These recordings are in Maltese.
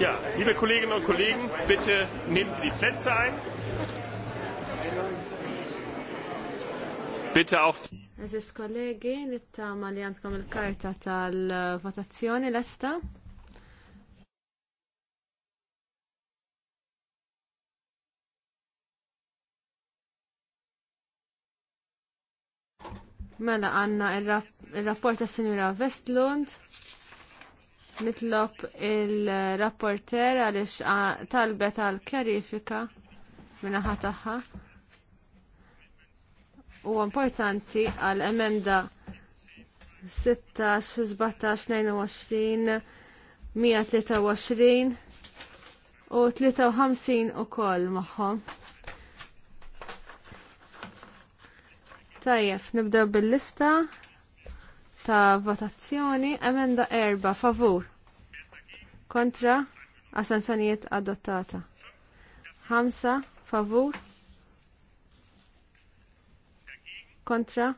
Ja, liebe Kolleginnen und Kollegen, bitte nehmen Sie die Plätze ein. Bitte auch. Eżis kollegi, nitta ma li għandkom il-karta tal-votazzjoni l-esta. Mela għanna il-rapport il tas-Sinjura Vestlund nitlob il-rapporter għaliex talbet għal kjarifika minna tagħha. U importanti għal emenda 16, 17, 22, 123 u 53 u koll maħħom. Tajjef, nibdew bil-lista ta' votazzjoni emenda erba favur kontra astensjonijiet adottata. Hamsa favur kontra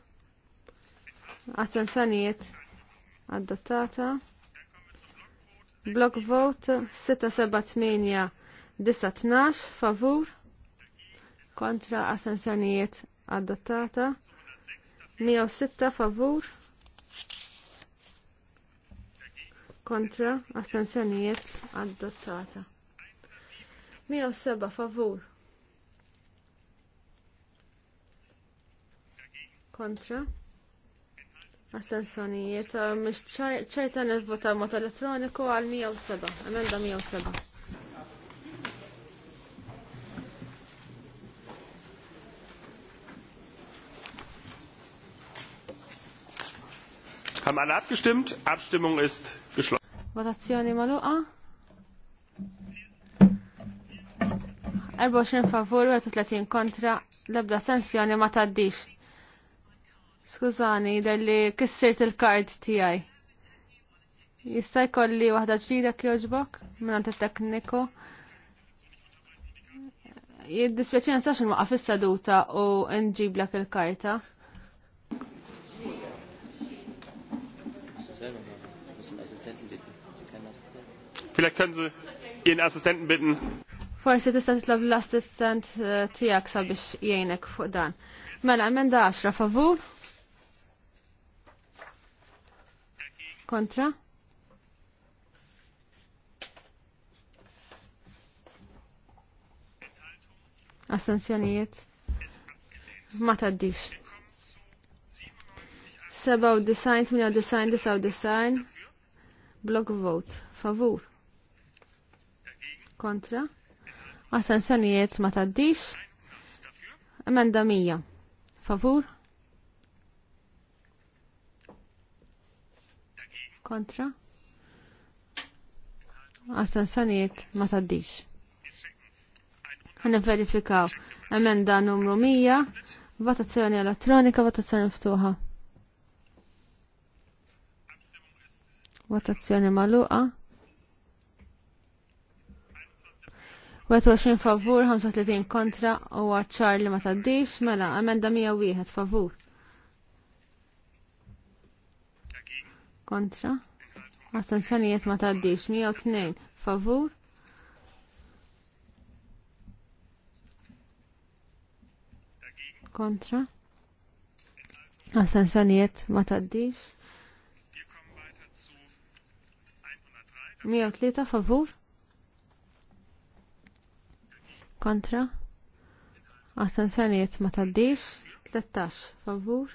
astensjonijiet adottata. Block vote 678 favur kontra astensjonijiet adottata. 106 favur kontra astensjonijiet adottata. 107 favur kontra astensjonijiet mhux ċerta nivvota mod elettroniku għal 107 emenda 107 Haben alle abgestimmt? Abstimmung ist geschlossen. Votazzjoni maluqa. 24 favur, 30 kontra, l-ebda sanzjoni ma taddix. Skużani, dalli kissirt il-kard tijaj. Jista' jkolli waħda ġdida kjoġbok minn it-tekniku. Jiddispjaċina sax nwaqaf is-seduta u nġiblek il-karta. Vielleicht können Sie Ihren Assistenten bitten. Forsi tista' titlob l-assistent eh, tiegħek sabiex jgħinek fuq dan. Mela, emenda 10 favur. Kontra? Assenzjonijiet? Ma taddix. 97, 98, 99. Block vote. Favur kontra, assenzjonijiet ma taddix, emenda Mija. favur, kontra, assenzjonijiet ma taddix. Għan verifikaw emenda numru Mija. votazzjoni elettronika, votazzjoni ftuħa. Votazzjoni maluqa. 21 favur, 35 kontra u għacċar li ma taddix, mela, amenda 101 favur. Kontra. Astenzjonijiet ma taddix, 102 favur. Kontra. Astenzjonijiet ma taddix. 103 favur kontra astensjonijiet ma taddix 13 favur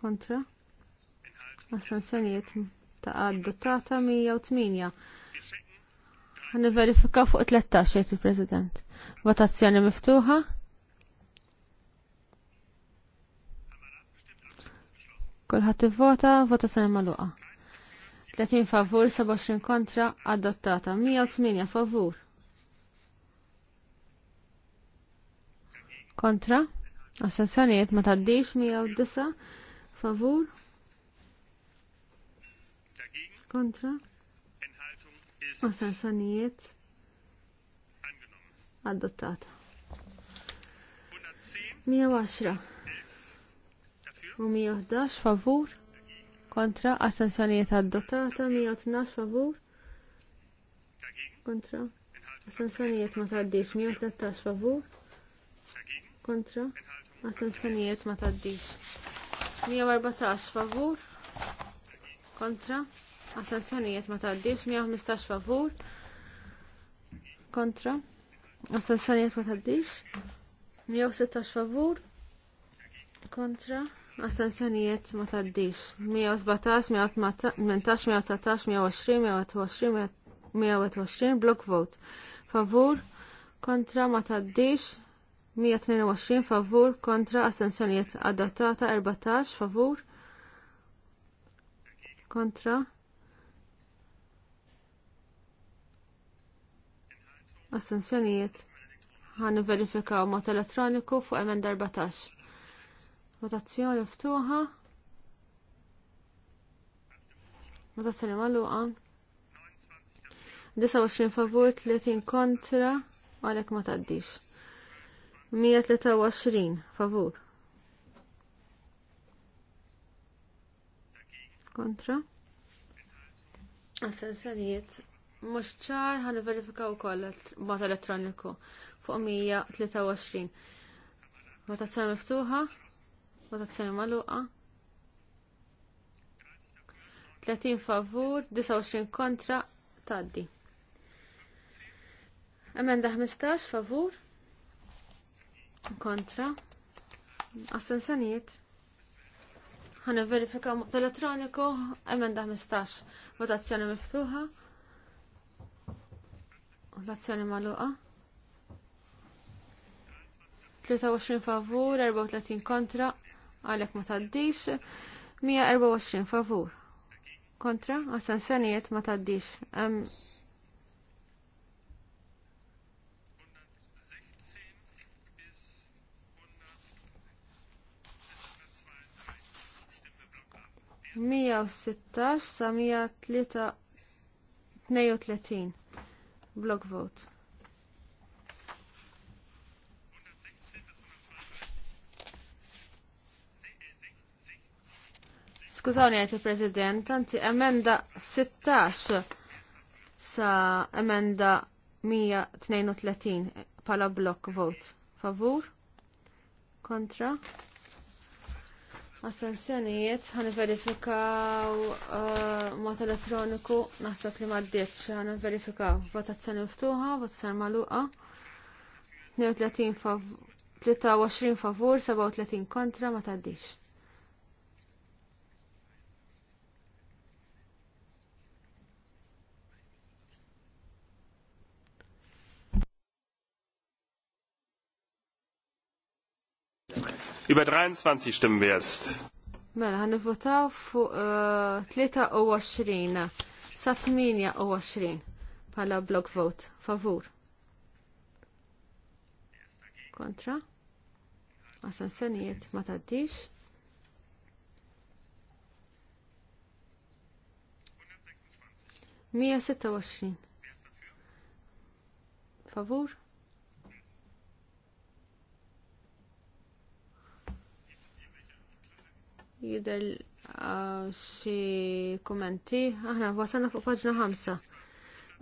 kontra astensjonijiet ta' adottata 108 għan verifika fuq 13 jgħid il-President. Votazzjoni miftuħa. Kulħadd ivvota, votazzjoni magħluqa. 30 favur, 27 kontra, adottata. 108 favur. Kontra. Assenzjonijiet ma taddix 109 favur. Kontra. Assenzjonijiet adottata. 110 u 111 favur kontra astensjonijiet Ta' 112 favur kontra astensjonijiet ma taddix 113 favur kontra astensjonijiet ma taddix 114 favur kontra astensjonijiet ma taddix 115 favur kontra astensjonijiet ma taddix 116 favur kontra Astensjonijiet ma taddix. 117, 118, 119, 120, 121, block vote. Favur kontra ma taddix. 122 favur kontra astensjonijiet adattata 14 favur kontra astensjonijiet ħan verifikaw mod elettroniku fuq emenda 14. Votazzjoni ftuħa. Votazzjoni magħluqa. 29 favur, 30 kontra, għalhekk ma tgħaddix. 123 favur. Kontra. Assenzjonijiet mux ċar ħan verifikaw koll bata elettroniku fuq 123. Votazzjoni miftuħa, Votazzjoni magħluqa. 30 favur, 29 kontra, taddi. Emenda 15 favur, kontra, assenzjoniet. Ħana verifika mod elettroniku, emenda 15, votazzjoni miftuħa. Votazzjoni magħluqa. 23 favur, 34 kontra, għalhekk ma taddix 124 favur. Kontra senijiet ma tgħaddix. Hemm 116 sa 132 block vote. Skużawni għajt il-President, għanti emenda 16 sa emenda 132 pala blok vot. Favur? Kontra? Assenzjonijiet, għan verifikaw uh, mot elettroniku, naħseb li maddiċ, għan verifikaw votazzjoni mftuħa, votazzjoni maluqa, 32 fav 23 favur, 37 kontra, ma taddix. Über 23 stimmen wirst. Mela, għan votaw fuq uh, 23 sa 28 pala block vote. Favur. Kontra. Għasan senijiet, ma taddix. Mija 126. Favur? Jidher ah, xi kummenti. Aħna wasalna fuq paġna 5.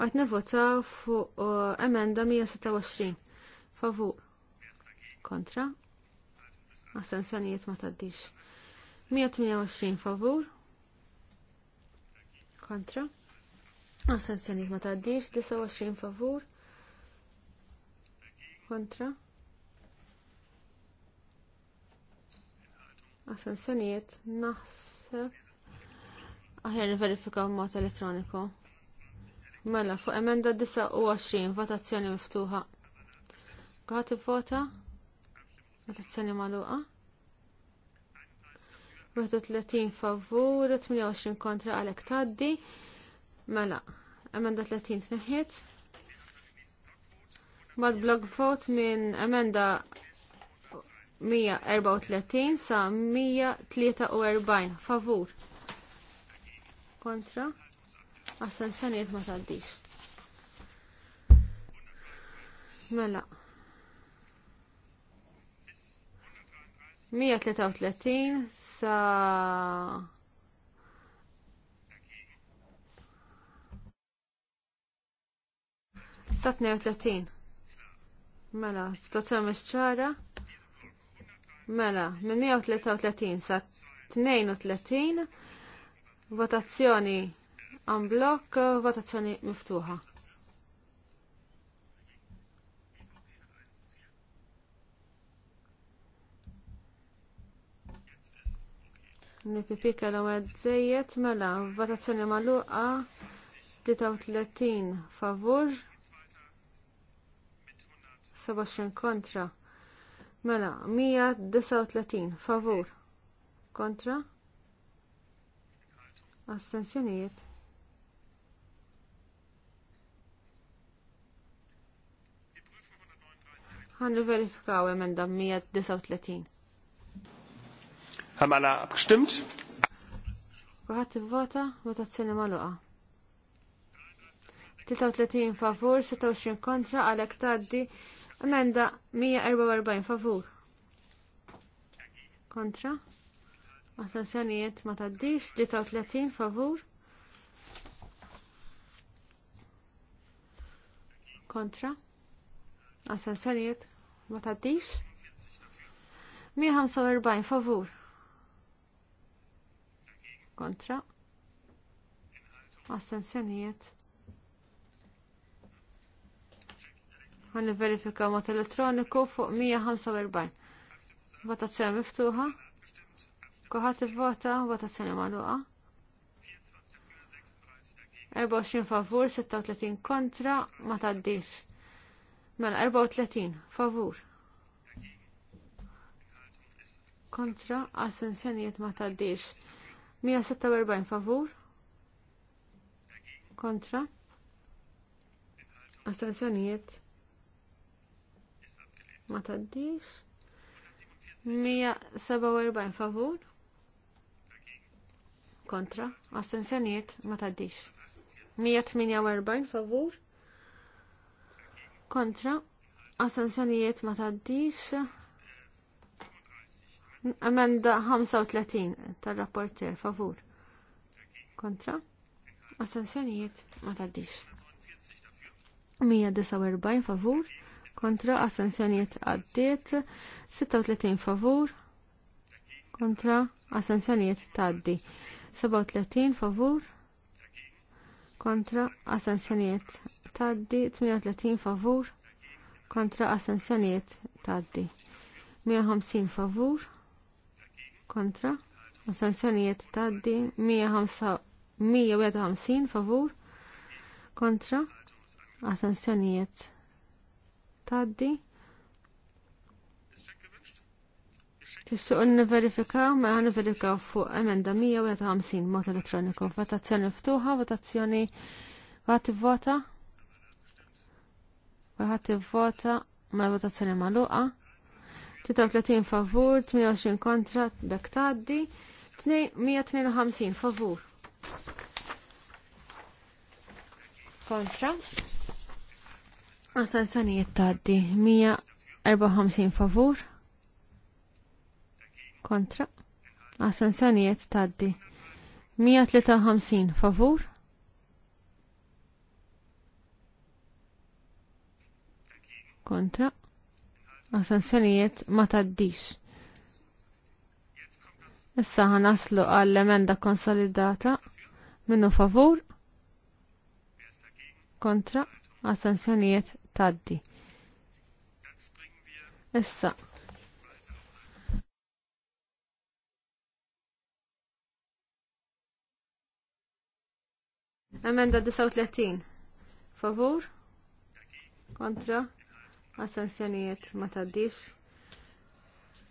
Għat nivota fuq ah, emenda 126. Favur. Kontra. Astensjonijiet ma taddix. 128 favur. Kontra. Astensjonijiet ma taddix. 29 favur. Kontra Assenzjonijiet naħseb aħjar niverifikaw mod elettroniku. Mela, fuq emenda 29, votazzjoni miftuħa. Għat vota? Votazzjoni maluqa? 31 favur, 28 kontra għalek taddi. Mela, emenda 30 tneħħiet. Mad blog vote minn emenda 134 sa 143 favur kontra assenzjoniet ma taddix mela 133 sa sa 32 mela situazzjoni mhix ċara Mela, minn 133 sa 32 votazzjoni en blok, votazzjoni miftuħa. Nipipika l qed żejjed mela votazzjoni magħluqa 33 favur 27 kontra. Mela, 139 favur kontra astensjonijiet. Għannu verifikaw emenda 139. Għamala bħkstimt? Għat vota votazzjoni maluqa. 33 favur, 26 kontra, għalek taddi Emenda 144 favur. Kontra. Astensjonijiet ma taddix 33 favur. Kontra. Astensjonijiet ma taddix. 145 favur. Kontra. Astensjonijiet Għan verifika mot elettroniku fuq 145. Votazzjoni miftuħa. Kuħat il-vota, votazzjoni maluqa. 24 favur, 36 kontra, ma taddix. Mela 34 favur. Kontra, assenzjonijiet ma taddix. 146 favur. Kontra. Astensjonijiet ma taddix. 147 favur kontra astensjonijiet ma taddix. 148 favur kontra astensjonijiet ma taddix. Amenda 35 tal-rapporter favur kontra astensjonijiet ma taddix. 149 favur kontra assenzjonijiet għaddiet 36 favur kontra assenzjonijiet taddi 37 favur kontra assenzjonijiet taddi 38 favur kontra assenzjonijiet taddi 150 favur kontra assenzjonijiet taddi 150 favur kontra taddi taddi. Tissuq n-verifikaw, ma mela għan verifikaw fuq emenda 151 mot elettroniku. Votazzjoni ftuħa, votazzjoni għati vota. Għati vota ma mela votazzjoni maluqa. 33 favur, 28 kontra, bek taddi. 152 favur. Kontra sani taddi 154 favur kontra. sani taddi 153 favur kontra. Astenzjonijiet ma taddix. Issa għanaslu għall-emenda konsolidata minnu favur kontra astensjonijiet taddi. Issa. Emenda 39. Favur? Kontra? Assenzjonijiet ma taddix.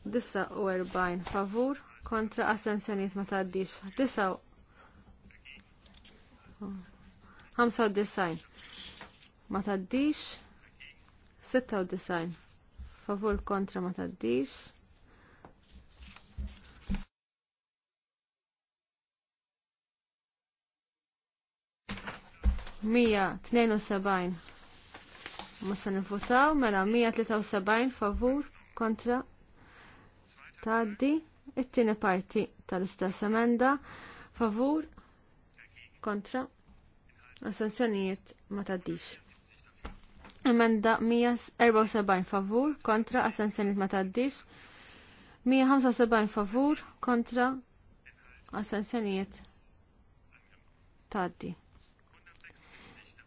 49 favur kontra assenzjonijiet ma taddix. 95 ma taddix. 96 favur kontra ma taddix. Mija tnejn u sebgħin musa mela 173 favur kontra taddi it-tieni parti tal-istess emenda favur kontra assenzjonijiet ma taddix. Emenda 174 favur kontra assenzjoniet ma taddix. 175 favur kontra assenzjoniet taddi.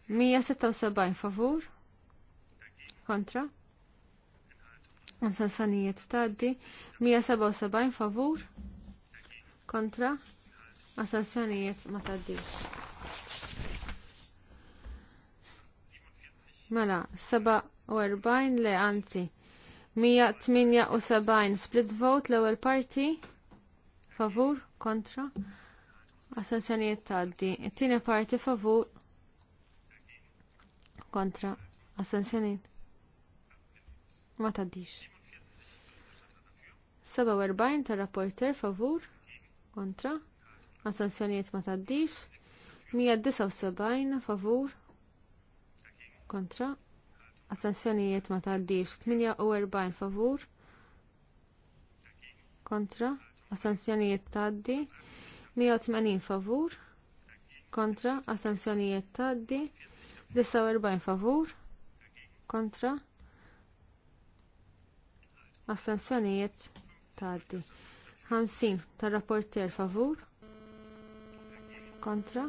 176 favur kontra Assenzjoniet taddi. 177 favur kontra assenzjoniet ma taddix. Mela, 47 le anzi. 178 split vote l-ewwel parti. Favur, kontra. Assenzjonijiet tgħaddi. It-tieni parti favur. Kontra. Assenzjonijiet. Ma tgħaddix. 47 tar rapporter favur kontra assenzjonijiet ma taddix 179 favur kontra astensjonijiet ma tgħaddix. 48 favur kontra astensjonijiet taddi 180 favur kontra astensjonijiet taddi 49 favur kontra astensjonijiet taddi 50 tar-rapporter favur kontra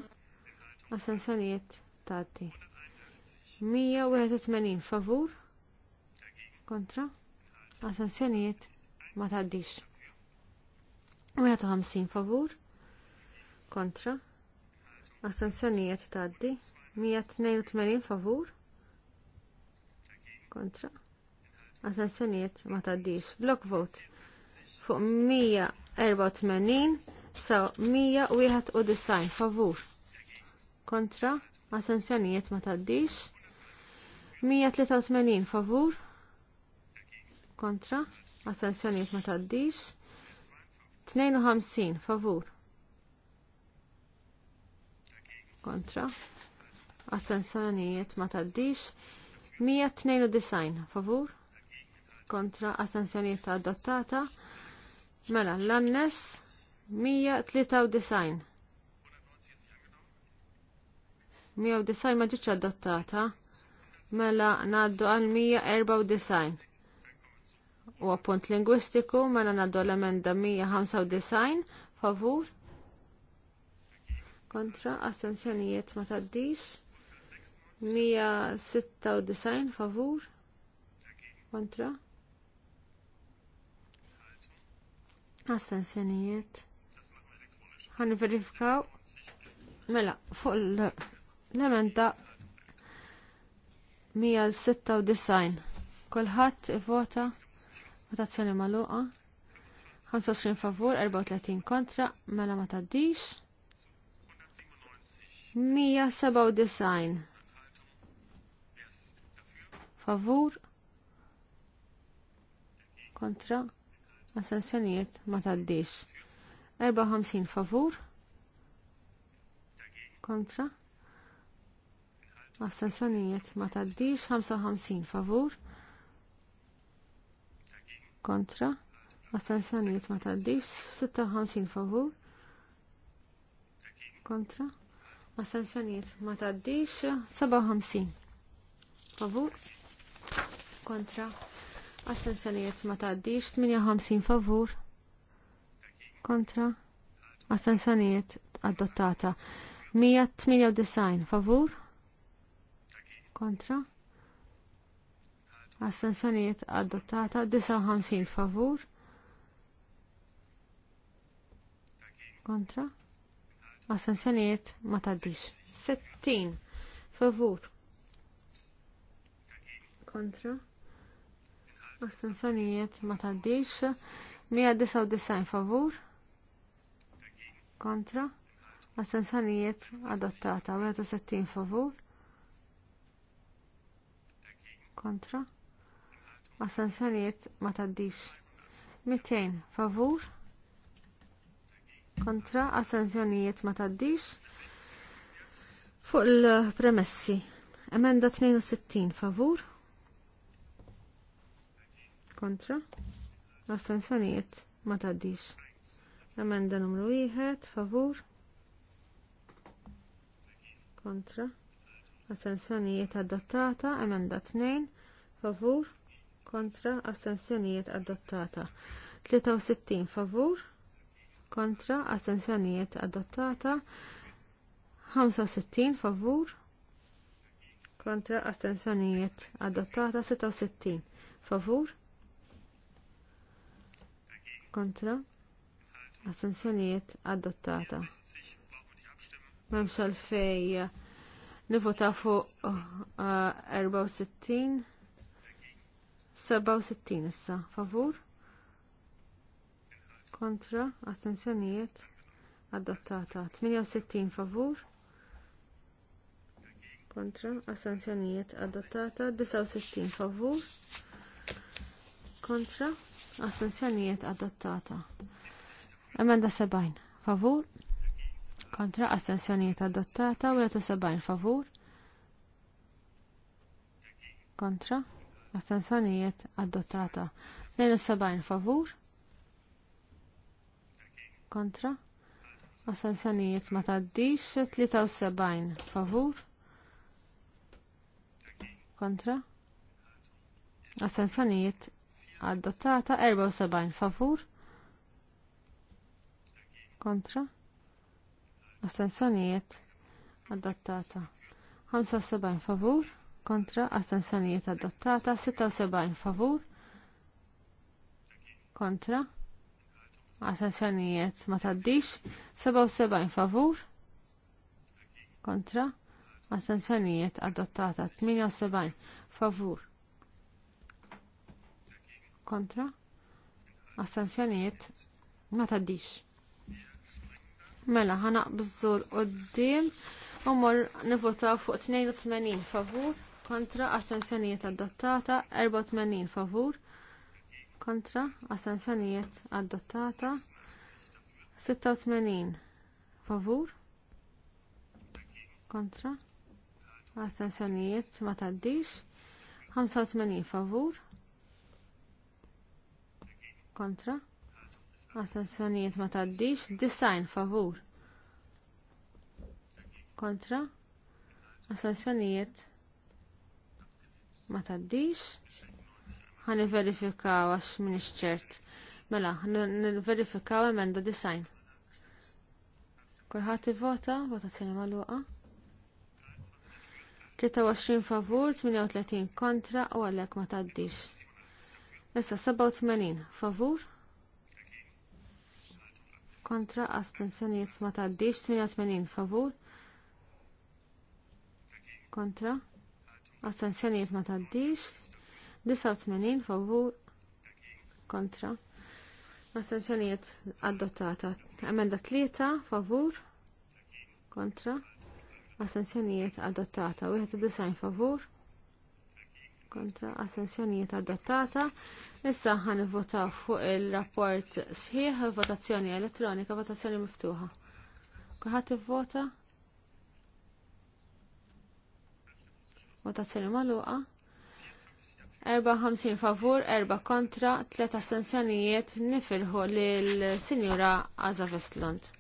astensjonijiet taddi 181 favur kontra assenzjonijiet ma taddix 150 favur kontra assenzjonijiet taddi 182 favur kontra assenzjonijiet ma taddix block vote fuq 184 sa 191 favur kontra assenzjonijiet ma taddix 183 favur kontra astensjonijiet ma taddix 52 favur kontra astensjonijiet ma taddix 192 favur kontra astensjonijiet adottata mela l-annes 193 190 ma ġietx adottata mela ngħaddu għal 194 u appunt lingwistiku mela naddu l-emenda 195 favur kontra assenzjonijiet ma taddix 196 favur kontra Astensjonijiet. Għan verifikaw. Mela, fuq l-emenda 196. Kulħadd ivvota votazzjoni magħluqa. 25 favur, 34 kontra, mela ma taddix. 197 favur kontra assenzjonijiet ma taddix 54 favur kontra Astensjonijiet ma taddix 55 favur kontra. Astensjonijiet ma taddix 56 favur kontra. Astensjonijiet ma taddix 57 favur kontra. Astensjonijiet ma taddix 58 favur kontra. Astensjonijiet adottata 198 favur kontra għas astensjonijiet adottata 59 favur kontra għas astensjonijiet ma taddix 60 favur kontra għas astensjonijiet ma taddix 199 favur kontra għas astensjonijiet adottata 60 favur kontra assenzjonijiet ma taddix 200 favur kontra assenzjonijiet ma taddix fuq il-premessi emenda 62 favur kontra astensjonijiet ma taddix emenda numru 1 favur kontra astensjonijiet adottata, emenda 2, favur, kontra, astensjonijiet adottata. 63 favur, kontra, astensjonijiet adottata. 65 favur, kontra, astensjonijiet adottata. 66 favur, kontra, astensjonijiet adottata. Memx fejja, nivota fuq 64 uh, 67 issa favur kontra astensjonijiet adottata 68 favur kontra astensjonijiet adottata 69 favur kontra astensjonijiet adottata emenda 70 favur kontra astensjonijiet adottata u 71 favur kontra astensjonijiet adottata 72 favur kontra astensjonijiet ma taddix 73 favur kontra astensjonijiet adottata 74 favur kontra astensjonijiet adottata 75 favur kontra astensjonijiet adottata 76 favur kontra astensjonijiet ma taddix 77 favur kontra astensjonijiet adottata 78 favur kontra astensjonijiet ma taddix Mela, ħana bżur qoddim u mor nivota fuq 82 favur kontra astensjonijiet adottata, 84 favur kontra assenzjonijiet adottata, 86 favur kontra astensjonijiet ma taddix, 85 favur kontra Astensjonijiet ma taddix. Design favur. Kontra. Astensjonijiet ma taddix. Ħani verifikaw għax minn ċert. Mela, nivverifikaw verifikaw emenda design. Kulħat vota, votazzjoni maluqa. 23 favur, 38 kontra u għalhekk ma taddix. Issa 87 favur, kontra astensjonijiet ma taddix 88 favur kontra astensjonijiet ma taddix 89 favur kontra astensjonijiet adottata emenda 3 favur kontra astensjonijiet adottata 91 favur kontra assenzjonijiet adottata. Issa ħan votaw fuq il-rapport sħiħ, votazzjoni elettronika, votazzjoni miftuħa. Kuħat vota Votazzjoni maluqa. 54 favur, 4 kontra, 3 assenzjonijiet nifirħu lill sinjura Aza Vestlund.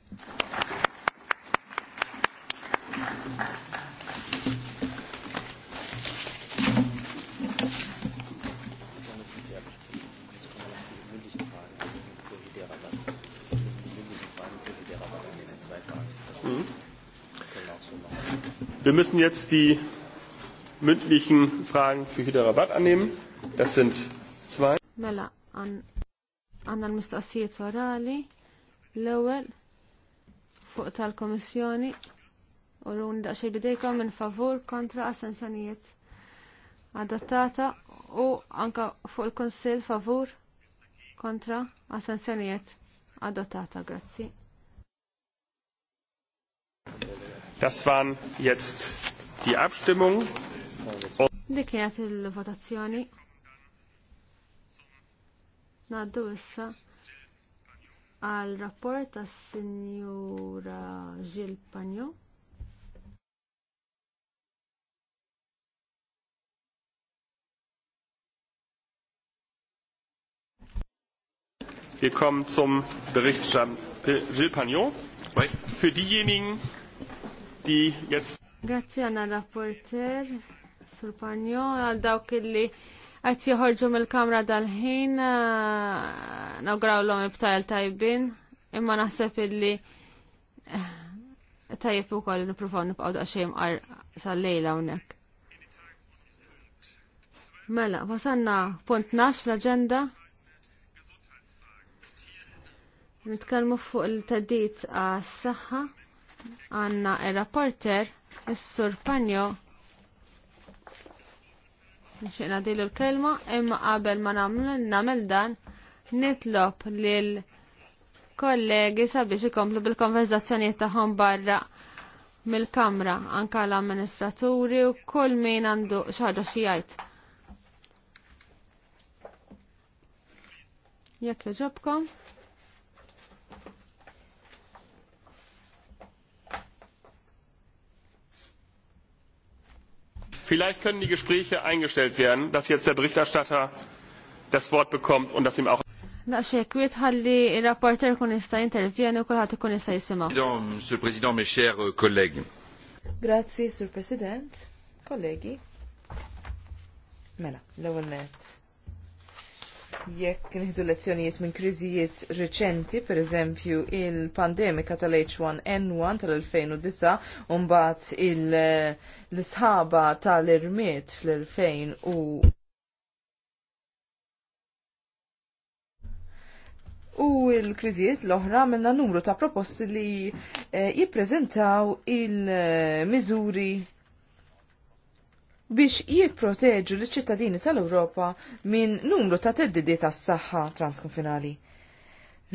Wir müssen jetzt die mündlichen Fragen für Hyderabad annehmen. Das sind zwei. Mela, an, għanna l-mistaqsijiet orali, l-ewel, fuq tal-komissjoni, u rrun daqxie bidejka minn favur kontra assenzjonijiet adottata u anka fuq il-konsil favur kontra assenzjonijiet adottata. Grazie. Das waren jetzt die Abstimmung. Dik kienet il-votazzjoni. Naddu issa għal rapport tas sinjura Gil Pagno. Wir kommen zum Bericht Gilles Pagnot. Für diejenigen, die Grazzi għanna rapporter, Sur Parnio, għal dawk illi għajt joħorġu mill-kamra dal-ħin, eh, nagraw l-om ibtajl tajbin, imma naħseb illi eh, tajjeb u koll niprufaw nipqaw daqxejm għar sal-lejla unek. Mela, wasanna punt nax fl-agenda. Nitkellmu fuq il-tadit għas-saħħa għanna il-rapporter, il-sur Panjo, nxina dilu l-kelma, imma qabel ma namel dan, nitlob lil kollegi sabiex ikomplu bil konverzazzjoni tagħhom barra mill-kamra, anka l-amministraturi u kull min għandu xaġa xijajt. Jekk joġobkom. Vielleicht können die Gespräche eingestellt werden, dass jetzt der Berichterstatter das Wort bekommt und dass ihm auch. Naqxek, u jitħalli il-rapporter kun jista' intervjeni kulħadd ikun jista' jisimgħu. Monsieur le Président, mes chers euh, collègues. Grazzi, Sur President, kollegi. Mela, l-ewwel nett jekk nħidu lezzjonijiet minn kriżijiet reċenti, per eżempju il-pandemika tal-H1N1 tal-2009, mbagħad l-sħaba tal-irmiet fl-2000 u U l-kriżijiet l-oħra minna numru ta' proposti li eh, jippreżentaw il-miżuri eh, biex jipproteġu l ċittadini tal-Ewropa minn numru ta' teddidi tas saħħa transkonfinali.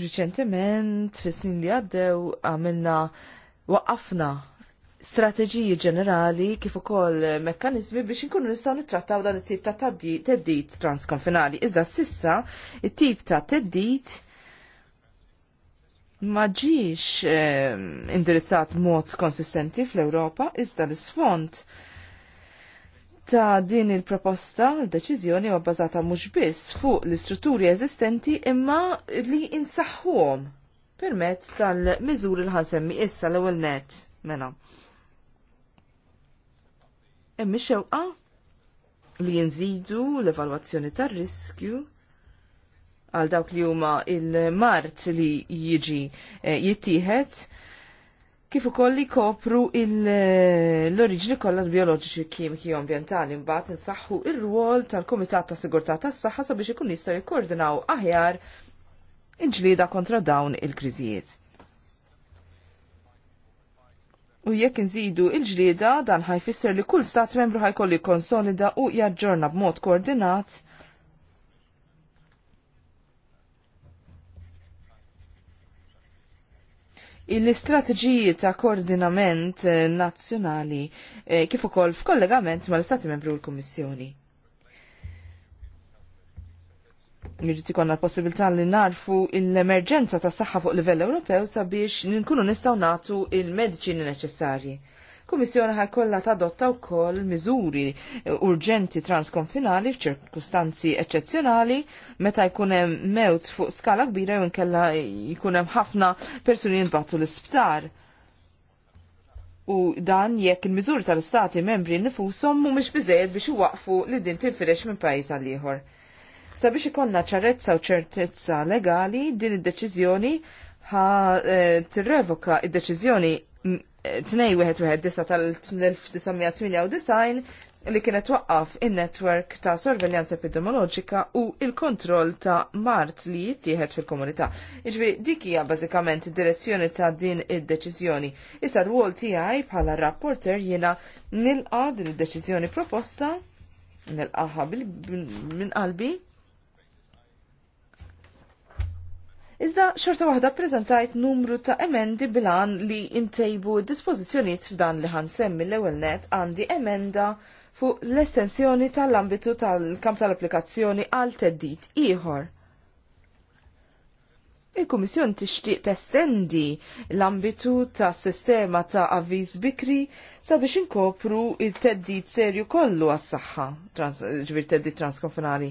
Riċentement, fis snin li għaddew, għamilna waqqafna strateġiji ġenerali kif ukoll mekkanizmi biex inkunu nistgħu nittrattaw dan it-tip ta' teddit transkonfinali. Iżda sissa it-tip ta' teddit ma ġiex eh, indirizzat mod konsistenti fl-Ewropa, iżda l-isfond ta' din il-proposta l-deċiżjoni huwa bbażata mhux biss fuq l-istrutturi eżistenti imma li insaħħuhom permezz tal-miżuri li ħansemmi issa l-ewwel net mena. Hemm xewqa li jinżidu l-evalwazzjoni tar-riskju għal dawk li huma il-mart li jiġi eh, jittieħed kif ukoll li kopru eh, l-oriġini kollha bioloġiċi kimiki u ambjentali mbagħad insaħħu ir-rwol tal-Kumitat ta' Sigurtà tas-Saħħa sabiex ikun jistgħu jikkoordinaw aħjar inġlieda kontra dawn il-kriżijiet. U jekk inżidu il-ġlieda dan ħajfisser li kull stat membru ħajkolli konsolida u jaġġorna b'mod koordinat l-istrateġiji ta' koordinament eh, nazzjonali eh, kif ukoll f'kollegament mal-Istati Membri u l-Kummissjoni. Nirrid ikonna l-possibilità li narfu l-emerġenza ta' saħħa fuq livell Ewropew sabiex ninkunu nistgħu nagħtu il-mediċini neċessarji. Kummissjoni ħajkollha tadotta wkoll miżuri urġenti transkonfinali f'ċirkustanzi eċċezzjonali meta jkun hemm mewt fuq skala kbira jew inkella jkun hemm ħafna persuni jinbatu l-isptar. U dan jekk il-miżuri tal-istati membri nifushom mhumiex biżejjed biex iwaqfu li din tinfirex minn pajjiż għal ieħor. Sabiex ikonna ċarezza u ċertezza legali din id-deċiżjoni ħa eh, tirrevoka id-deċiżjoni disa tal-1998 li kienet waqqaf in-netwerk ta' sorveljanza epidemioloġika u il-kontroll ta' mart li jittieħed fil-komunità. Iġviri, dik hija bażikament direzzjoni ta' din id-deċiżjoni. Issa r-wol tiegħi bħala rapporter jiena nilqa' din id-deċiżjoni proposta nilqaħa minn qalbi Iżda xorta waħda prezentajt numru ta' emendi bilan li intejbu dispozizjoniet f'dan li ħan semmi l-ewel net għandi emenda fuq l-estensjoni tal-ambitu tal-kamp tal-applikazzjoni għal teddit ieħor. Il-Kummissjoni tixtieq testendi l-ambitu ta' sistema ta' avviż bikri sabiex inkopru il-teddit serju kollu għas-saħħa, ġvir teddit transkonfinali.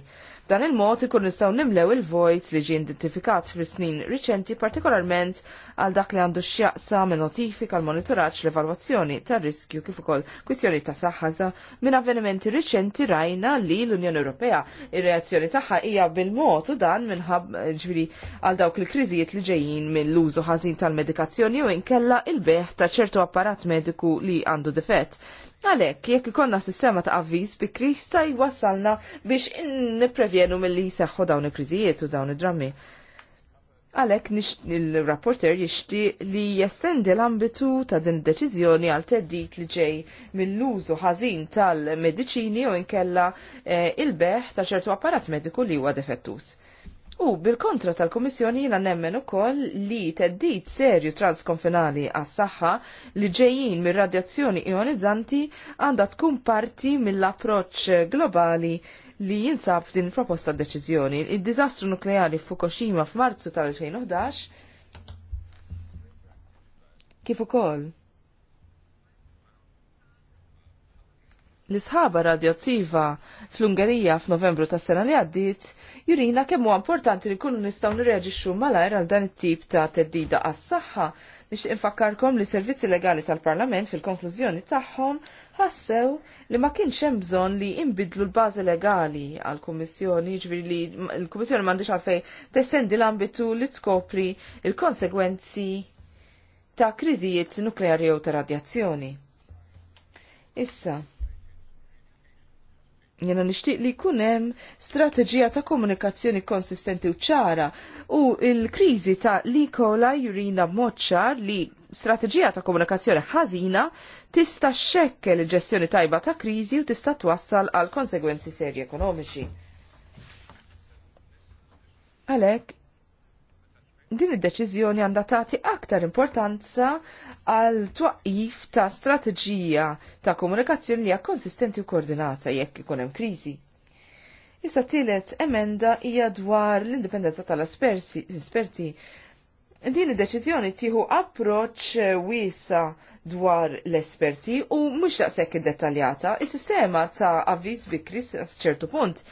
Dan il-mod ikun nistgħu nimlew il-vojt li ġie identifikat fis-snin riċenti partikolarment għal dak li għandu x'jaqsa minn notifika l monitoraġġ l-evalwazzjoni tar-riskju kif ukoll kwistjoni ta' saħħa minn avvenimenti riċenti rajna li l-Unjoni Ewropea ir-reazzjoni tagħha hija bil-mod u dan minħab ġifieri għal dawk il-kriżijiet li ġejjin mill-użu ħażin tal-medikazzjoni u inkella il-beħ ta' ċertu apparat mediku li għandu difett. Għalhekk jekk ikonna sistema ta' avviz bi krista jwassalna biex nipprevjenu milli jseħħu dawn il-kriżijiet u dawn id-drammi. Għalhekk il-rapporter jishti li jestendi l-ambitu ta' din id-deċiżjoni għal teddit li ġej mill-użu ħażin tal-mediċini u nkella eh, il-beħ ta' ċertu apparat mediku li huwa defettus. U bil-kontra tal-Komissjoni jina nemmen ukoll li teddit serju transkonfinali għas saħħa li ġejjin mir radjazzjoni ionizzanti għandha tkun parti mill-approċċ globali li jinsab din proposta deċiżjoni. Il-diżastru nukleari f'Fukushima f'Marzu tal-2011 kif ukoll l-isħaba radjattiva fl-Ungerija f'Novembru tas-sena li għaddiet jurina kemm huwa importanti li kunu nistgħu nirreġixxu malajr għal dan it-tip ta' teddida għas-saħħa Nix infakkarkom li servizzi legali tal-Parlament fil-konklużjoni tagħhom ħassew li ma kienx hemm bżonn li jinbidlu l-bażi legali għall kummissjoni jiġri li l-Kummissjoni m'għandix għalfejn testendi l-ambitu li tkopri il-konsegwenzi ta' kriżijiet nukleari jew ta' radjazzjoni. Issa, jena nishtiq li kunem strategija ta' komunikazzjoni konsistenti u ċara u il-krizi ta' Likola jurina moċċar li strategija ta' komunikazzjoni ħażina tista' xekkel il-ġestjoni tajba ta' krizi u tista' twassal għal konsegwenzi serji ekonomiċi. Għalek, din id-deċiżjoni għandha tagħti aktar importanza għal twaqif ta' strateġija ta' komunikazzjoni li hija konsistenti u koordinata jekk ikun hemm kriżi. Issa tielet emenda hija dwar l-indipendenza tal-esperti. Din id-deċiżjoni tieħu approċċ wiesa dwar l-esperti u mhux daqshekk iddettaljata. Is-sistema ta' avviż bikri f'ċertu punt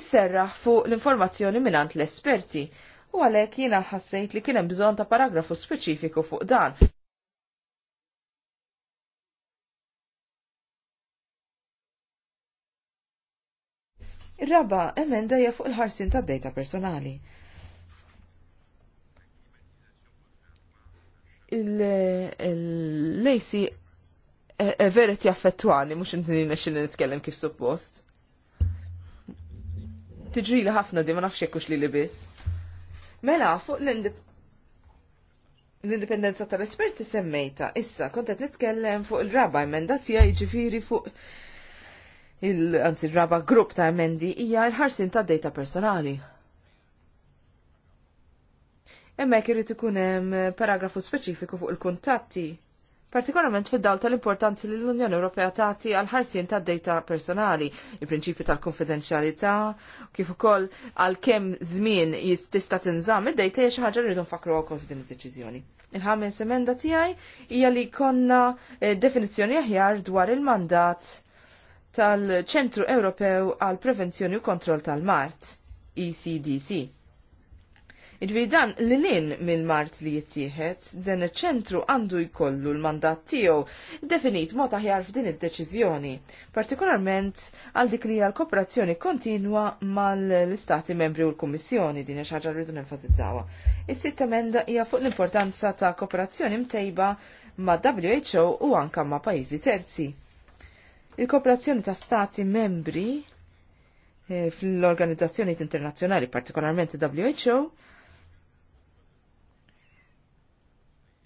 isserraħ fuq l-informazzjoni mingħand l-esperti. l esperti u għalhekk jiena ħassejt li kien hemm bżonn ta' paragrafu speċifiku fuq dan. Ir-raba emenda hija fuq il-ħarsin tad-dejta personali. il-lejsi e, e, veret jaffettwani, mux inti nexin nitkellem kif suppost. Tiġri li ħafna di ma nafxie kux li li biss. Mela, fuq l-indipendenza tal-esperti semmejta, issa, kontet nitkellem fuq il-raba emenda tiegħi ġifiri fuq il-anzi raba grupp ta' emendi hija l-ħarsin ta' data personali. Emmek irrid ikun hemm paragrafu speċifiku fuq il-kuntatti partikolarment fid-dawl tal-importanzi li l-Unjoni Ewropea tagħti għal ħarsien tad data personali, il-prinċipju tal-konfidenzjalità, kif ukoll għal kemm żmien jista' tinżamm id-data hija xi ħaġa rridu nfakru wkoll f'din id-deċiżjoni. Il-ħames emenda tiegħi hija li konna eh, definizzjoni aħjar dwar il-mandat tal-Ċentru Ewropew għal Prevenzjoni u Kontroll tal-Mart, ECDC. Iġviri dan li lin mill-mart li jittieħed, dan iċ-ċentru għandu jkollu l-mandat tiegħu definit mod aħjar f'din id-deċiżjoni, partikolarment għal dik li l-kooperazzjoni kontinwa mal-Istati membri u l-Kummissjoni din xi ħaġa rridu nenfasizzawha. Is-sitt emenda hija fuq l-importanza ta' kooperazzjoni mtejba ma' WHO u anka ma' pajjiżi terzi. Il-kooperazzjoni ta' stati membri eh, fl-organizzazzjoni internazzjonali, partikolarment WHO,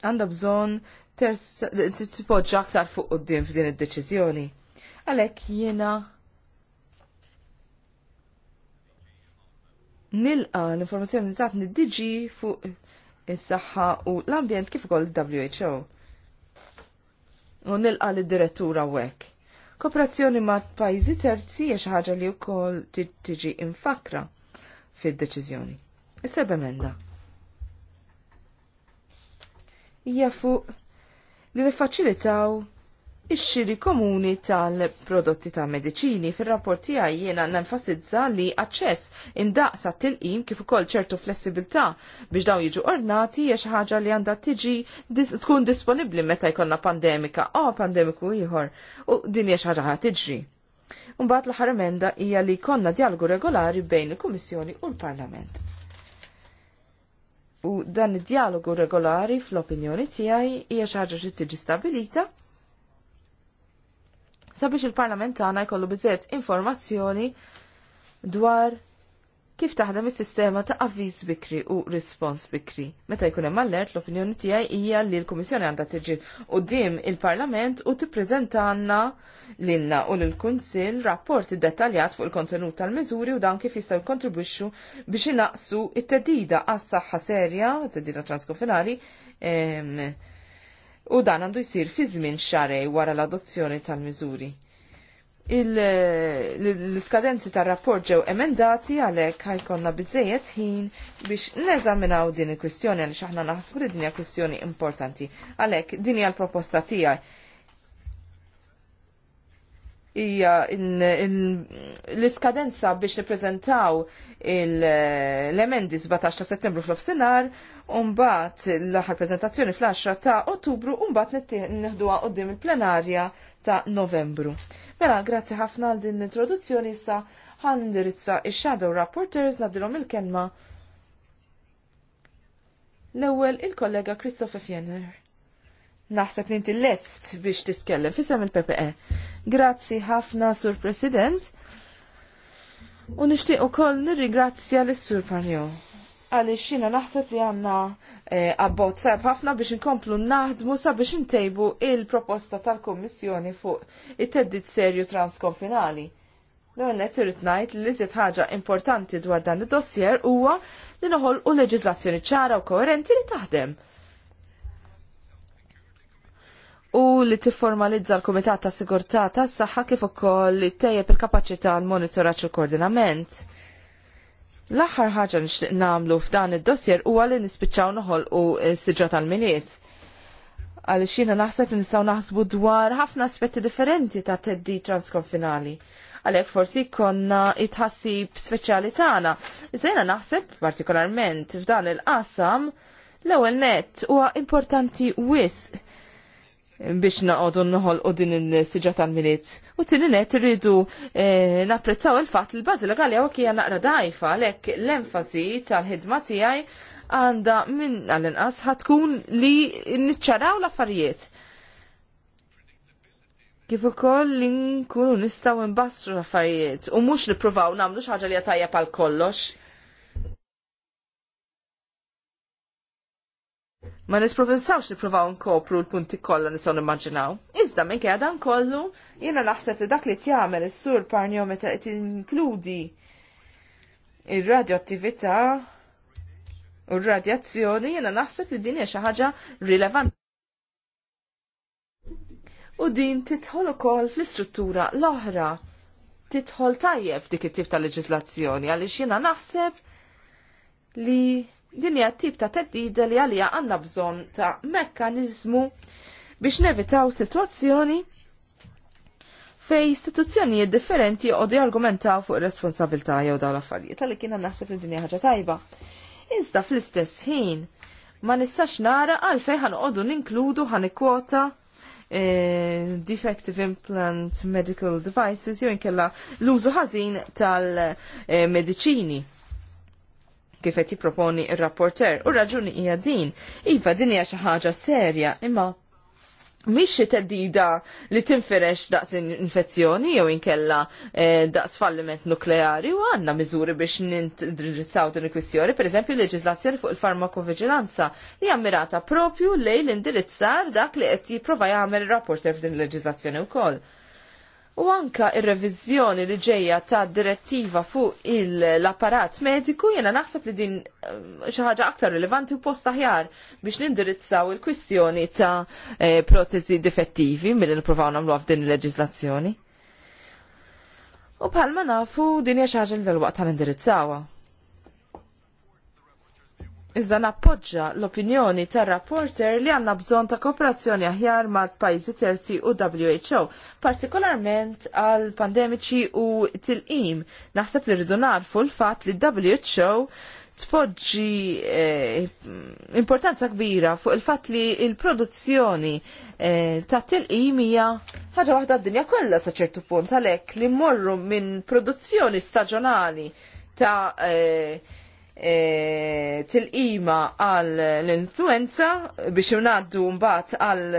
għandha bżonn tipoġġa aktar fuq quddiem f'din id-deċiżjoni. Għalhekk jiena nilqa l-informazzjoni li tatni diġi fuq is-saħħa u l-ambjent kif ukoll WHO. U nilqa l-direttura hekk. Kooperazzjoni ma' pajjiżi terzi hija xi ħaġa li wkoll tiġi infakra fid-deċiżjoni. Is-seb emenda hija fuq li niffaċilitaw ix-xiri komuni tal-prodotti ta' mediċini fir-rapport tiegħi jiena nenfasizza li aċċess indaqs għat-tilqim kif ukoll ċertu flessibilità biex dawn jiġu ordnati hija xi ħaġa li għandha tiġi dis tkun disponibbli meta jkollna pandemika o pandemiku ieħor u din hija xi ħaġa tiġri. Mbagħad l-aħħar emenda hija li konna dialogu regolari bejn il-Kummissjoni u l-Parlament. U dan id-dialogu regolari fl-opinjoni tiegħi hija xi ħaġa li tiġi stabilita sabiex il-Parlament tagħna jkollu biżiet informazzjoni dwar kif taħdem is-sistema ta' avviż bikri u respons bikri. Meta jkun hemm allert l-opinjoni tiegħi hija li l-Kummissjoni għandha tiġi quddiem il-Parlament u tippreżentanna lilna u lill-Kunsill rapport dettaljat fuq il-kontenut tal-miżuri u dawn kif jistgħu jkontribwixxu biex inaqsu it-tedida għas-saħħa serja, it tedida transkonfinali, u dan għandu jsir fi żmien xarej wara l-adozzjoni tal-miżuri l-skadenzi tar rapport ġew emendati għalhekk ħajkonna bizzejet ħin biex neżaminaw din il-kwistjoni għaliex aħna naħsbu li din hija kwistjoni importanti. Għalhekk din hija l-proposta tijaj hija l-iskadenza biex nippreżentaw l-emendi 17 ta' settembru fl-ofsinar, umbat l-aħħar prezentazzjoni fl-10 ta' ottubru, umbat nittiħduha qoddim il-plenarja ta' novembru. Mela, grazzi ħafna għal din l-introduzzjoni issa ħan indirizza il shadow Rapporteurs nadilom il-kelma. L-ewwel il-kollega Christopher Fjenner. Naħseb l lest biex titkellem fisem il-PPE. Grazzi ħafna, Sur President. U nixtieq ukoll nirringrazzja lis sur Parnio għalix xina naħseb li għanna eh, abbot seb ħafna biex inkomplu naħdmu sabiex intejbu il-proposta tal komissjoni fuq it-teddit serju transkonfinali. L-għallet irrit najt li liżiet ħaġa importanti dwar dan id-dossier huwa li noħol u leġizlazzjoni ċara u koerenti li taħdem. U li tifformalizza l-Kumitat ta' Sigurtà tas-Saħħa kif ukoll li tejjeb il-kapaċità l-monitoraġġ u koordinament L-aħħar ħaġa nixtieq nagħmlu f'dan id-dossier huwa li nispiċċaw noħolqu s-siġra tal miniet Għaliex jiena naħseb li nistgħu naħsbu dwar ħafna aspetti differenti ta' teddi transkonfinali. Għalhekk forsi konna itħassib speċjali tagħna. Iżda naħseb partikolarment f'dan il-qasam l-ewwel nett huwa importanti wisq biex naqodu nħol u din il-sġa tal-miliet. U t-tininet rridu eh, napprezzaw il-fat il-bazi legali u kija naqra dajfa, lek l-enfasi tal-ħidma tijaj għanda minn għal-inqas ħatkun li nċċaraw l-affarijiet. Kif ukoll li nkunu nistgħu nbassru l-affarijiet u mhux nippruvaw nagħmlu xi ħaġa li tajja pal kollox. ma nisprofinsawx niprofaw nkopru l-punti kollha nistgħu nimmaġinaw. Iżda minn dan kollu, jiena naħseb li dak li tjamel is-sur parnio meta qed inkludi il radioattività u r-radjazzjoni jiena naħseb li din hija xi ħaġa rilevanti. U din titħol ukoll fl-istruttura l-oħra. Titħol tajjeb dik it-tip ta' leġislazzjoni għaliex jiena naħseb li din hija tip ta' teddida li għalija għandna bżonn ta' mekkaniżmu biex nevitaw sitwazzjoni fej istituzzjonijiet differenti di jargumentaw fuq ir-responsabilità jew dawn l-affarijiet għalli kien naħseb li dinja ħaġa tajba. Iżda fl-istess ħin ma nistax nara għalfejn ħanqogħdu ninkludu ħanikwota E, eh, defective implant medical devices jew inkella l-użu ħażin tal-mediċini. Eh, kif qed jipproponi r rapporter u raġuni hija din. Iva din hija xi ħaġa serja imma mhix xi teddida li tinferex daqs infezzjoni jew inkella eh, daqs falliment nukleari u għandna miżuri biex nindrizzaw din il-kwistjoni, pereżempju leġislazzjoni fuq il-farmakovigilanza li hija mirata propju lejn l-indirizzar dak li qed jipprova jagħmel ir-rapporter f'din il-leġislazzjoni wkoll. U anka ir-reviżjoni li ġejja ta' direttiva fuq l-apparat mediku jiena naħseb li din eh, xi ħaġa aktar rilevanti u post aħjar biex nindirizzaw il-kwistjoni ta' eh, protezi difettivi milli nippruvaw nagħmlu f'din il-leġiżlazzjoni. U bħalma nafu din hija xi ħaġa li dal tal-indirizzawa. Iżda nappoġġa l-opinjoni tar rapporter li għanna bżon ta' kooperazzjoni aħjar mal pajjiżi terzi u WHO, partikolarment għal pandemiċi u til-im. Naħseb li rridu narfu l-fat li WHO tpoġġi eh, importanza kbira fuq il-fat li il-produzzjoni eh, ta' til-im hija ħaġa waħda d-dinja kollha sa' ċertu punt għalhekk li mmorru minn produzzjoni staġjonali ta' eh, E, tilqima til-ima għal l-influenza biex unaddu mbagħad għal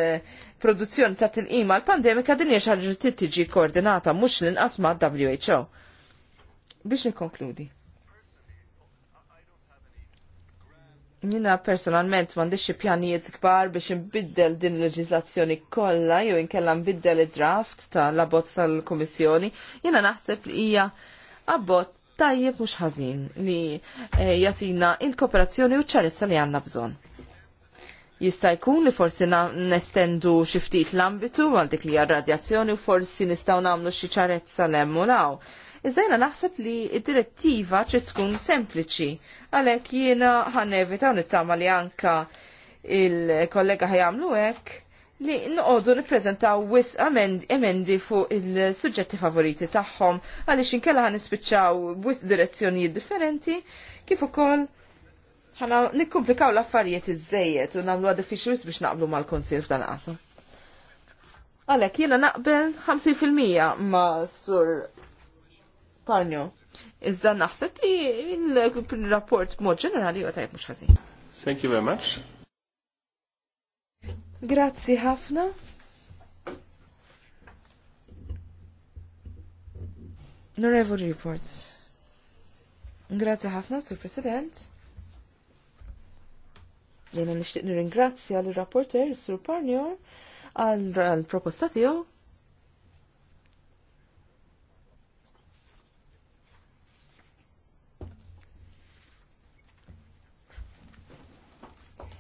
produzzjoni ta' til-ima għal pandemika din hija xi tiġi koordinata mhux l-inqas ma' WHO. Biex nikkonkludi. Nina personalment m'għandix xi pjanijiet kbar biex nbiddel din il-leġislazzjoni kollha jew inkella nbiddel id-draft tal-abbozz tal-Kummissjoni. Jiena naħseb li hija abbozz tajjeb mhux ħażin li eh, jagħtina il-kooperazzjoni u ċarezza li għandna bżonn. Jista' jkun li forsi nestendu xi ftit l-ambitu għal dik li radjazzjoni u forsi nistgħu nagħmlu xi ċarezza l-hemm u law. Iżajna naħseb li id-direttiva trid tkun sempliċi għalhekk jiena ħanevita u nittama li anka il-kollega ħajamlu hekk li noqogħdu nippreżentaw wis emendi fuq il-suġġetti favoriti tagħhom għaliex inkella ħan nispiċċaw wis direzzjonijiet differenti kif ukoll ħana nikkomplikaw l-affarijiet iż-żejjed u nagħmluha wis biex naqblu mal-Kunsil f'dan qasam. Għalhekk jiena naqbel 50% ma' Sur Parnio. Iżda naħseb li il-rapport mod ġenerali huwa tajjeb mhux ħażin. Thank you very much. Grazzi ħafna. Norevoli Reports. Grazzi ħafna, Sur President. Jena nishtiq nir-ingrazzja l-rapporter, Sur Parnior, għal-proposta tiegħu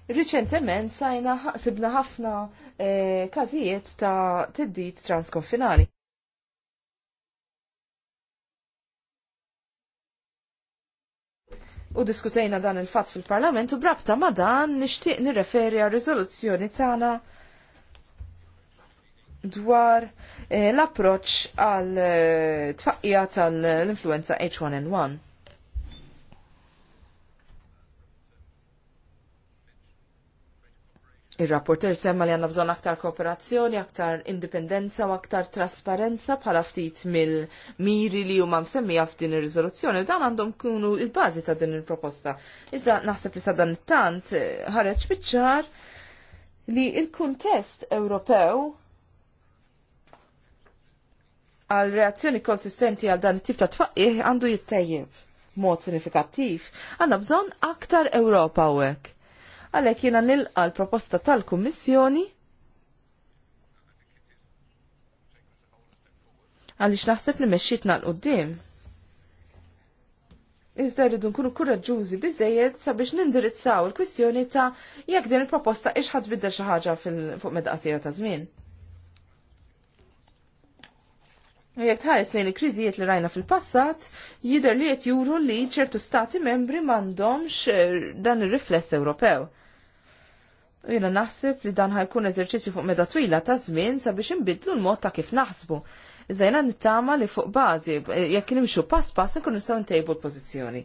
Riċentement sajna sibna ħafna eh, każijiet ta' tiddit transkonfinali. U diskutejna dan il-fatt fil-Parlament u brabta ma dan nixtieq nirreferi għal riżoluzzjoni tagħna dwar eh, l-approċċ għal eh, tfaqqija tal-influenza H1N1. Il-rapporter semma li għanna bżon aktar kooperazzjoni, aktar indipendenza u aktar trasparenza bħala ftit mill-miri li huma msemmija f'din ir-riżoluzzjoni. Dan għandhom kunu il-bażi ta' din il-proposta. Iżda naħseb li sa dan it-tant eh, ħareġ biċċar li il-kuntest Ewropew għal reazzjoni konsistenti għal dan it-tip ta' tfaqqih għandu jittejjeb mod sinifikattiv. Għanna bżon aktar Ewropa u hekk għalhekk jina nilqa l-proposta tal-Kummissjoni għaliex naħseb li mexxitna l qudiem Iżda rridu nkunu kuraġġużi biżejjed sabiex nindirizzaw il-kwistjoni ta' jekk din il-proposta ixħad ħadd xi ħaġa fuq meda qasira ta' żmien. Jekk tħares lejn il-kriżijiet li rajna fil-passat, jidher li qed juru li ċertu stati membri m'għandhomx eh, dan ir-rifless Ewropew. Jena naħseb li dan ħajkun eżerċizzju fuq meda twila ta' żmien sabiex inbidlu l-mod ta' kif naħsbu. Iżda jena nittama li fuq bażi, eh, jekk nimxu pass pass nkun nistgħu ntejbu l-pożizzjoni.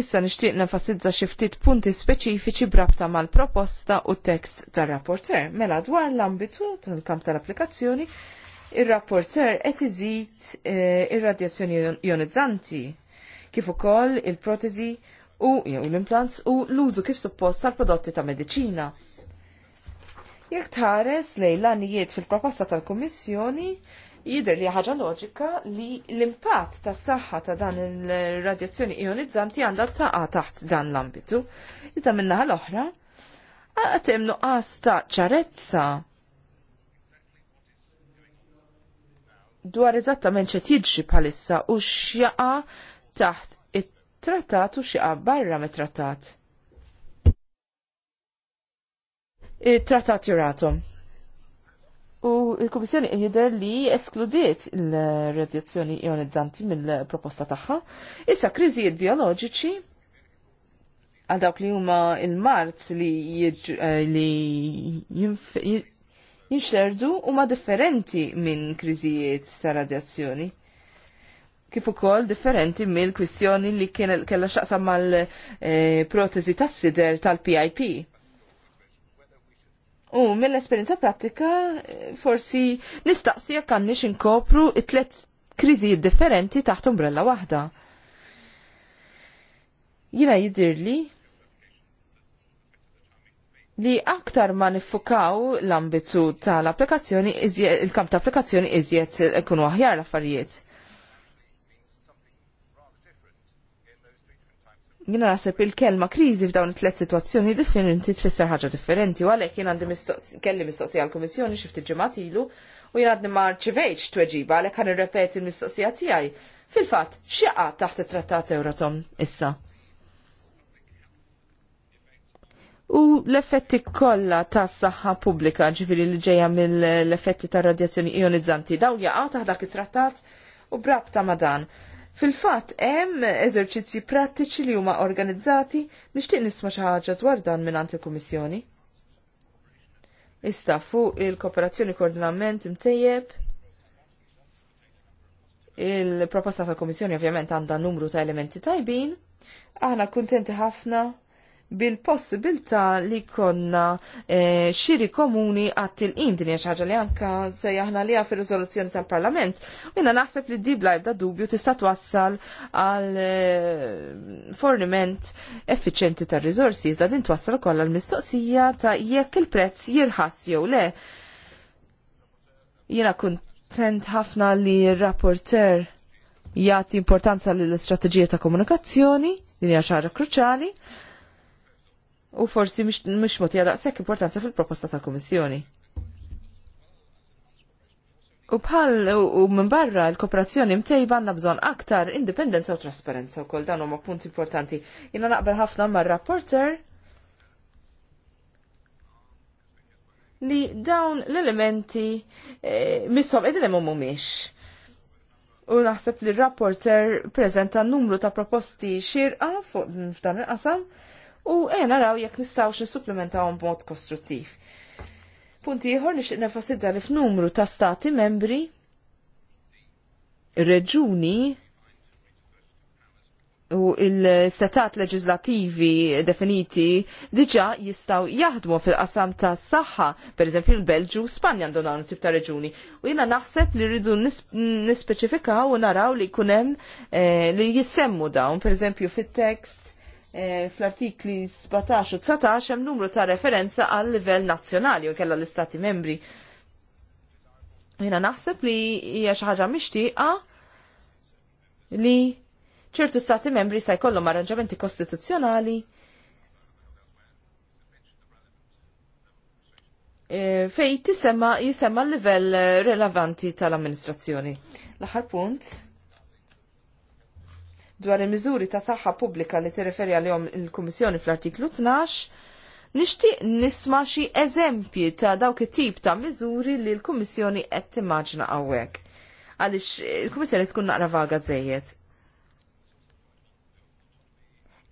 Issa nixtieq nenfasizza xi ftit punti speċifiċi brabta mal-proposta u tekst tar-rapporter. Mela dwar l-ambitu tal-kamp tal-applikazzjoni, ir-rapporter qed iżid eh, ir-radjazzjoni jonizzanti kif ukoll il-protezi u jew l-implants u l-użu kif suppost tal-prodotti ta' mediċina. Jekk tħares lejn l-anijiet fil-proposta tal-Kummissjoni, jider li ħaġa loġika li l-impatt tas saħħa ta' dan il-radjazzjoni ionizzanti għandha taqa' taħt dan l-ambitu. Iżda minnaħa l-oħra, għatem nuqqas ta' ċarezza dwar eżattament ċet jiġri bħalissa u xjaqa taħt trattat u xieqa barra me trattat. Trattat juratom. U il-Komissjoni jider li eskludiet il-radjazzjoni ionizzanti mill-proposta tagħha. Issa kriżijiet bioloġiċi għal dawk li huma il-mart li eh, jinxerdu huma differenti minn kriżijiet ta' radjazzjoni kif ukoll differenti mill-kwistjoni li kien kellha x'aqsam mal-protezi eh, tas-sider tal-PIP. U mill-esperjenza pratika eh, forsi nistaqsi jekk għandniex inkopru it-tlet kriżijiet differenti taħt umbrella waħda. Jina jidirli li aktar ma nifukaw l-ambitu tal-applikazzjoni, il-kamp ta' applikazzjoni iżjed ikunu aħjar l-affarijiet. jina nasib il-kelma krizi f'dawn it-tlet situazzjoni differenti tfisser ħaġa differenti u għalhekk jien għandim kelli mistoqsija għall komissjoni xifti ftit ġimgħat ilu u jien għadni ma rċivejx tweġiba għalhekk il-repet l-mistoqsija tiegħi. Fil-fatt, xieqa taħt it-Trattat Euratom issa? U l-effetti kollha tas saħħa pubblika ġifieri li ġejja mill-effetti tar radjazzjoni ionizzanti dawn jaqa' taħt it-trattat u brabta ma' dan. Fil-fatt hemm eżerċizzji prattiċi li huma organizzati nixtieq nisma' xi ħaġa dwar dan mingħand il-Kummissjoni. Issa fuq il-kooperazzjoni koordinament imtejjeb il-proposta tal kummissjoni ovvjament għandha numru ta' elementi tajbin. Aħna kuntenti ħafna bil-possibilità li konna eh, xiri komuni għat il-qim din ħaġa li anka jahna li fir rizoluzzjoni tal-Parlament. Minna naħseb li di jibda dubju tista' twassal għal eh, forniment effiċenti tal rizorsi iżda din twassal kollha l-mistoqsija ta' jekk il-prezz jirħass jew le. Jiena kuntent ħafna li r-rapporter jagħti importanza lill-istrateġija ta' komunikazzjoni, din hija xi kruċjali u forsi mhux moti għal sekk importanza fil-proposta ta' Kummissjoni. U bħal u minn barra l-kooperazzjoni mtejba għandna bżonn aktar indipendenza u trasparenza wkoll dan huma punti importanti. Jiena naqbel ħafna mar-rapporter li dawn l-elementi e, missom id mu mumiex. U naħseb li r-rapporter prezenta numru ta' proposti xirqa fuq f'dan il-qasam u e naraw jekk nistgħu supplementa għom b'mod kostruttiv. Punti jħor nix nefasidza li f'numru ta' stati membri reġuni u il-setat leġislativi definiti diġa jistaw jaħdmu fil-qasam ta' saħħa, per eżempju il-Belġu Spanja għandu dawn tip ta' reġuni. U jina naħseb li rridu nispeċifikaw u naraw li kunem eh, li jissemmu dawn, per eżempju fit-tekst Eh, fl-artikli 17 u 19 hemm numru ta' referenza għal livell nazzjonali u kella l-istati membri. Jena naħseb li hija xi ħaġa mixtieqa li ċertu stati membri sta jkollhom arranġamenti kostituzzjonali eh, fej tisemma jisemma l-livell relevanti tal-amministrazzjoni. L-aħħar punt dwar il-miżuri ta' saħħa pubblika li tirreferi għalihom il-Kummissjoni fl-artiklu 12, nixtieq nisma xi eżempji ta' dawk it-tip ta' miżuri li l-Kummissjoni qed timmaġna hawnhekk. Għaliex il-Kummissjoni tkun naqra vaga żejjed.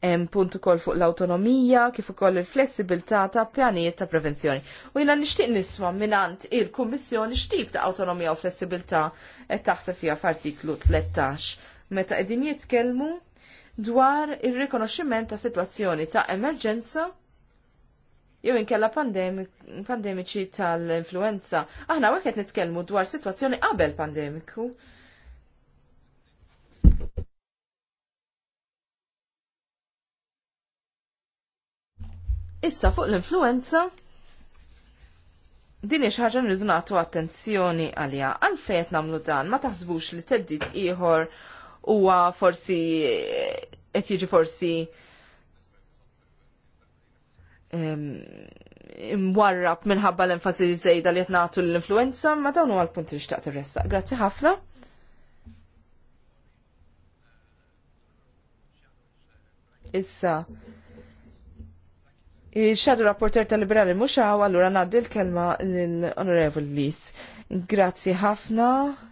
Hemm punt ukoll fuq l-awtonomija kif ukoll il-flessibilità ta' pjanijiet ta' prevenzjoni. U jiena nixtieq nisma' mingħand il-Kummissjoni x'tip ta' awtonomija u flessibilità qed taħseb fiha f'artiklu 13 meta qegħdin jitkellmu dwar ir-rikonoxximent ta' sitwazzjoni ta' emerġenza jew inkella pandemiċi tal-influenza. Aħna hawnhekk qed nitkellmu dwar sitwazzjoni qabel pandemiku. Issa fuq l-influenza din ħaġa nridu nagħtu attenzjoni għalja. Għalfejn qed nagħmlu dan ma taħsbux li teddit ieħor huwa forsi qed jiġi forsi imwarrab minħabba l-enfasi żejda li qed nagħtu l-influenza, ma dawn huwa l-punt li xtaqt irressaq. Grazzi ħafna. Issa, il-xadu rapporter tal-liberali muxa għaw, għallura naddi l-kelma l-onorevoli Lis. Grazzi ħafna,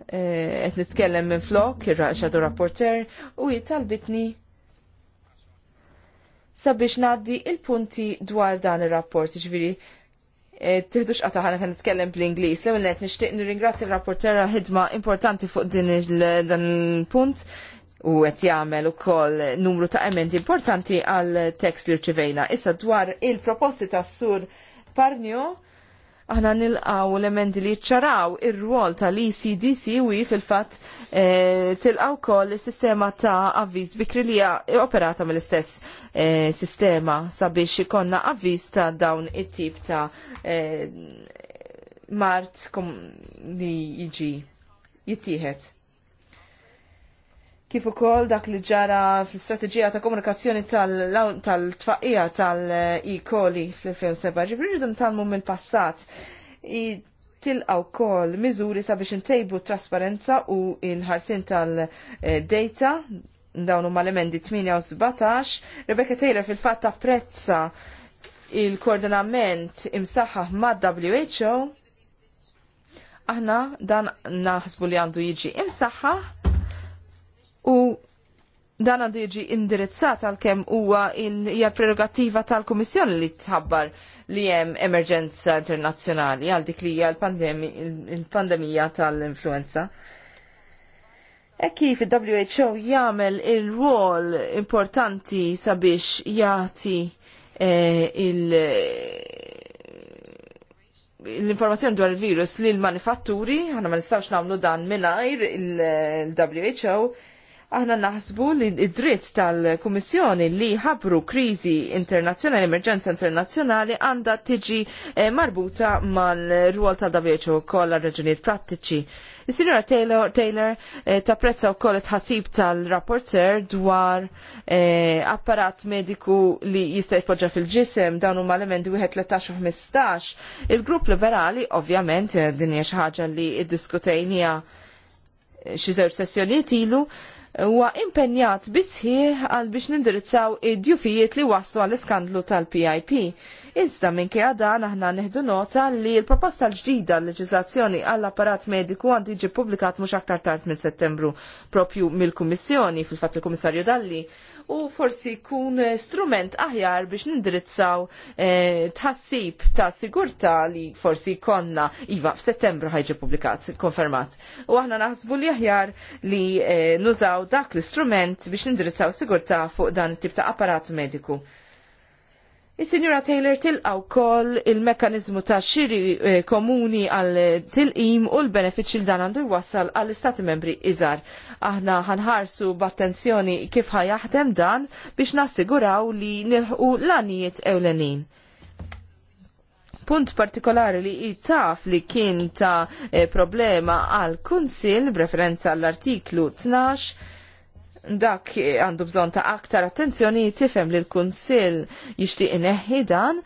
eh, qed nitkellem minn flok, ir-raġadu rapporter, u jitalbitni sabiex naddi il-punti dwar dan ir-rapport, ġviri, eh, tiħdux qata ħana kan nitkellem bl-Inglis, l għet nishtiq nirringrazzja il-rapportera ħidma importanti fuq din dan il-punt u għet jagħmel u koll numru ta' emendi importanti għal tekst li rċivejna. Issa dwar il-proposti ta' sur Parnio, aħna nilqaw l-emendi li ċaraw ir-rwol tal-ECDC u fil-fat e, eh, tilqaw kol sistema ta' avviz bikri li operata mill-istess e, sistema sabiex ikonna avviz ta' dawn it-tip ta' e, mart li jiġi jittieħed kif ukoll dak li ġara fl-istrateġija ta' komunikazzjoni tal-tfaqqija tal-E. coli fl-2007. Ġifri rridu ntalmu mill-passat tilqaw kol miżuri sabiex intejbu trasparenza u il-ħarsin tal-data dawn huma l-emendi 8 u 17. Rebecca Taylor fil-fatt tapprezza il-koordinament imsaħħa ma' WHO aħna dan naħsbu li għandu jiġi imsaħħa u dan għandu jiġi indirizzat għal kem huwa hija prerogattiva tal-Kummissjoni li tħabbar li hemm emerġenza internazzjonali għal dik li hija l-pandemija tal-influenza. E kif il-WHO jagħmel il-rol importanti sabiex jagħti e, il- l-informazzjoni dwar il-virus li l-manifatturi, għanna ma nistawx namlu dan minnajr il-WHO, il who aħna naħsbu li id-dritt tal-Kummissjoni li ħabru kriżi internazzjonali, emerġenza internazzjonali għandha tiġi eh, marbuta mal ruol ta' WHO kollha reġunijiet prattiċi. Is-Sinjora Taylor, Taylor eh, tapprezza wkoll tħassib tal-rapporter dwar eh, apparat mediku li jista' jpoġġa fil-ġisem dawn huma elementi wieħed 13 15. Il-grupp liberali ovvjament eh, din hija xi ħaġa li ddiskutejnija eh, xi żewġ sessjonijiet ilu huwa impenjat bisħieħ għal biex nindirizzaw id-djufijiet li waslu għall iskandlu tal-PIP. Iżda minkejja dan aħna neħdu nota li l-proposta l-ġdida l-leġislazzjoni għall apparat mediku għandi ġi publikat mhux aktar tard minn Settembru propju mill-Kummissjoni fil-fatt il-Kummissarju Dalli u forsi jkun strument aħjar biex nindirizzaw eh, tħassib ta' sigurta li forsi konna iva f'Settembru ħajġi publikat, konfermat. U aħna naħsbu li aħjar li eh, nużaw dak l-istrument biex nindirizzaw sigurta fuq dan it-tip ta' apparat mediku. Is-Sinjura Taylor tilqa' wkoll il-mekkaniżmu ta' xiri eh, komuni għal tilqim u l-benefiċċji li dan għandu jwassal għall istati membri iżgħar. Aħna ħanħarsu b'attenzjoni kif ħajaħdem dan biex nassiguraw li nilħqu l-għanijiet ewlenin. Punt partikolari li taf li kien ta' eh, problema għal kunsil b'referenza għall-artiklu 12 dak għandu bżon ta' aktar attenzjoni tifhem li l-Kunsill jixtieq ineħħi dan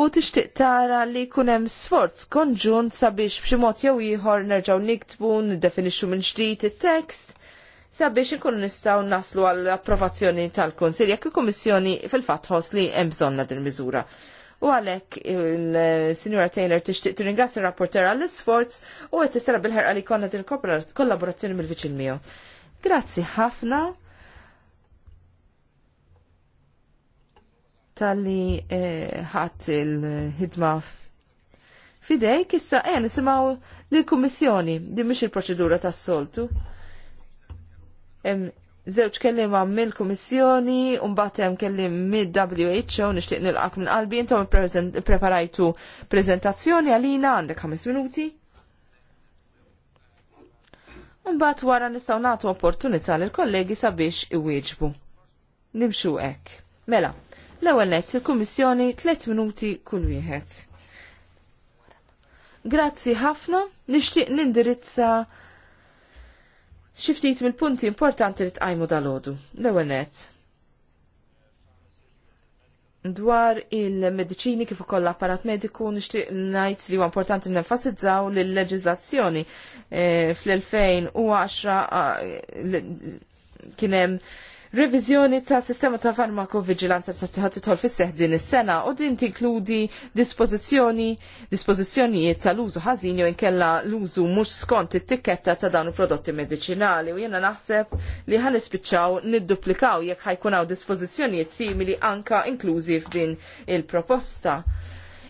u tixtieq tara li jkun hemm sforz konġunt sabiex b'xi mod jew ieħor nerġgħu niktbu, niddefinixxu minn ġdid it-tekst sabiex inkunu nistgħu naslu għall approvazzjoni tal-Kunsill jekk il-Kummissjoni fil-fatt ħoss li hemm bżonna din miżura. U għalhekk il-Sinjora Taylor tixtieq tirringrazzja r-rapporter għall-isforz u qed tistara bil-ħerqa li konna din kollaborazzjoni mill viċil miegħu. Grazzi ħafna tal-li ħadd eh, il-ħidma fidej kissa eh nisimaw lill-Kummissjoni di mhix il-proċedura tas-soltu. Zewċ żewġ kelliema mill-Kummissjoni u mbagħad hemm kelliem mid-WHO nixtieq għak minn qalbi jintom preparajtu prezentazzjoni għalina għandek ħames minuti. Mbagħad wara nistgħu nagħtu opportunità lil kollegi sabiex iwieġbu. Nimxu hekk. Mela, l-ewwel nett il-Kummissjoni 3 minuti kull wieħed. Grazzi ħafna, nixtieq nindirizza xi ftit mill-punti importanti li tqajmu dal-għodu. L-ewwel nett, dwar il-medicini kif ukoll l-apparat mediku nixtieq ngħid li huwa importanti nenfasizzaw lil leġiżlazzjoni eh, fl-2010 eh, kien hemm Revizjoni ta' sistema ta' farmakovigilanza ta' tħat titħol fis-seħ din is-sena u din tinkludi dispożizzjoni dispożizzjonijiet tal-użu ħażin jew inkella l-użu mhux skont it-tikketta ta' dawn prodotti mediċinali u jiena naħseb li ħan ispiċċaw nidduplikaw jekk ħajkun hawn dispożizzjonijiet simili anka inklużi f'din il-proposta.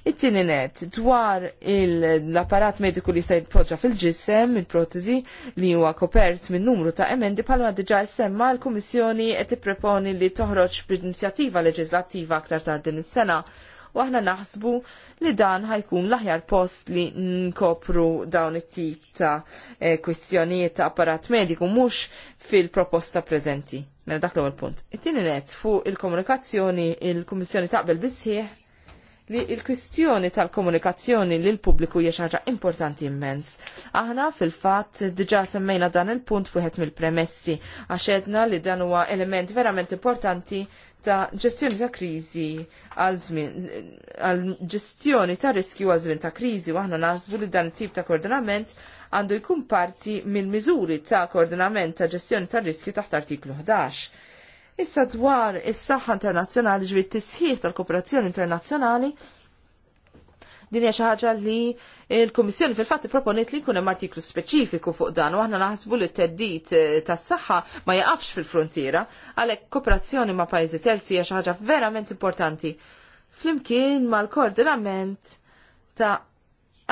It-tieni net dwar l-apparat mediku li stajt jitpoġġa fil-ġisem, il-protezi li huwa kopert minn numru ta' emendi bħalma diġà semma l-Kummissjoni qed tipproponi li toħroġ b'inizjattiva leġislattiva aktar tard din is-sena u aħna naħsbu li dan ħajkun l-aħjar post li nkopru dawn it-tip ta' eh, kwistjonijiet ta' apparat mediku mhux fil-proposta preżenti. Mela dak l-ewwel punt. It-tieni net fuq il-komunikazzjoni il-Kummissjoni taqbel bisħieħ li il-kwistjoni tal-komunikazzjoni lil pubbliku hija ħaġa importanti immens. Aħna fil-fatt diġà semmejna dan il-punt fuħet mill-premessi għax għedna li dan huwa element verament importanti ta' ġestjoni ta' kriżi għal għal ġestjoni ta' riskju għal żmien ta' kriżi waħna aħna naħsbu li dan tip ta' koordinament għandu jkun parti mill-miżuri ta' koordinament ta' ġestjoni ta' riskju taħt artiklu 11 Issa dwar is-saħħa internazzjonali t tisħiħ tal-kooperazzjoni internazzjonali din hija xi ħaġa li l-Kummissjoni fil-fatt proponiet li jkun hemm artiklu speċifiku fuq dan u aħna naħsbu li t-teddit eh, tas-saħħa ma jaqafx fil-frontiera għalhekk kooperazzjoni ma' pajjiżi terzi hija xi ħaġa verament importanti. Flimkien mal-koordinament ta'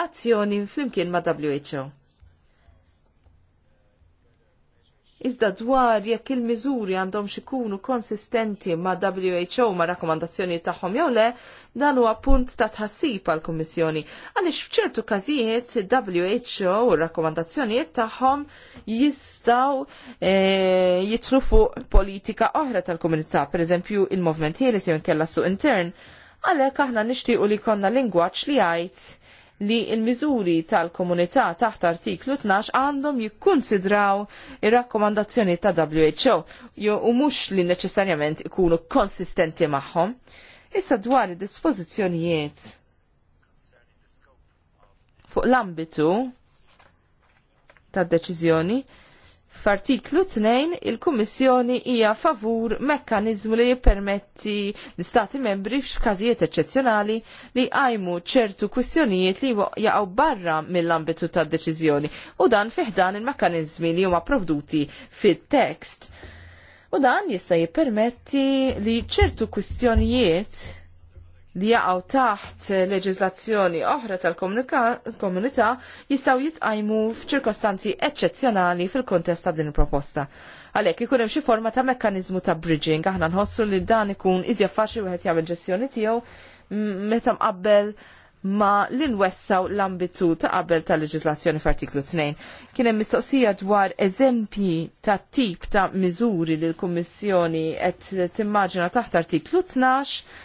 azzjoni flimkien ma' WHO. Iżda dwar jekk il-miżuri għandhom xikunu konsistenti ma' WHO ma' rakkomandazzjoni tagħhom jew le, dan huwa punt ta' tħassib għal kummissjoni Għaliex f'ċertu każijiet WHO u rakkomandazzjonijiet tagħhom jistgħu e, jitlu fuq politika oħra tal-komunità, pereżempju il-movement ħieles se inkella suq intern. Għalhekk aħna nixtiequ li jkollna lingwaġġ li jgħid li il-miżuri tal-komunità taħt artiklu 12 għandhom jikkonsidraw ir-rakkomandazzjoni ta' WHO jo u mhux li neċessarjament ikunu konsistenti magħhom. Issa dwar id-dispożizzjonijiet fuq l-ambitu tad deċiżjoni F'artiklu 2 il-Kummissjoni hija favur mekkaniżmu li jippermetti l-Stati membri f'każijiet eċċezzjonali li għajmu ċertu kwistjonijiet li jaqgħu barra mill-ambitu tad-deċiżjoni u dan fiħdan il-mekkaniżmi li huma provduti fit-tekst. U dan jista' jippermetti li ċertu kwistjonijiet li jaqgħu taħt leġiżlazzjoni oħra tal-komunità jistgħu jitqajmu f'ċirkostanzi eċċezzjonali fil-kontest ta' din il-proposta. Għalhekk ikun hemm xi forma ta' mekkaniżmu ta' bridging aħna nħossu li dan ikun iżjed faċli wieħed jagħmel ġestjoni tiegħu meta mqabbel ma l-inwessaw l-ambitu ta' qabel ta' leġislazzjoni f'artiklu 2. Kien hemm mistoqsija dwar eżempji ta' tip ta' miżuri li l-Kummissjoni qed timmaġina taħt artiklu 12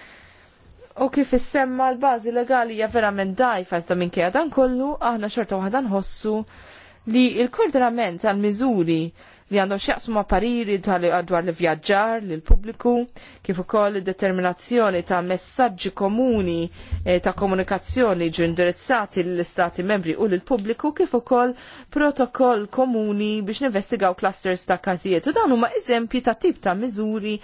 U kif issemma l-bażi legali hija verament dajfa iżda minkejja dan kollu aħna xorta waħda nħossu li l-koordinament għal miżuri li għandhom xjaqsmu appariri tal għadwar li vjaġġar l pubbliku kif ukoll determinazzjoni ta' messaġġi komuni eh, ta' komunikazzjoni ġu indirizzati lill-istati membri u l pubbliku kif ukoll protokoll komuni biex nivestigaw clusters ta' każijiet u dawn huma eżempji ta' tip ta' miżuri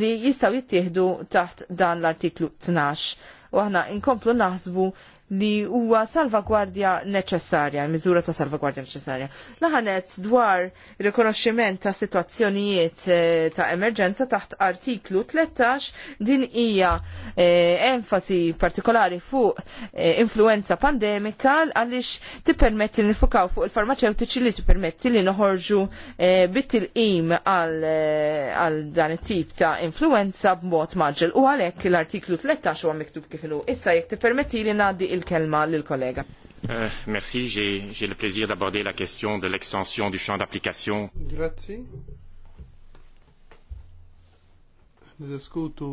li jistgħu jittieħdu taħt dan l-artiklu 12 u aħna inkomplu naħsbu li huwa salvagwardja neċessarja, miżura ta' salvagwardja neċessarja. Laħanet dwar rikonoxximent ta' situazzjonijiet eh, ta' emerġenza taħt artiklu 13 din hija eh, enfasi partikolari fuq eh, influenza pandemika għaliex tippermetti nifukaw fuq il-farmaceutiċi li tippermetti li noħorġu bit-tilqim għal dan it-tip ta' influenza b'mod maġġel u għalhekk l-artiklu 13 huwa miktub kif inhu. Issa jekk tippermetti li ngħaddi il il-kelma lill-kollega. Uh, eh, merci, j'ai le plaisir d'aborder la question de l'extension du champ d'application. Grazie. Nidiskutu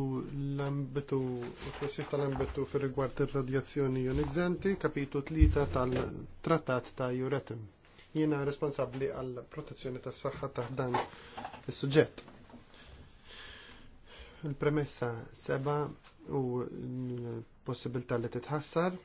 l-ambitu, klassif tal-ambitu fir rigward ir-radjazzjoni ionizzanti, kapitu tlita tal-trattat ta' Juretim. Jiena responsabli għal protezzjoni tas saħħa ta' dan il suġġett Il-premessa seba' u l-possibilità li titħassar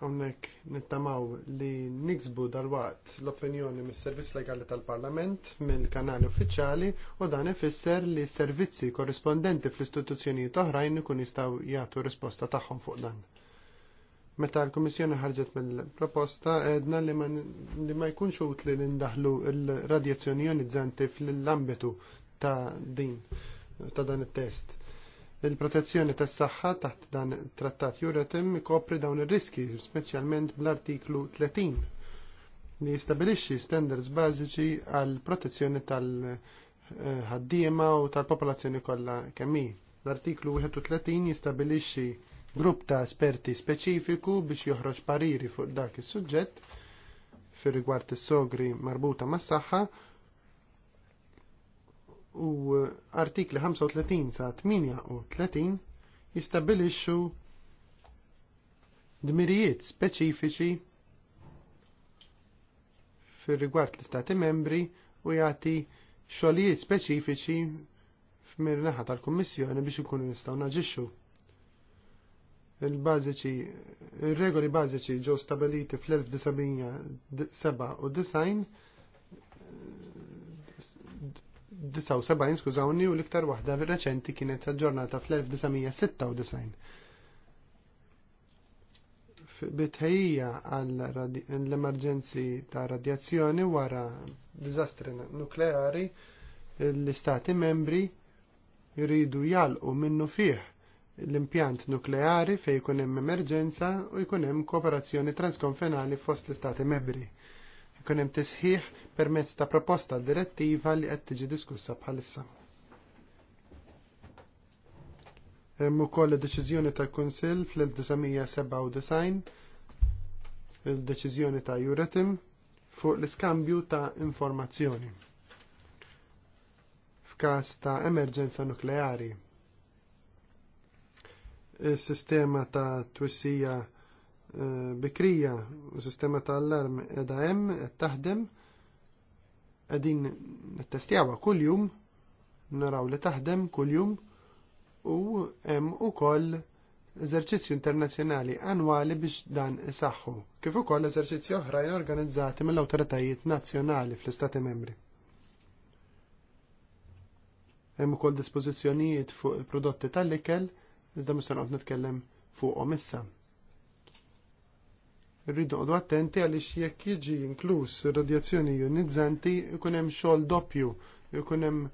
Hawnhekk nittamaw li niksbu dalwaqt l-opinjoni mis-servizz legali tal-Parlament mill-kanali uffiċjali u dan ifisser li servizzi korrispondenti fl-istituzzjonijiet oħrajn ikun jistgħu jagħtu risposta tagħhom fuq dan meta l-Komissjoni ħarġet mill-proposta edna li ma, li ma jkunx utli li ndaħlu l radjazzjoni jonizzanti fl-ambitu ta' din ta' dan it-test. Il-protezzjoni tas saħħa taħt dan trattat Juretim kopri dawn ir-riski, speċjalment bl-artiklu 30 li jistabilixxi standards bażiċi għal protezzjoni tal-ħaddiema u tal-popolazzjoni kollha kemm hi. L-artiklu 31 jistabilixxi grupp ta' esperti speċifiku biex joħroġ pariri fuq dak is-suġġett fir rigward is-sogri marbuta mas-saħħa u eh, artikli 35 sa 38 jistabilixxu dmirijiet speċifiċi fir rigward l-Istati membri u jagħti xogħlijiet speċifiċi f'mir-naħa tal-Kummissjoni biex ikunu nistgħu naġixxu. Il-bażiċi ir-regoli bażiċi ġew stabiliti fl-1997 79 skużawni u l-iktar waħda reċenti kienet aġġornata fl-1996. Bitħejja għall-emerġenzi ta' radjazzjoni wara diżastri nukleari l-istati membri jridu jalqu minnu fih l-impjant nukleari fejn jkun hemm emerġenza u jkun hemm kooperazzjoni transkonfenali fost l-istati membri. Jkun hemm tisħiħ permezz ta' proposta direttiva li qed tiġi diskussa bħalissa. Hemm ukoll deċiżjoni tal-Kunsill fl-1997 il-deċiżjoni ta' Juretim fuq l-iskambju ta' informazzjoni f'każ ta' emerġenza nukleari. Is-sistema ta' twissija eh, bikrija u sistema ta' allarm edha hemm qed taħdem Qegħdin kull kuljum, naraw li taħdem kuljum u hemm ukoll eżerċizzju internazzjonali annwali biex dan isaħħu, kif ukoll eżerċizzju oħrajn organizzati mill-awtoritajiet nazzjonali fl-Istati membri. Hemm ukoll dispożizzjonijiet fuq il-prodotti tal-ikel, iżda mhux se nitkellem fuqhom issa rridu għadu attenti għaliex jekk jiġi inkluż radjazzjoni jonizzanti, ikun hemm xogħol doppju, ikun hemm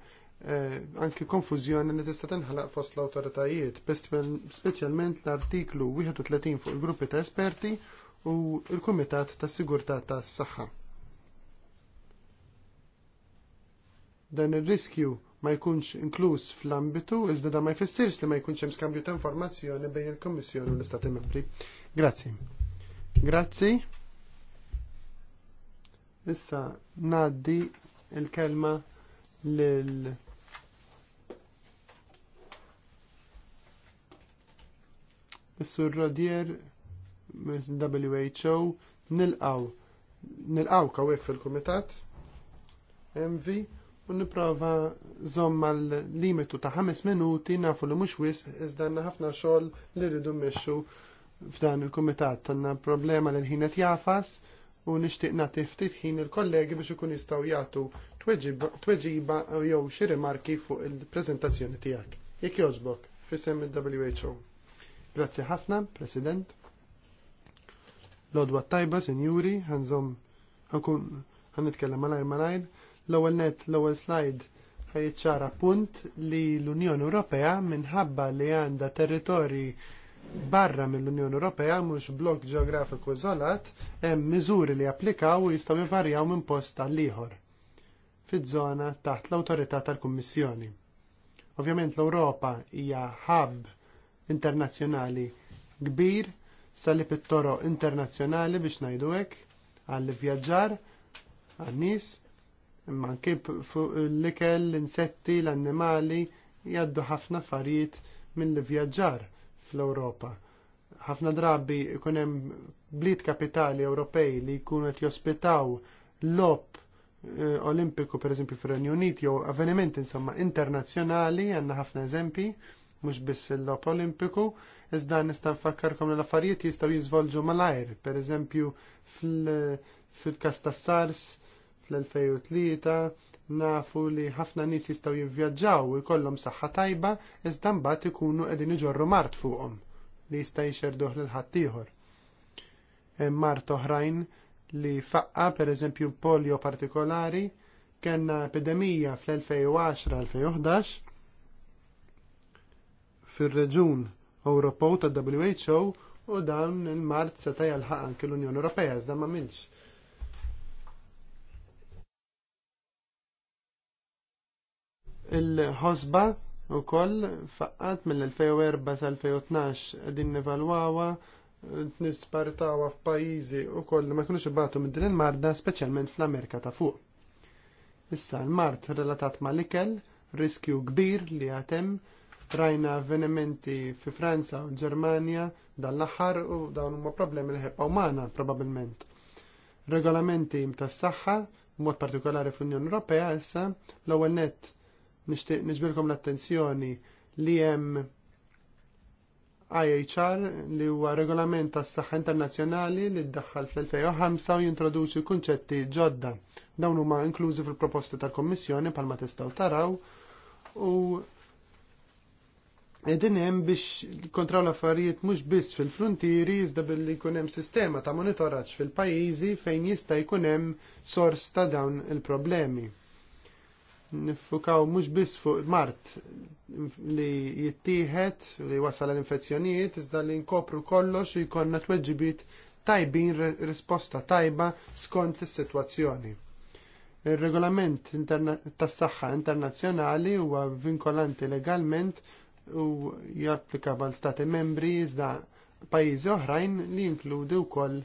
eh, anki konfużjoni li tista' tinħalaq fost l-awtoritajiet, speċjalment l-artiklu 31 fuq il-gruppi ta' esperti u l-Kumitat tas Sigurtà tas-Saħħa. Dan ir-riskju ma jkunx inkluż fl-ambitu, iżda da ma jfissirx li ma jkunx hemm skambju ta' informazzjoni bejn il-Kommissjoni u l-Istati Membri. Grazzi. Grazzi. Issa naddi il-kelma lil Issur sur Rodier WHO nilqaw nilqaw kawek fil-Kumitat MV u niprofa zomma l-limitu ta' 5 minuti nafu li mhux wisq iżda ħafna xogħol li rridu mmexxu f'dan il-Kumitat tanna problema l ħinet jafas u nixtieq nagħti ftit ħin il-kollegi biex ikun jistgħu jagħtu tweġiba jew xi rimarki fuq il-preżentazzjoni tiegħek. Jekk jogħġbok fisem il-WHO. Grazzi ħafna, President. Lodwa tajba, Sinjuri, ħanżom ħankun ħanitkellem malajr malajr. L-ewwel net, l-ewwel slide ħajċara punt li l-Unjoni Ewropea minħabba li għandha territorji barra mill-Unjoni Ewropea mhux blok ġeografiku iżolat hemm miżuri li applikaw u jistgħu jvarjaw minn post għal ieħor fiż-żona taħt l-awtorità tal-Kummissjoni. Ovvjament l-Ewropa hija hub internazzjonali kbir sali pittoro internazzjonali biex ngħidu hekk għall-vjaġġar għan-nies imma anke fuq l-ikel, l-insetti, l-annimali jgħaddu ħafna affarijiet mill-vjaġġar fl-Ewropa. Ħafna drabi kunem hemm bliet kapitali Ewropej li jkunu qed jospitaw lob eh, olimpiku pereżempju fir-Renju Unit jew avvenimenti insomma internazzjonali għandna ħafna eżempji mhux biss il op olimpiku, iżda nista' nfakkarkom l-affarijiet jistgħu jiżvolġu malajr, pereżempju fil-kas tas-SARS fl-2003 nafu li ħafna nies jistgħu jivvjaġġaw u jkollhom saħħa tajba iżda mbagħad ikunu qegħdin iġorru mart fuqhom li jista' jxerduh lil ħadd ieħor. Hemm mart oħrajn li faqqa pereżempju polio partikolari kellna epidemija fl-2010-2011 fir-reġun Ewropew tad WHO u dan il-Mart seta' jalħaq anke l-Unjoni Ewropea iżda ma minx Il-ħosba u koll faqqat mill-2004 2012 għedin nevalwawa nispartawa f'pajizi u koll ma kienux ibbatu minn din il-marda speċjalment fl-Amerika ta' fuq. Issa l-mart relatat ma' l-ikel, riskju kbir li għatem rajna avvenimenti fi Franza u Ġermanja dan l-aħħar u dawn huma problemi li ħebba umana probabbilment. Regolamenti tas-saħħa, b'mod partikolari fl-Unjoni Ewropea issa, l-ewwel net Nixtieq niġbilkom l-attenzjoni li hemm IHR li huwa regolament tas saħħa internazzjonali li ddaħħal fl-2005 u jintroduċi kunċetti ġodda. Dawn huma inklużi fil-proposti tal-Kommissjoni palma tistgħu taraw u din hemm biex kontraw l-affarijiet mhux biss fil-frontieri iżda billi jkun hemm sistema ta' monitoraġġ fil-pajjiżi fejn jista' jkun hemm sors ta' dawn il-problemi nifukaw mhux biss fuq mart li jittijħet li wasal l-infezzjonijiet iżda li nkopru kollox u jkollna tweġibiet tajbin risposta tajba skont is-sitwazzjoni. Ir-regolament tas-saħħa internazzjonali huwa vinkolanti legalment u japplika għal stati membri iżda pajjiżi oħrajn li jinkludi wkoll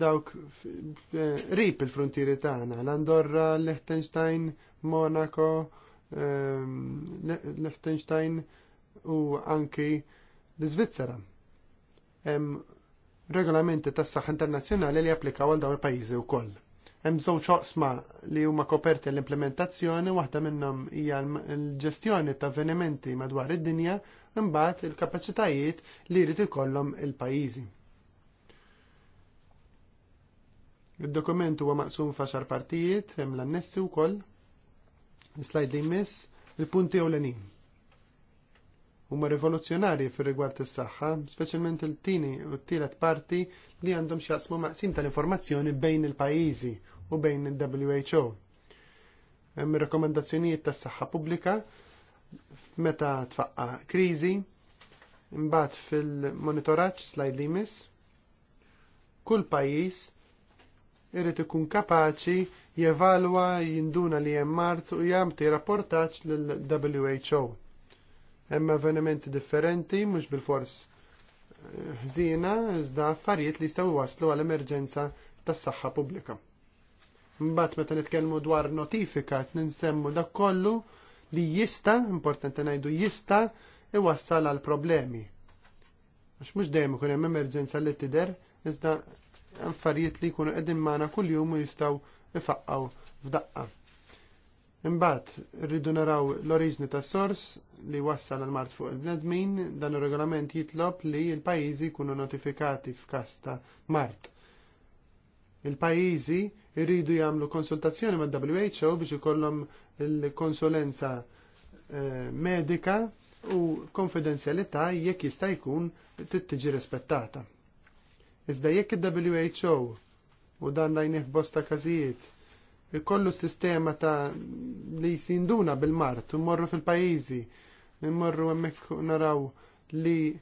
dawk rip il-frontieri tagħna, l-Andorra, Liechtenstein, Monaco, ehm, Liechtenstein u anki l-Svizzera. Hemm regolamenti tas-saħħa internazzjonali li applikaw għal dawn il-pajjiżi wkoll. Hemm żewġ oqsma li huma koperti l-implementazzjoni, waħda minnhom hija l-ġestjoni ta' avvenimenti madwar id-dinja, imbagħad il-kapaċitajiet li jrid ikollhom il-pajjiżi. Il-dokument huwa maqsum xar partijiet, hemm l-annessi wkoll. slide li jmiss il-punti ewlenin. Huma rivoluzzjonarji fir rigward is-saħħa, speċjalment il-tieni u t-tielet parti li għandhom x'jaqsmu maqsim tal-informazzjoni bejn il-pajjiżi u bejn il-WHO. Hemm ir-rakkomandazzjonijiet tas-saħħa pubblika meta tfaqqa kriżi, imbagħad fil-monitoraġġ slajd li jmiss. Kull pajjiż irrit ikun kapaċi jevalwa jinduna li hemm mart u jagħmti rapportaċ l who Hemm avvenimenti differenti mhux bilfors eh, ħżiena iżda affarijiet li jistgħu waslu għal emerġenza tas-saħħa pubblika. Mbagħad meta nitkellmu dwar notifika ninsemmu dak kollu li jista, importanti ngħidu jista, iwassal għal problemi. Għax mhux dejjem ikun hemm emerġenza li tidher, iżda affarijiet li jkunu qegħdin magħna kuljum u jistgħu ifaqqaw f'daqqa. Imbagħad rridu naraw l-oriġni tas sors li wassal għal mart fuq il-bnedmin, dan ir-regolament jitlob li l-pajjiżi jkunu notifikati f'każ ta' mart. Il-pajjiżi jridu jagħmlu konsultazzjoni mad-WHO biex ikollhom il-konsulenza eh, medika u konfidenzjalità jekk jista' jkun tittiġi rispettata. Iżda jekk il-WHO u dan rajnih bosta każijiet ikollu sistema ta' li jisinduna bil-mart, u morru fil-pajizi, morru hemmhekk naraw li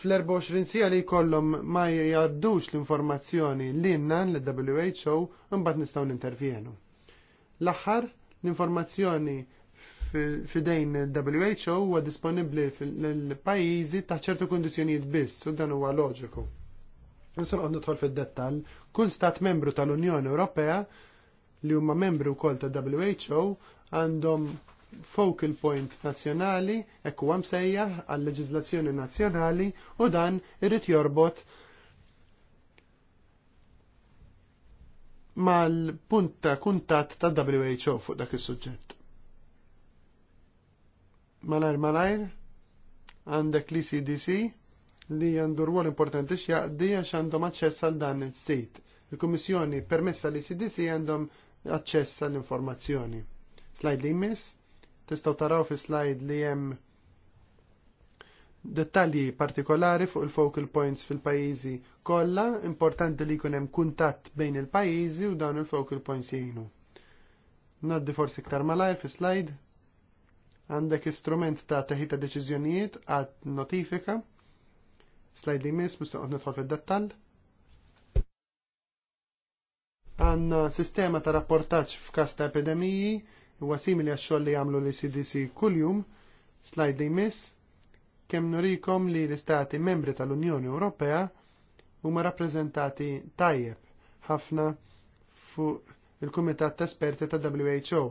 fl-24 sija li jkollhom ma jgħaddux l-informazzjoni li innan l-WHO imbagħad nistgħu nintervjenu. L-aħħar l-informazzjoni fidejn il-WHO huwa disponibbli fil-pajjiżi ta' ċertu kundizzjonijiet biss u dan huwa loġiku. Nisol nidħol fid-dettall, kull stat membru tal-Unjoni Ewropea li huma membru wkoll ta' WHO għandhom focal point nazzjonali ekku għam sejja għal leġizlazzjoni nazzjonali u dan irrit jorbot mal-punt ta' kuntat ta' WHO fuq dak is-suġġett. Malajr malajr għandek l-CDC li għandu rwol importanti x'jaqdi għax għandhom aċċess għal dan is-sit. Il-Kummissjoni permessa li CDC għandhom aċċess għall informazzjoni Slide li jmiss, tistgħu taraw fi slide li hemm dettalji partikolari fuq il-focal points fil-pajjiżi kollha, importanti li jkun hemm kuntatt bejn il-pajjiżi u dawn il-focal points jgħinu. Naddi forsi iktar malajr fi slide. Għandek istrument ta' teħita deċiżjonijiet għad notifika slide li mis, mustaqot nitħol fil-dettal. Għanna sistema ta' rapportaċ f'kas ta' epidemiji, huwa simili għax-xogħol li jagħmlu l-CDC kuljum. Slajd li mis, kemm nurikom li l-istati membri tal-Unjoni Ewropea huma rappreżentati tajjeb ħafna fuq il-Kumitat ta' Esperti ta' WHO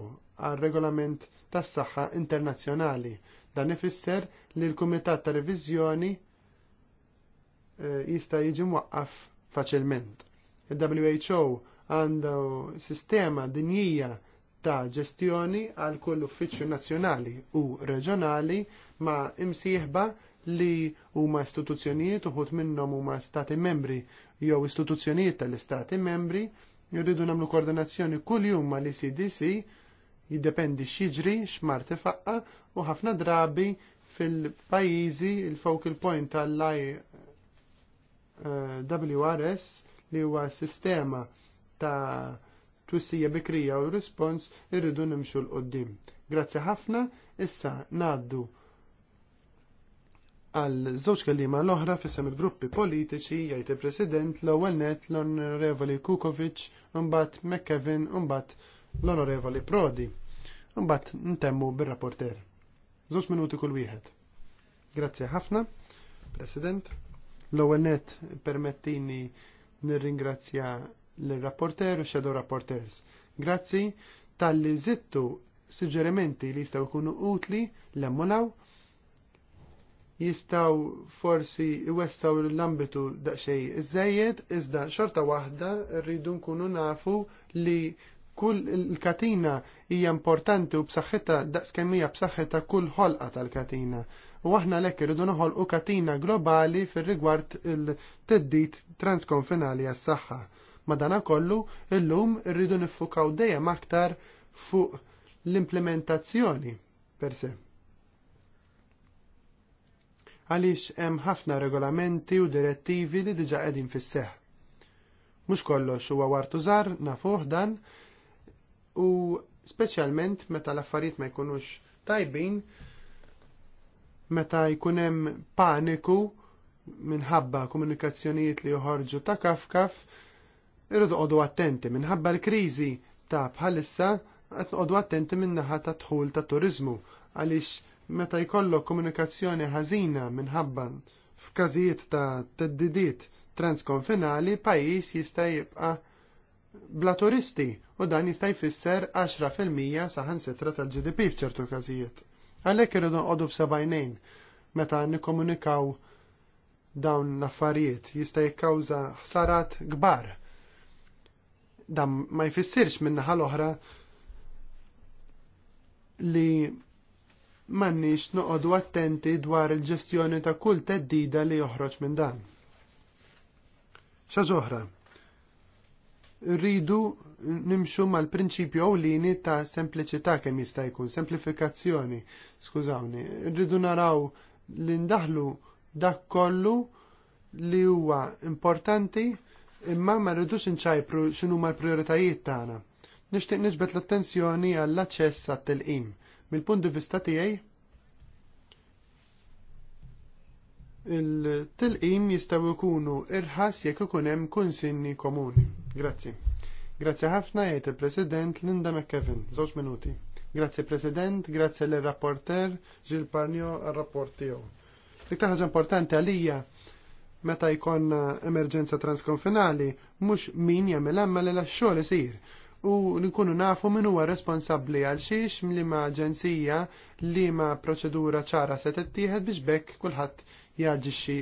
għal regolament tas saħħa internazzjonali. Dan ifisser li l-Kumitat ta' Reviżjoni Eh, jista' jiġi mwaqqaf faċilment. Il-WHO għandu sistema dinjija ta' ġestjoni għal kull uffiċċju nazzjonali u reġjonali ma' imsieħba li huma istituzzjonijiet uħud minnhom huma stati membri jew istituzzjonijiet tal-istati membri jridu nagħmlu koordinazzjoni kuljum ma' li CDC jiddependi x'jiġri x'mar tifaqqa u ħafna drabi fil-pajjiżi il-focal point tal laj WRS li huwa sistema ta' twissija bikrija u rispons irridu nimxu l-qoddim. Grazzi ħafna, issa naddu għal żewġ kelliema l-oħra fissem il-gruppi politiċi jgħid il-President l-ewwel net l-Onorevoli Kukovic, mbagħad McKevin, mbagħad l-Onorevoli Prodi. Mbagħad ntemmu bir-rapporter. Żewġ minuti kull wieħed. Grazzi ħafna, President. L-ewwel net permettini nirringrazzja l-rapporter u shadow rapporters. Grazzi tal-li zittu suġġerimenti li jistgħu jkunu utli l-emmolaw jistaw forsi jwessaw l-ambitu daqxej iżejjed, iżda xorta waħda rridu nkunu nafu li kull il-katina hija importanti u b'saħħitha daqs hija b'saħħitha kull ħolqa tal-katina u aħna lekk irridu noħolqu katina globali fir-rigward il-teddit transkonfinali għas-saħħa. Madana kollu, il-lum irridu niffukaw dejjem aktar fuq l-implementazzjoni per se. Għaliex hemm ħafna regolamenti u direttivi li diġa qegħdin fis-seħ. Mhux kollox huwa wartu żar nafuh dan u speċjalment meta l-affarijiet ma jkunux tajbin meta jkun hemm paniku minħabba komunikazzjonijiet li joħorġu ta' kafkaf, irridu qodu attenti minħabba l-kriżi ta' bħalissa qed noqogħdu attenti min-naħa ta' dħul ta' turiżmu għaliex meta jkollok komunikazzjoni ħażina minħabba f'każijiet ta' teddidiet transkonfinali pajjiż jista' jibqa' bla turisti u dan jista' jfisser 10% saħansitra tal-GDP f'ċertu każijiet. Għalhekk irridu nqogħdu b'sebajnejn meta nikkomunikaw dawn l-affarijiet jista' jikkawża ħsarat kbar. Dan ma jfissirx minn naħa l-oħra li mannix noqogħdu attenti dwar il-ġestjoni ta' kull teddida li joħroġ minn dan. Xa ġoħra rridu nimxu mal-prinċipju ewlieni ta' sempliċità kemm jista' jkun, semplifikazzjoni, skużawni. Rridu naraw li ndaħlu dak kollu li huwa importanti imma ma rridux inċajpru x'inhu l-prijoritajiet tagħna. Nixtieq niġbed l-attenzjoni għall-aċċess għat-telqim. Mill-punt di vista tiegħi il-tilqim jistgħu jkunu irħas jekk ikun hemm kunsinni komuni. Grazzi. Grazzi ħafna jgħid il-President Linda McKevin, żewġ minuti. Grazzi President, grazzi l rapporter Gil Parnio għal-rapport tiegħu. Iktar ħaġa importanti għalija meta jkun emerġenza transkonfinali, mhux min jagħmel hemm li x-xogħol isir u nkunu nafu min huwa responsabbli għal xiex li ma' aġenzija li ma' proċedura ċara se tittieħed biex bekk kulħadd jaġixxi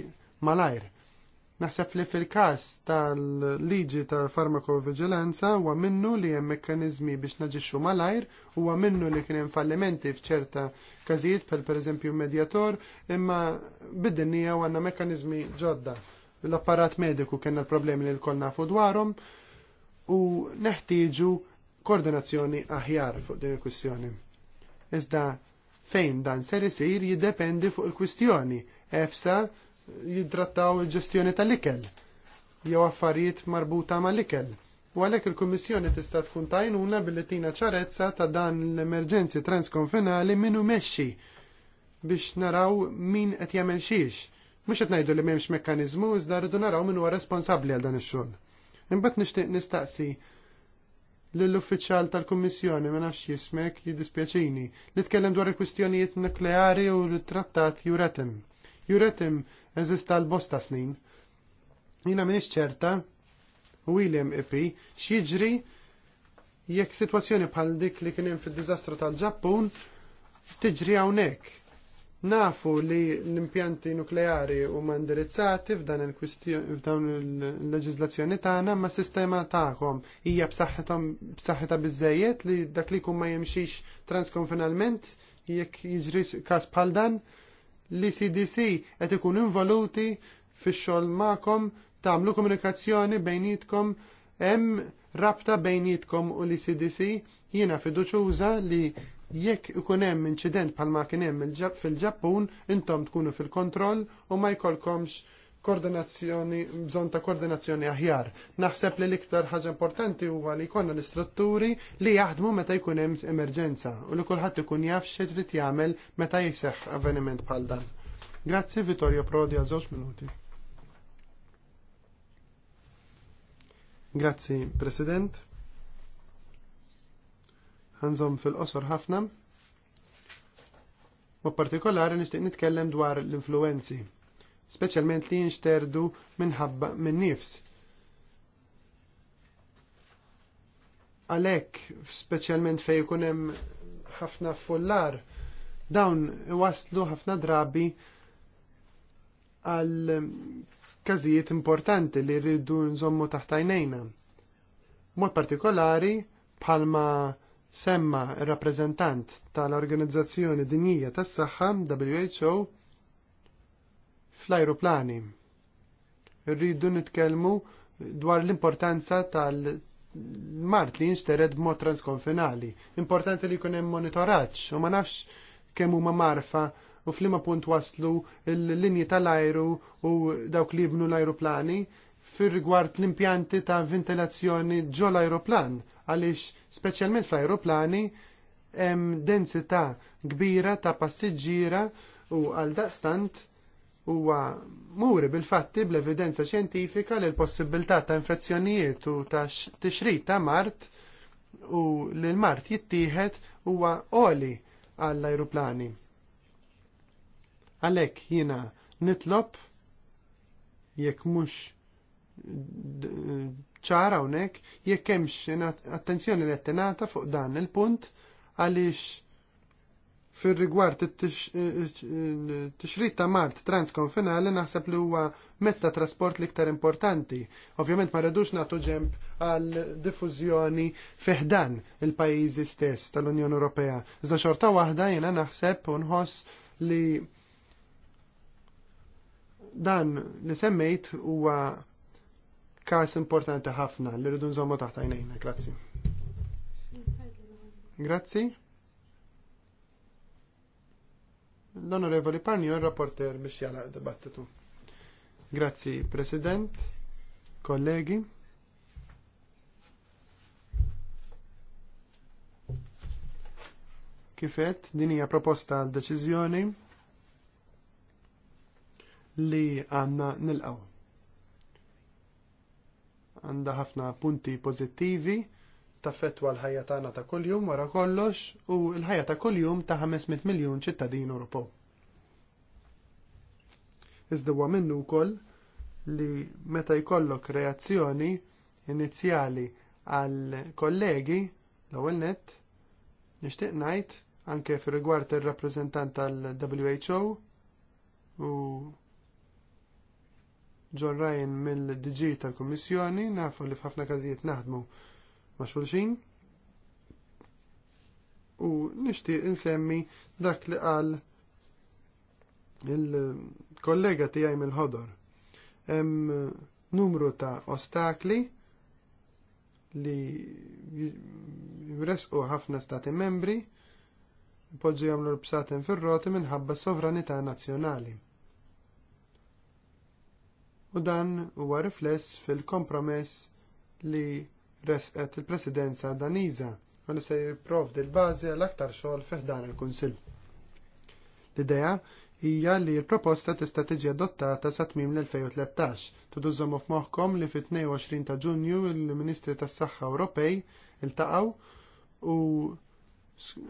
malajr. Naħseb li fil-każ tal-liġi tal-farmakovigilanza huwa minnu li hemm mekkaniżmi biex naġixxu malajr, huwa minnu li kien hemm fallimenti f'ċerta każijiet per pereżempju medjator, imma bid-dinja għandna mekkaniżmi ġodda. L-apparat mediku kien l-problemi li l-kol nafu dwarhom u neħtieġu koordinazzjoni aħjar fuq din il-kwistjoni. Iżda fejn dan ser isir jiddependi fuq il-kwistjoni EFSA jidrattaw il-ġestjoni tal-ikel jew affarijiet marbuta mal-ikel. U għalhekk il-Kummissjoni tista' tkun tajnuna billi tina ċarezza ta' dan l-emerġenzi transkonfinali minnu mexxi biex naraw min qed jagħmel xiex. Mhux qed ngħidu li m'hemmx mekkaniżmu iżda rridu naraw min huwa responsabbli għal dan ix-xogħol. Imbagħad nixtieq nistaqsi lill-uffiċjal tal-Kummissjoni ma nafx jismek jiddispjaċini li tkellem dwar il-kwistjonijiet nukleari u l-trattat juratem. Juretim eżista l-bosta snin. Jina minix ċerta, William Ipi, e xieġri jekk situazzjoni bħal dik li kien hemm fid-diżastru tal-Ġappun tiġri hawnhekk. Nafu li l-impjanti nukleari huma indirizzati f'dan il-kwistjoni il tagħna ma' sistema tagħkom hija b'saħħitha biżejjed li dak li jkun ma jemxix transkonfinalment jekk jiġri każ bħal dan li CDC qed ikun involuti fix-xogħol magħkom tagħmlu komunikazzjoni bejnietkom hemm rabta bejnietkom u li CDC jiena fiduċuża li jekk ikun hemm inċident bħalma kien hemm fil-Ġappun intom tkunu fil-kontroll u ma jkollkomx koordinazzjoni, bżon ta' koordinazzjoni aħjar. Naħseb li l-iktar ħaġa importanti huwa li jkollna l-istrutturi li jaħdmu meta jkun hemm emerġenza u li kulħadd ikun jaf x'trid jagħmel meta jseħħ avveniment bħal dan. Grazzi Vittorio Prodi għal żewġ minuti. Grazzi President. Għanżom fil-qosor ħafna. U partikolari nixtieq nitkellem dwar l-influenzi speċjalment li jinxterdu minħabba minn nifs. Għalek, speċjalment fej kunem ħafna fullar, dawn waslu ħafna drabi għal kazijiet importanti li rridu nżommu taħtajnejna. Mod partikolari, bħalma semma il-rappresentant tal-Organizzazzjoni Dinjija tas-Saħħa WHO fl-ajruplani. Rridu nitkellmu dwar l-importanza tal-mart li jinxtered b'mod transkonfinali. Importanti li jkun hemm monitoraġġ u ma nafx kemm huma marfa u flima punt waslu l-linji tal-ajru u dawk li jibnu l-ajruplani fir rigward l-impjanti ta' ventilazzjoni ġol l-ajruplan għaliex speċjalment fl-ajruplani hemm densità kbira ta' passiġġiera u għal daqstant huwa muri bil-fatti bl-evidenza xjentifika li l-possibilità ta' infezzjonijiet u ta' tixrid ta' mart u li l-mart jittieħed huwa oli għall-ajruplani. Għalhekk jiena nitlob jekk mhux ċara hawnhekk jekk hemmx attenzjoni li qed tingħata fuq dan il-punt għaliex fir rigward t tixrid ta' mart transkonfinali naħseb li huwa mezz ta' trasport l-iktar importanti. Ovvjament ma rridux nagħtu ġemp għal diffużjoni feħdan il-pajjiżi stess tal-Unjoni Ewropea. Iżda xorta waħda jiena naħseb u nħoss li dan li semmejt huwa każ importanti ħafna li rridu nżommu taħt għajnejna. Grazzi. Grazzi. L-Onorevoli Parnio, il-rapporter biex jala dibattitu. Grazzi, President, kollegi. Kifet, din hija proposta għal deċiżjoni li għanna nilqaw. Għanda ħafna punti pozittivi taffettwa l-ħajja tagħna ta' kuljum wara kollox u l-ħajja ta' kuljum ta' 500 miljun ċittadin Ewropew. Iżda huwa minnu wkoll li meta jkollok reazzjoni inizjali għal kollegi l-ewwel nett, nixtieq ngħid anke fir-rigward ir-rappreżentant tal-WHO u John Ryan mill-DG tal-Kummissjoni nafu li f'ħafna każijiet naħdmu ma' xulxin u nixtieq insemmi dak li qal il-kollega tiegħi mill-ħodor. Hemm numru ta' ostakli li jresqu ħafna stati membri poġġu jagħmlu l-bsaten fir-roti minħabba sovranità nazzjonali. U dan huwa rifless fil-kompromess li resqet eh, il-presidenza daniża u li se jipprovdi l-bażi għal aktar xogħol fih dan il-Kunsill. L-idea hija li l-proposta tista' tiġi adottata sa tmiem l-2013. Tudużomu f'moħħkom li fit-22 ta' Ġunju il-Ministri tas-Saħħa Ewropej iltaqgħu u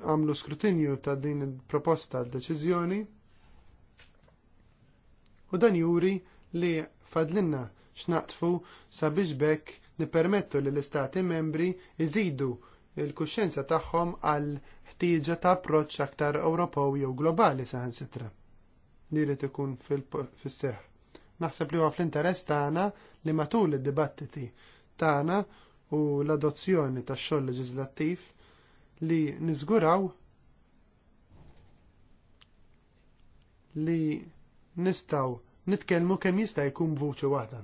għamlu skrutinju ta' din il-proposta l-deċiżjoni u dan juri li fadlinna x'naqtfu sabiex bekk nippermettu li l-istati membri iżidu il kuxxenza tagħhom għal ħtieġa ta' approċċ aktar Ewropew jew globali saħansitra. Li Nirid ikun fis-seħħ. Naħseb li huwa fl-interess tagħna li matul id-dibattiti tagħna u l-adozzjoni tax-xogħol leġislattiv li niżguraw li nistaw nitkellmu kemm jista' jkun vuċi waħda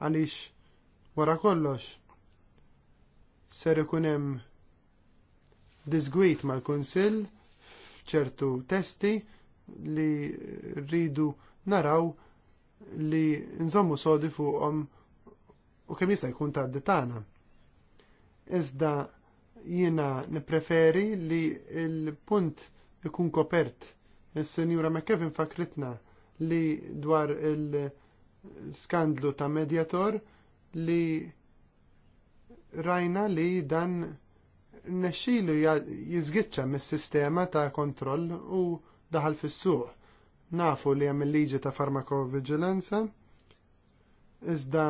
għaliex wara kollox ser ikun hemm disgwit mal-Kunsill f'ċertu testi li rridu naraw li nżommu sodi fuqhom u kemm jista' jkun tgħaddi tagħna. Iżda jiena nippreferi li l-punt ikun kopert. Is-Sinjura McKevin fakritna li dwar il- skandlu ta' Mediator li rajna li dan nexilu jizgitċa mis-sistema ta' kontroll u daħal fis-suq. Nafu li hemm il-liġi ta' farmakovigilanza, iżda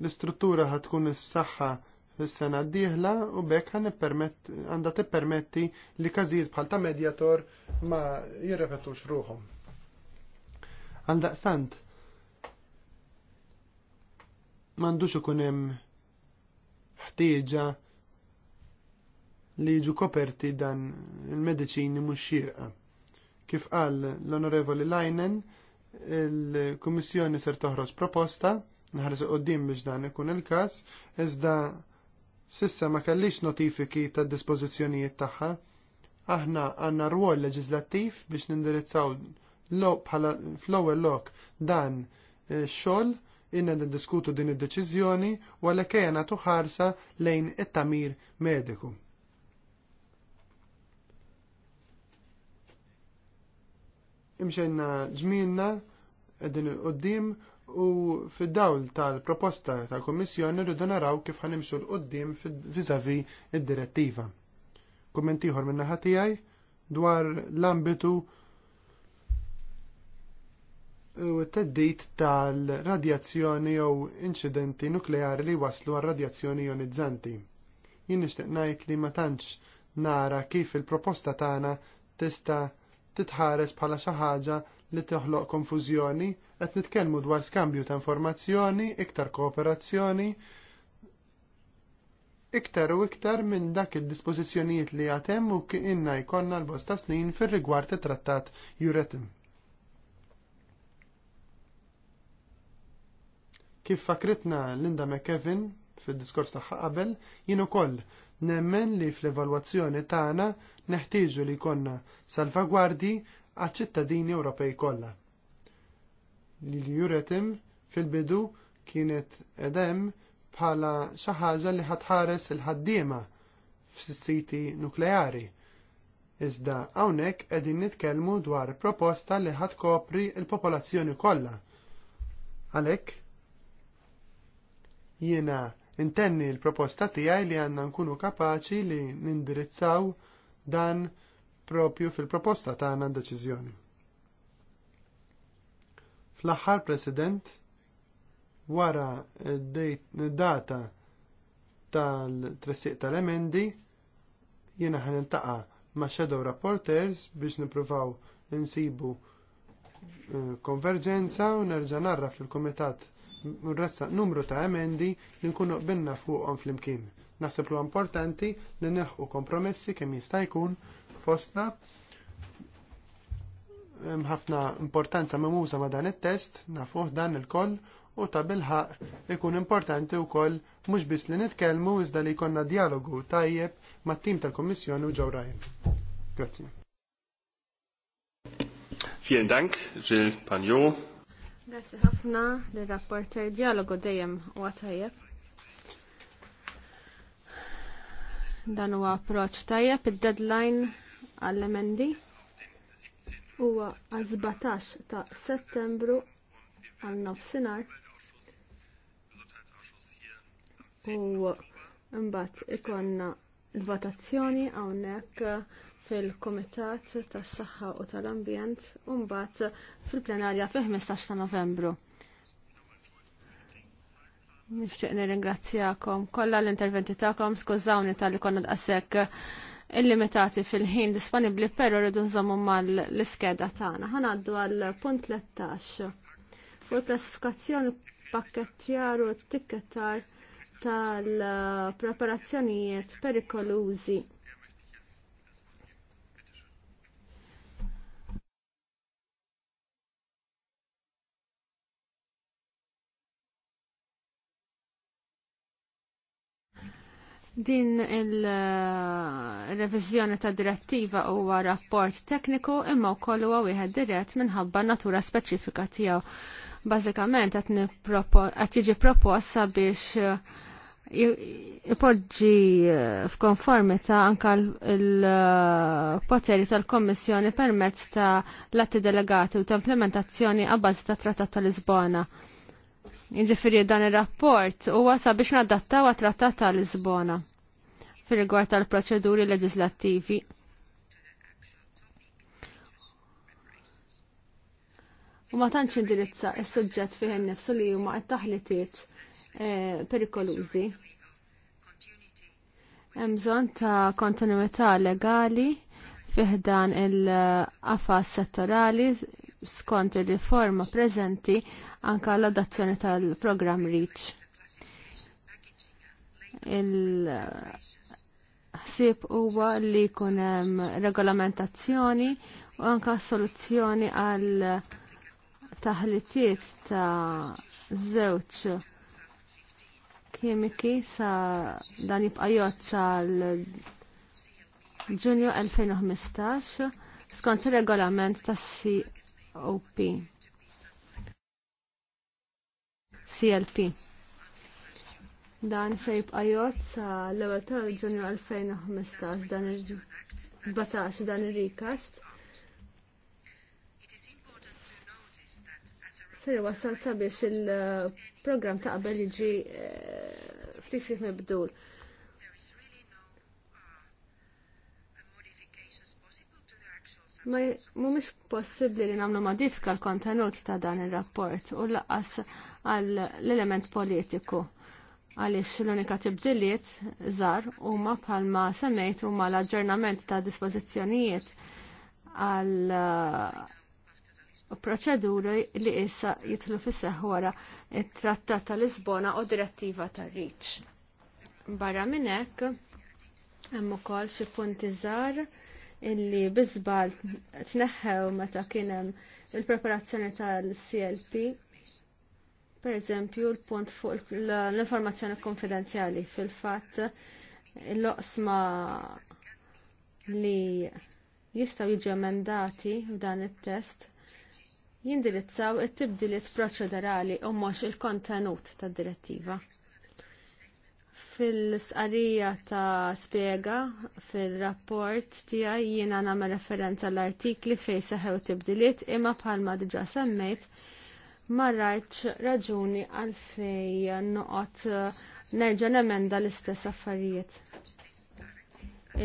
l-istruttura ħatkun s-saxħa fis-sena d-dieħla u bekk għandha tippermetti li każijiet bħal ta' medjator ma jirrepetux ruhom. Għaldaqstant, m'għandux ikun hemm ħtieġa li jiġu koperti dan il-mediċini mhux xirqa. Kif qal l-Onorevoli Lajnen, il-Kummissjoni ser toħroġ proposta, naħares qoddim biex dan ikun il-każ, iżda sissa ma kellix notifiki tad dispożizzjonijiet tagħha. Aħna għandna rwol leġislattiv biex nindirizzaw bħala fl-ewwel lok dan eh, xogħol inna niddiskutu din id-deċiżjoni u għalhekk nagħtu ħarsa lejn it-tamir mediku. Imxejna ġmienna qegħdin il-qoddim u fid-dawl tal-proposta tal-Kommissjoni rridu naraw kif ħanimxu l-qoddim viżavi id-direttiva. Kumment ieħor minn naħa tiegħi dwar l-ambitu u teddit tal-radjazzjoni jew inċidenti nukleari li waslu għal radjazzjoni jonizzanti. Jien nixtieq ngħid li ma tantx nara kif il-proposta tagħna tista' titħares bħala xi ħaġa li toħloq konfużjoni, qed nitkellmu dwar skambju ta' informazzjoni, iktar kooperazzjoni, iktar u iktar minn dak id-dispożizzjonijiet li għatem u kienna jkollna l-bosta snin fir-rigward it-trattat Juretim. Kif fakritna Linda McKevin fil-diskors tagħha qabel, jien ukoll nemmen li fl-evalwazzjoni tagħna neħtieġu li jkollna salvagwardi għaċ-ċittadini Ewropej kollha. Li juretim fil-bidu kienet edem bħala xi ħaġa li ħatħares il-ħaddiema fis-siti nukleari. Iżda hawnhekk qegħdin nitkellmu dwar proposta li ħatkopri l popolazzjoni kollha. Għalhekk jiena intenni l-proposta tiegħi li għandna nkunu kapaċi li nindirizzaw dan propju fil-proposta tagħna deċiżjoni. Fl-aħħar President, wara d-data tal-tressiq tal-emendi, jiena ħan iltaqa ma' Shadow Rapporters biex nippruvaw insibu eh, konverġenza u nerġa' narra fil kumitat nrassa numru ta' emendi li nkunu qbilna fuqhom flimkien. Naħseb lu importanti li nilħu kompromessi kemm jista' jkun fostna ħafna importanza memusa ma' dan it-test, nafuh dan il-koll u ta' bilħaq ikun importanti wkoll mhux biss li nitkellmu iżda li jkollna dialogu tajjeb mat tim tal-Kommissjoni u ġewrajn. Grazzi. Vielen Dank, Gilles Pagnot. Grazie ħafna l-rapporter dialogu dejjem huwa tajjeb. Dan huwa approċċ tajjeb id-deadline għall-emendi huwa għal ta' Settembru għal nofsinhar. U mbagħad ikonna l-votazzjoni hawnhekk fil-Kumitat tas-Saħħa u tal-Ambjent u mbagħad fil-plenarja fil-15 ta' Novembru. Nixtieq nirringrazzjakom kollha l-interventi tagħkom skużawni tal-li konna daqshekk illimitati fil-ħin disponibbli però rridu nżommu mal-iskeda tagħna. Ħanaddu għal punt 13. Fuq il-klassifikazzjoni pakkettjar u t tikketar tal-preparazzjonijiet perikolużi Din il-revizjoni ta' direttiva huwa rapport tekniku imma wkoll huwa wieħed dirett minħabba natura speċifika tiegħu. Bażikament qed jiġi proposta biex eh, ipoġġi eh, f'konformità anka l-poteri tal-Kommissjoni permezz ta' l-atti delegati u ta' implementazzjoni għabbażi ta' Trattat tal Lisbona. Jiġifieri dan ir-rapport huwa sabiex nadattaw għat-Trattat ta' Lisbona fil rigward tal-proċeduri leġislattivi. U ma tantx indirizza s-suġġett fih innifsu li huma t-taħlitiet eh, perikolużi. Hemm bżonn ta' kontinuità legali fih dan il-qafas settorali skont il-riforma preżenti anka l-adazzjoni tal-programm REACH. Il-ħsieb huwa li jkun hemm regolamentazzjoni u anka soluzzjoni għal taħlitiet ta' żewġ kimiki sa dan jibqa' jgħod sal Ġunju 2015 skont ir regolament tas OP. CLP. Dan se jibqa' jgħod sa l-ewwel ta' Ġunju 2015 dan il batax dan il rikast Seri wasal sabiex il-programm ta' qabel iġi eh, ftit kif mibdul. ma mhumiex possibbli li nagħmlu modifika l-kontenut ta' dan ir-rapport u laqas għall-element politiku għaliex l-unika tibdiliet żar huma bħalma semmejt huma l-aġġornament ta' dispożizzjonijiet għal uh, proċeduri li issa jitlu fis wara it-Trattat ta' Lisbona u Direttiva ta' Reach. Barra minn hekk hemm ukoll xi punti żgħar illi bizbal tneħħew meta kienem il-preparazzjoni tal-CLP. Per eżempju, l-punt fuq l-informazzjoni konfidenzjali fil-fatt l-oqsma li jistaw jiġi emendati f'dan it-test jindirizzaw it-tibdiliet proċedurali u mhux il-kontenut tad-direttiva. Fil-sqarija ta' spiega fil-rapport tiegħi jiena nagħmel referenza l-artikli fejn seħew tibdiliet imma bħalma diġà semmejt ma rajtx raġuni għalfej noqgħod eh, nerġa' nemenda l-istess affarijiet.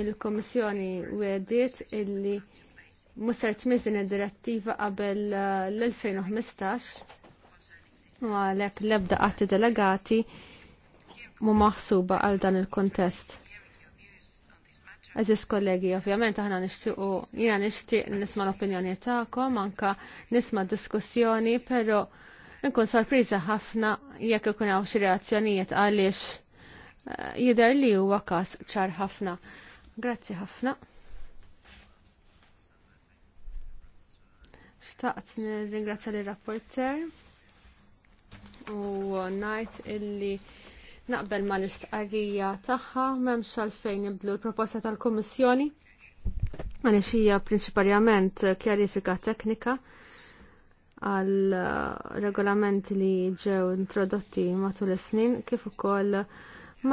Il-Komissjoni wediet illi musser tmiżin id-direttiva qabel eh, l-2015 u għalhekk l-ebda qatti delegati mu maħsuba għal dan il-kontest. Eżis kollegi, ovvjament aħna nixtiequ, jina nixtieq nisma' l-opinjoni tagħkom, anka nisma' diskussjoni, però nkun sorpriża ħafna jekk ikun hawn xi reazzjonijiet għaliex eh, jidher li huwa każ ċar ħafna. Grazzi ħafna. Xtaqt nirringrazzja lir rapporter u night illi Naqbel ma l-istqarrija tagħha m'hemmx għalfejn nibdlu l-proposta tal-Kummissjoni għaliex hija prinċipalment kjarifika teknika għal regolamenti li ġew introdotti matul is-snin kif ukoll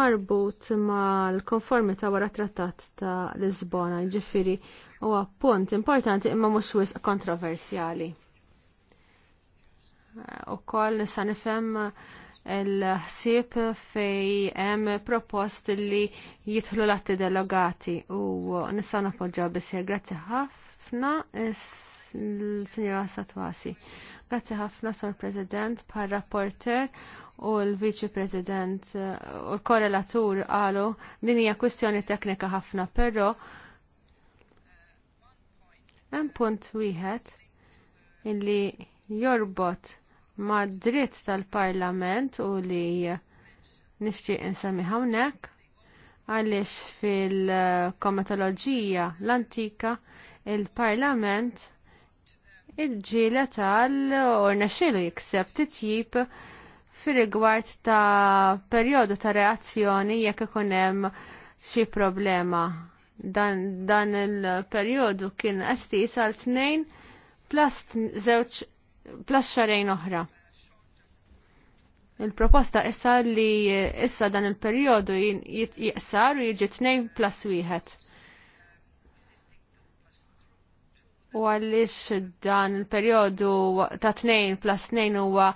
marbut mal-konformità wara trattat ta' Lisbona, ġifiri huwa punt importanti imma mhux wisq kontroversjali. Ukoll nista' nifhem l-ħsieb fej hemm propost li jidħlu l-atti delegati u nistgħu nappoġġaw biss grazzi ħafna l-Sinjora Satwasi. Grazzi ħafna Sur President par rapporter u l vice President u l-korrelatur qalu din hija kwistjoni teknika ħafna però hemm punt wieħed illi jorbot ma' dritt tal-Parlament u li nixtieq insemmi hawnhekk għaliex fil-kometoloġija l-antika il-Parlament il-ġila tal ornaxilu jikseb titjib fil-rigward ta' perjodu ta' reazzjoni jekk ikun hemm xi problema. Dan, dan il perjodu kien estis għal tnejn plus żewġ plus xarejn oħra. Il-proposta issa li issa dan il-periodu jiqsar u jiġi tnejn plus wieħed. u għalix dan il-periodu ta' 2 plus 2 huwa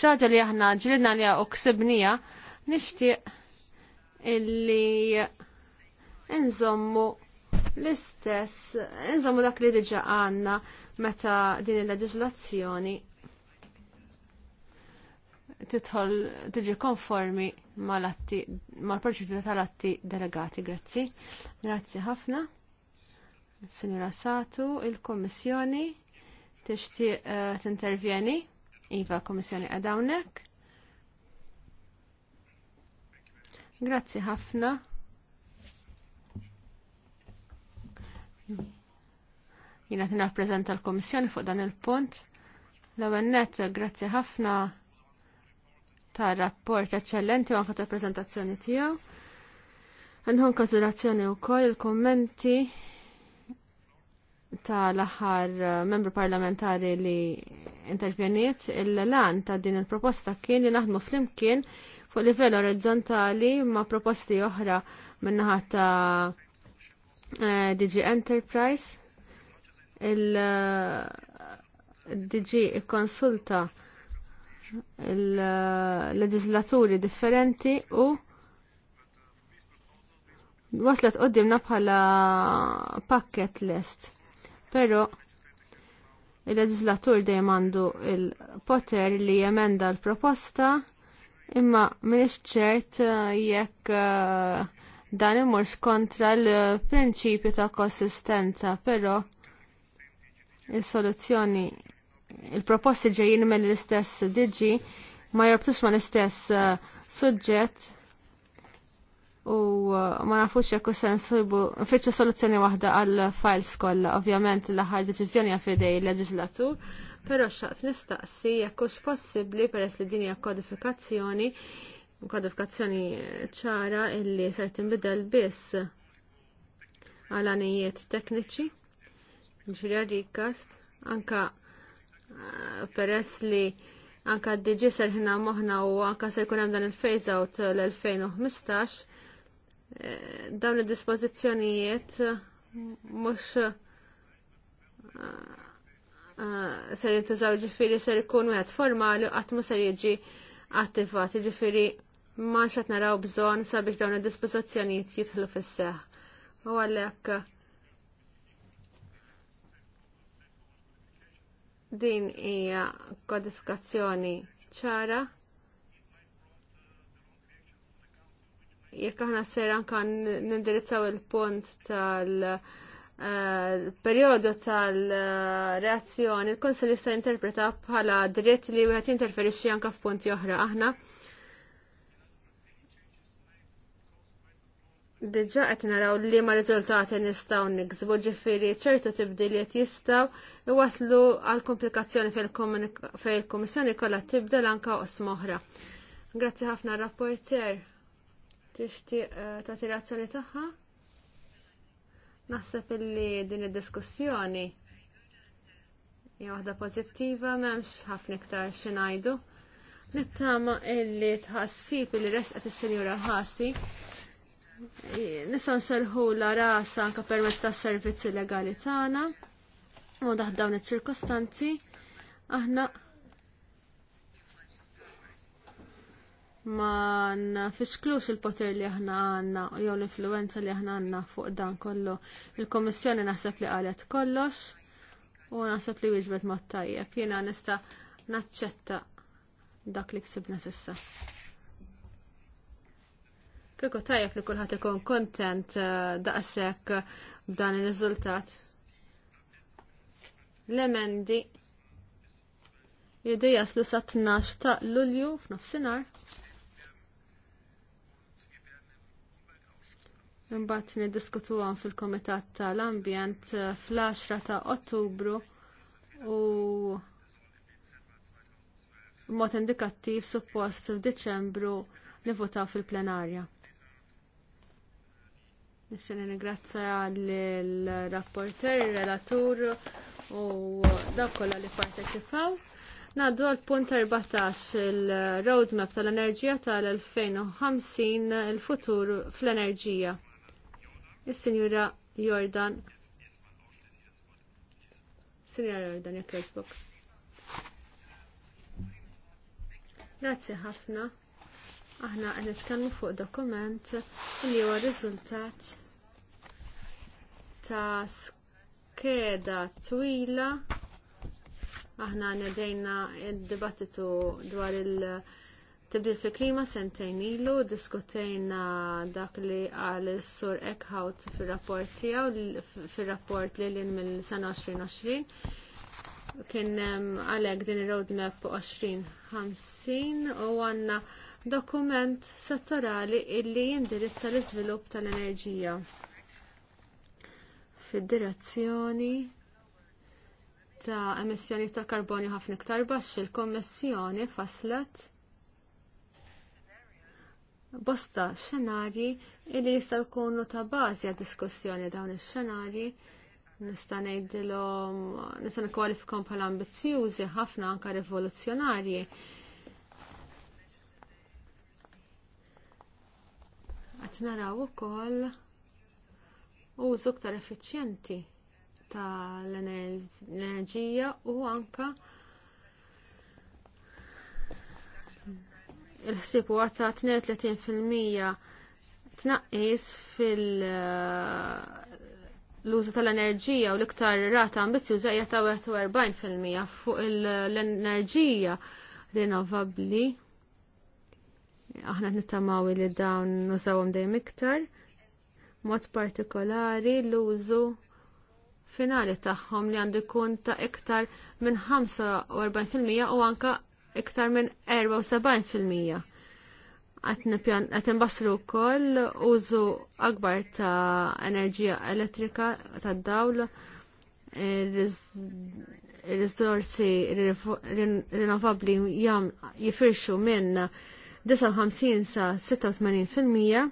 xaġa li aħna ġlidna li u ksibnija nixtieq illi nżommu l-istess, nżommu dak li diġa għanna meta din il-leġislazzjoni titħol tiġi konformi mal-atti, mal-proċedura tal-atti delegati, grazzi. Grazzi ħafna. Sinjora Satu, il-Kommissjoni ixti uh, eh, t-intervjeni, Iva, Kommissjoni għadawnek. Grazzi ħafna. Jina tina rappresenta l-Komissjoni fuq dan il-punt. L-għennet, grazzi ħafna ta' rapport eccellenti u anka ta' prezentazzjoni tiegħu. Għandhom konsiderazzjoni wkoll il-kommenti ta' l-aħħar eh, membru parlamentari li intervjeniet il-lan ta' din il-proposta kien li naħdmu flimkien fuq livell orizzontali ma' proposti oħra minnaħat ta' Eh, DG Enterprise il eh, DG konsulta il-leġislaturi eh, differenti u waslet qoddimna bħala packet list, Pero il-leġislatur dejjem għandu il-poter li jemenda l-proposta imma minix ċert jekk uh, dan imorx kontra l-prinċipju ta' konsistenza, però il-soluzzjoni il-proposti ġejjin mill l-istess diġi ma jorbtux ma l-istess eh, suġġett u eh, ma nafux jekk se fitxu soluzzjoni waħda għal files kollha. Ovvjament l-aħħar deċiżjoni għafidej il-leġislatur, però xaqt nistaqsi jekk hux possibbli peress li din hija kodifikazzjoni kodifikazzjoni ċara illi ser tinbidel biss għal anijiet tekniċi ġifiri għarrikast anka eh, peress li anka d-DG serħina moħna u anka ser kunem dan il-phase out l-2015 eh, dawn il-dispozizjonijiet mux eh, ser jintużaw ġifiri ser ikun wieħed formali u għatmu ser jiġi attivat ġifiri ma xat naraw bżon sabiex dawn id-dispożizzjonijiet jidħlu fis U għalhekk din hija kodifikazzjoni ċara jekk aħna sejra kan nindirizzaw il-punt tal- eh, periodu tal-reazzjoni, il-konsil jista' jinterpreta bħala dritt li wieħed jinterferixxi anke f'punti oħra aħna Diġa qed naraw li ma riżultati nistgħu niksbu ġifieri ċertu tibdiliet jistgħu iwaslu għal komplikazzjoni fil-Kummissjoni kollha tibdel anke qosma oħra. Grazzi ħafna rapporter. Tixtieq eh, tagħti reazzjoni tagħha? Naħseb illi din id-diskussjoni hija waħda pożittiva m'hemmx ħafna iktar xi ngħidu. Nittama illi tħassib illi resqet is-Sinjura ħassi. Nisan nserħu la rasa anka permezz tas servizzi legali tagħna u daħt dawn iċ-ċirkostanzi aħna ma nfisklux il-poter li aħna għanna jew l-influenza li aħna għanna fuq dan kollu. Il-Kommissjoni naħseb li qalet kollox u naħseb li wieġbet mod tajjeb. Jiena nista' naċċetta dak li ksibna sissa. Kieku tajjeb li kulħadd ikun kontent eh, daqshekk b'dan ir-riżultat. L-emendi jridu jaslu sa 12 ta' Lulju f'nofsinhar. Imbagħad niddiskutuhom fil-Kumitat tal-Ambjent eh, fl-10 ta' Ottubru u mot indikattiv suppost f'Diċembru nivotaw fil-plenarja. Nixxen ningrazzja l-rapporter, il-relatur u dawk kollha li parteċipaw. Naddu għal-punt 14 il-roadmap tal-enerġija tal-2050 il-futur fl-enerġija. Is-Sinjura Jordan. Sinjura Jordan, jekk Grazzi ħafna. Aħna qed nitkellmu fuq dokument li huwa riżultat ta' skeda twila. Aħna nedejna id-dibattitu dwar il-tibdil fil-klima sentejn ilu, diskutejna dak li qal is-sur Eckhout fir-rapport tiegħu fir-rapport li lin mill-sena 2020 kien għalek din il-roadmap 2050 u għanna dokument settorali illi jindirizza l-iżvilupp tal-enerġija fid-direzzjoni ta' emissjoni tal-karbonju ħafna iktar baxx il-Kommissjoni faslet bosta xenarji li jistgħu jkunu ta' bażi għad diskussjoni dawn ix-xenarji nista' ngħidilhom nista' nikkwalifikhom bħala ambizzjużi ħafna anke rivoluzzjonarji Qed naraw ukoll użu ktar effiċjenti tal-enerġija u anke il-ħsib huwa ta' 32% tnaqqis fil- l-użu tal-enerġija u l-iktar rata ambizjuża hija ta' 41% fuq l-enerġija rinnovabbli aħna nittamaw li dawn nużawhom dejjem iktar, mod partikolari l-użu finali tagħhom li għandu jkun ta' iktar minn 45% u anka iktar minn 74%. għat imbassru wkoll użu akbar ta' enerġija elettrika tad dawl il-rizorsi rinnovabbli jifirxu minn 59 sa 86%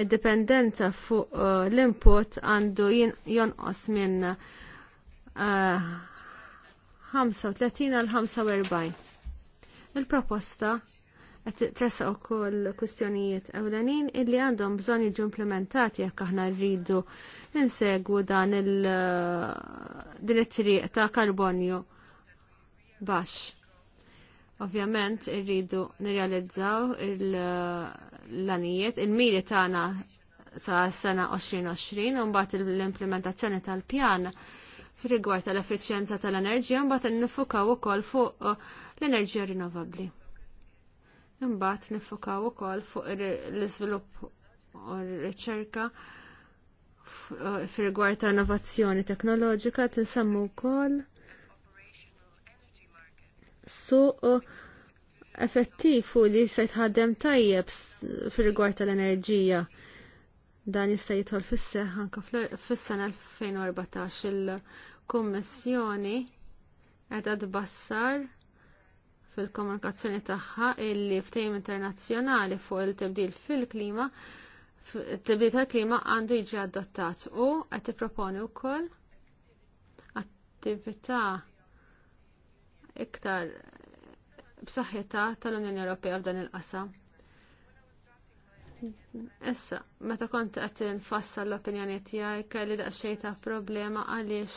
id-dependenza fuq uh, l-input għandu jonqos minn uh, 35 għal 45. Il-proposta qed tressa koll kwistjonijiet ewlenin illi għandhom bżonn jiġu implementati jekk aħna rridu ninsegwu dan il uh, din triq ta' karbonju baxx. Ovvjament irridu nirrealizzaw uh, l-anijiet, il-miri tagħna sa sena 2020 u mbagħad l-implementazzjoni tal-pjan fir-rigward tal-effiċjenza tal-enerġija mbagħad nifukaw ukoll fuq uh, l-enerġija rinnovabbli. Imbagħad nifukaw ukoll fuq l-iżvilupp u r-riċerka fir-rigward uh, ta' innovazzjoni teknoloġika tinsemmu wkoll suq effettiv u li se jitħaddem tajjeb fil-rigward tal-enerġija. Dan jista' jidħol fis-seħħ anke fis-sena 2014 il-Kummissjoni qiegħda tbassar fil-komunikazzjoni tagħha illi ftehim internazzjonali fuq il-tibdil fil-klima tibdil tal-klima għandu jiġi adottat u qed tipproponi wkoll attività iktar b'saħħitha tal-Unjoni Ewropea f'dan il-qasam. Issa, meta kont qed nfassal l-opinjoni tiegħi kelli daqsxejn ta' problema għaliex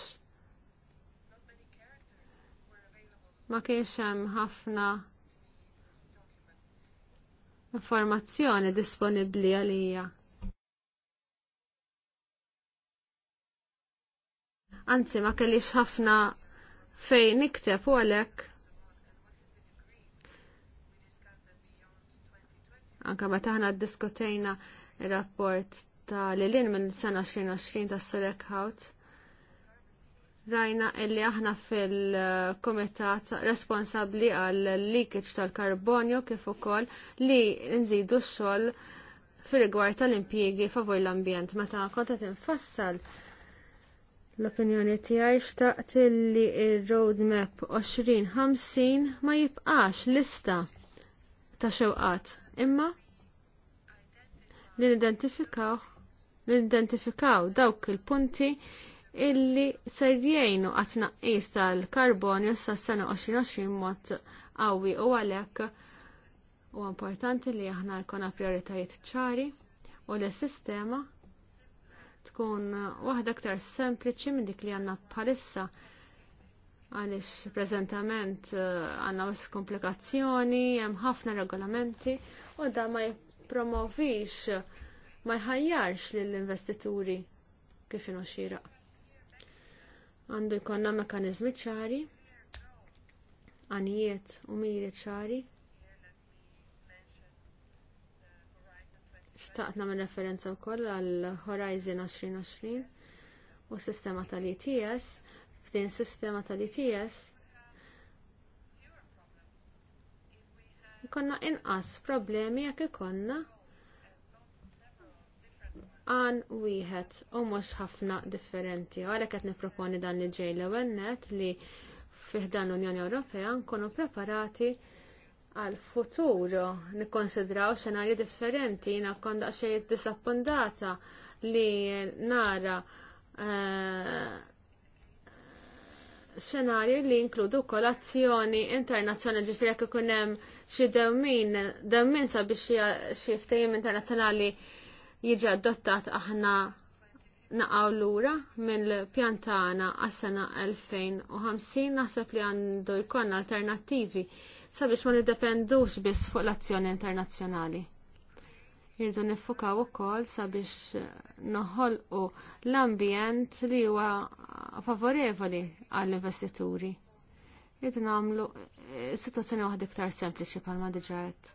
ma kienx hemm ħafna informazzjoni disponibbli għalija. Anzi, ma kellix ħafna fejn nikteb u għalhekk anka ma aħna ddiskutejna il rapport ta' Lilin minn sena 2020 ta' Surek Hout. Rajna illi aħna fil-komitat responsabli għal leakage tal-karbonju kif ukoll li nżidu x-xogħol fil-rigward tal-impjiegi favur l-ambjent. Meta kont qed infassal L-opinjoni tiegħi xtaqt li r-roadmap 2050 ma jibqax lista ta' xewqat imma nidentifikaw nidentifikaw dawk il-punti illi serjejnu għat-tnaqqis tal-karbonju sa' s-sena 2020 mod qawwi u għalhekk huwa importanti li aħna jkollna prioritajiet ċari u l-sistema tkun waħda aktar sempliċi minn dik li għanna bħalissa għalix prezentament eh, għanna wis komplikazzjoni, hemm ħafna regolamenti u da ma jippromovix, ma jħajjarx lill-investituri kif inu xira. Għandu jkonna mekanizmi ċari, għanijiet u miri ċari, xtaqna minn referenza wkoll għal Horizon 2020 u s sistema tal-ETS. F'din sistema tal-ETS konna inqas problemi jekk ikonna għan wieħed u mhux ħafna differenti. Għalhekk qed nipproponi dan li ġej l li fih dan l-Unjoni Ewropea nkunu preparati għal futuro nikkonsidraw xenarji differenti jina konda xejn disappuntata li nara eh, xenarji li jinkludu kolazzjoni internazzjonali ġifiri jekk ikun hemm xi dewmin dewmin sabiex xi ftehim internazzjonali jiġi adottat aħna naqaw lura pjan pjantana għas-sena 2050 naħseb li għandu jkun alternattivi sabiex ma niddependux biss fuq l-azzjoni internazzjonali. Irdu nifukaw ukoll sabiex noħolqu l-ambjent li huwa favorevoli għall-investituri. Irdu nagħmlu eh, situazzjoni waħda iktar sempliċi bħalma diġà għedt.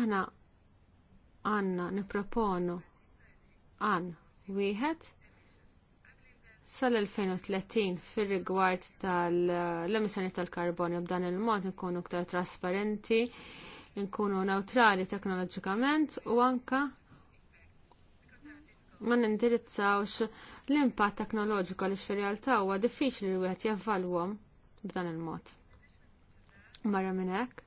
Aħna għanna nipproponu għan wieħed sal-2030 fir rigward tal-emissjoni tal-karbonju b'dan il-mod nkunu aktar trasparenti, nkunu neutrali teknoloġikament u anka ma nindirizzawx l-impatt teknoloġiku għaliex fir-realtà huwa diffiċli li wieħed jevalwhom b'dan il-mod. Barra minn hekk,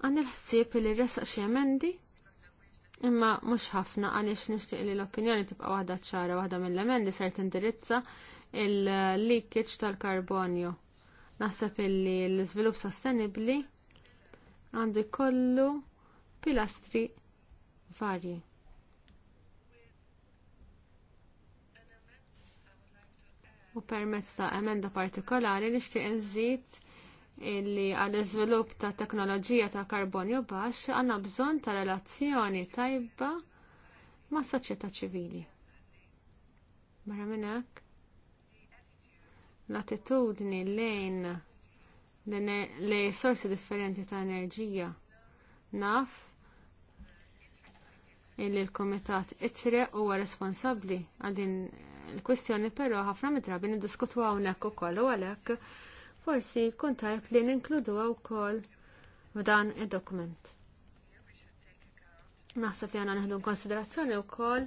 Għan il-ħsib li resaq xie emendi imma mhux ħafna għaliex nixtieq li l-opinjoni tibqa' waħda ċara waħda mill-emendi ser tindirizza il-leakage tal-karbonju. Naħseb illi l-iżvilupp sostenibbli għandu kollu pilastri varji. U permezz ta' emenda partikolari nixtieq inżid illi għal iżvilupp ta' teknoloġija ta' karbonju baxx għandna bżonn ta' relazzjoni tajba ma' soċjetà ċivili. Barra minn hekk, l-attitudni lejn li sorsi differenti ta' enerġija naf illi l-komitat itre huwa responsabbli għal din il-kwistjoni però ħafna mitrabi niddiskutu hawnhekk ukoll u għalhekk forsi jkun tajb li ninkluduha wkoll f'dan id-dokument. Naħseb li għana neħdu konsiderazzjoni wkoll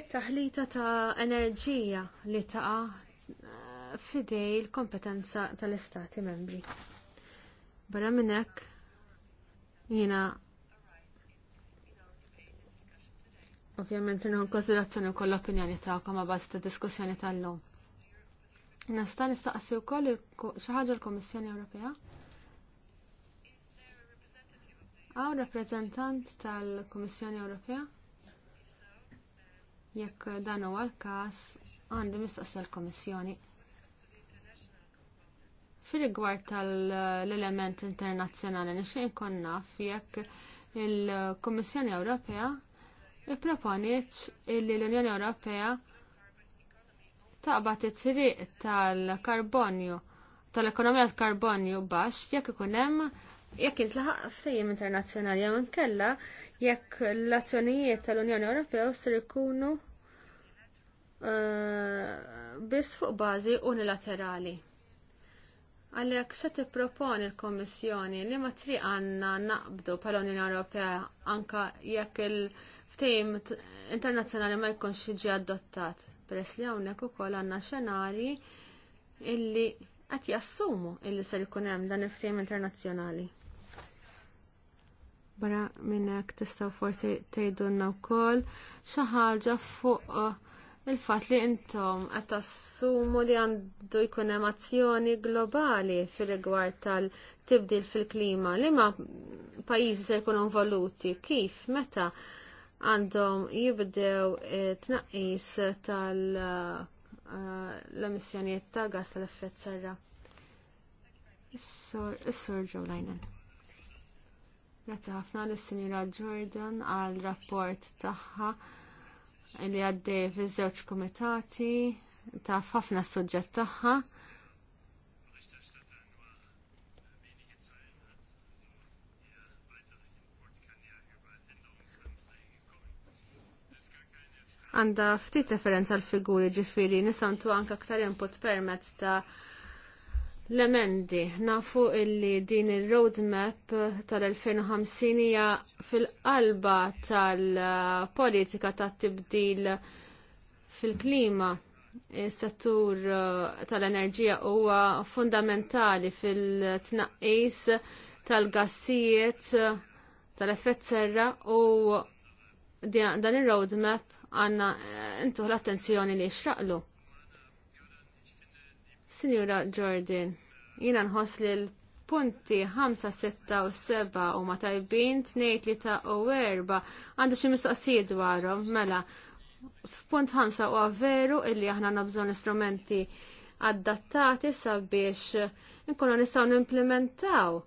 it-taħlita ta' enerġija li taqa eh, fidej l-kompetenza tal-istati membri. Barra minn hekk jiena ovvjament nħu konsiderazzjoni wkoll l-opinjoni tagħkom ma' bażi ta' diskussjoni tal-lum. Nasta nistaqsi wkoll xi ħaġa l-Kummissjoni Ewropea. Għaw rappreżentant tal-Kummissjoni Ewropea? Jekk dan huwa l-każ, għandi mistaqsi l-Kummissjoni. Fir-rigward tal-element internazzjonali nixtieq inkun naf jekk il-Kummissjoni Ewropea ipproponiet illi l-Unjoni Ewropea taqbad it-triq tal-karbonju tal-ekonomija tal-karbonju baxx jekk ikun hemm jekk intlaħaq ftehim internazzjonali jew inkella jekk l-azzjonijiet tal-Unjoni Ewropea ser ikunu eh, biss fuq bażi unilaterali. Għalhekk xa tipproponi l kummissjoni li ma triq għandna naqbdu pal unjoni Ewropea anke jekk il-ftehim internazzjonali ma jkunx jiġi adottat. Peress li hawnhekk ukoll għandna xenarji illi qed jassumu illi ser jkun hemm dan il-ftehim internazzjonali. Barra minn hekk forsi tgħidulna wkoll xi ħaġa fuq il-fat li intom qed tassumu li għandu jkun emazzjoni globali fil rigward tal-tibdil fil-klima, li ma pajjiżi se jkunu involuti, kif, meta għandhom jibdew tnaqqis tal-emissjonijiet eh, ta' gas tal-effett serra. Is-sur Joe Lajnen. Grazie ħafna l sinjora Jordan għal rapport tagħha li għaddej fiż-żewġ kumitati taf ħafna s-suġġett tagħha. Għanda ftit referenza l-figuri ġifiri nisantu anka aktar input permezz ta' L-emendi, nafu illi din il-roadmap tal-2050 hija fil-qalba tal-politika tat-tibdil fil-klima is settur eh, tal-enerġija huwa fundamentali fil-tnaqqis tal-gassijiet tal-effett serra u dan il-roadmap għanna eh, intuħ l-attenzjoni li xraqlu. Sinjura Jordan, jina nħoss li l-punti 5, 6 u 7 u ma tajbin 2, 3 u 4 għandu xi mistaqsijiet dwarhom mela. F'punt 5 u veru illi aħna nabżon istrumenti adattati sabiex nkunu nistgħu nimplementaw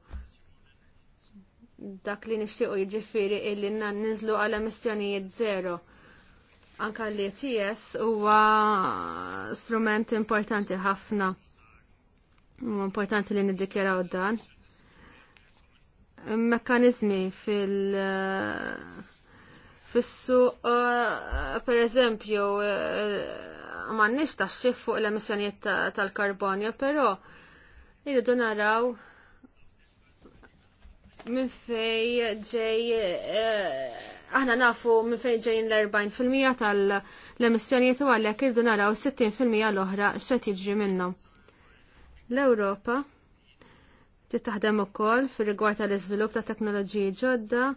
dak li nixtiequ jiġifieri illi ninżlu għal emissjonijiet zero anka li TS huwa strument importanti ħafna. Importanti li niddikjaraw dan. Mekkanizmi fil- fissu uh, eh, per eżempju uh, eh, m'għandniex ta' fuq l-emissjonijiet tal-karbonja, però jridu naraw minn fej ġej uh, aħna nafu minn fejn ġejjin l-40% tal-emissjonijiet u għalhekk irdu naraw 60% l-oħra x'qed jiġri minnhom. L-Ewropa tittaħdem ukoll fir-rigward tal-iżvilupp ta' teknoloġiji ġodda,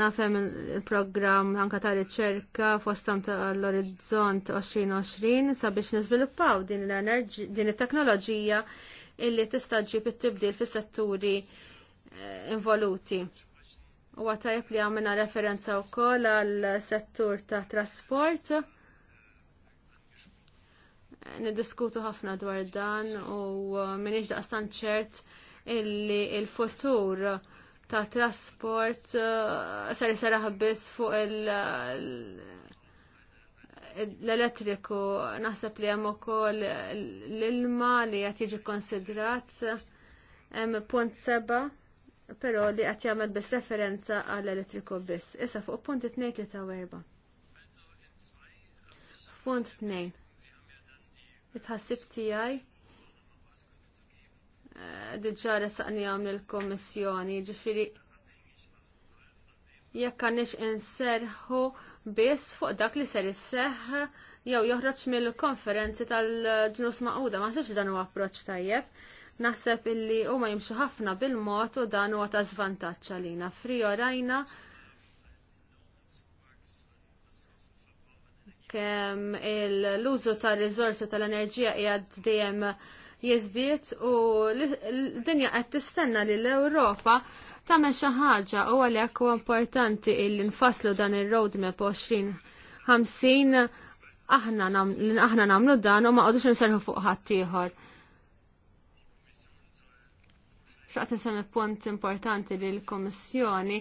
nafhem il-programm anke ta' riċerka fostam tal-Orizzont 2020 sabiex niżviluppaw din l-enerġi din it-teknoloġija illi tista' ġib it-tibdil fis-setturi eh, involuti. U għatajb li għamena referenza u koll għal settur ta' trasport. Nidiskutu ħafna dwar dan u minix daqstan ċert illi il-futur ta' trasport uh, sar saraħ biss fuq l-elettriku naħseb li hemm ukoll l-ilma li qed jiġi konsidrat hemm punt seba' però li qed jagħmel biss referenza għall elettriku biss. Issa fuq punt 2 tlieta ta' werba'. Punt tnejn. Itħassib tiegħi eh, diġà resaqni għam l kummissjoni ġifiri jekk għandix inserħu biss fuq dak li ser isseħħ jew joħroġ mill-konferenzi tal-ġnus maquda, ma sibx dan huwa approċċ tajjeb. Naħseb illi huma jimxu ħafna bil-mod u dan huwa ta' żvantaġġ għalina. Frio rajna kemm l-użu tar-riżorsi tal-enerġija qiegħed dejjem jizdiet u l-dinja qed tistenna li l-Ewropa tagħmel xi ħaġa u għalhekk huwa importanti illi nfasslu dan ir-roadmap 2050 aħna aħna nagħmlu dan u ma qogħdux inserħu fuq ħadd ieħor xaqt il punt importanti li l-Komissjoni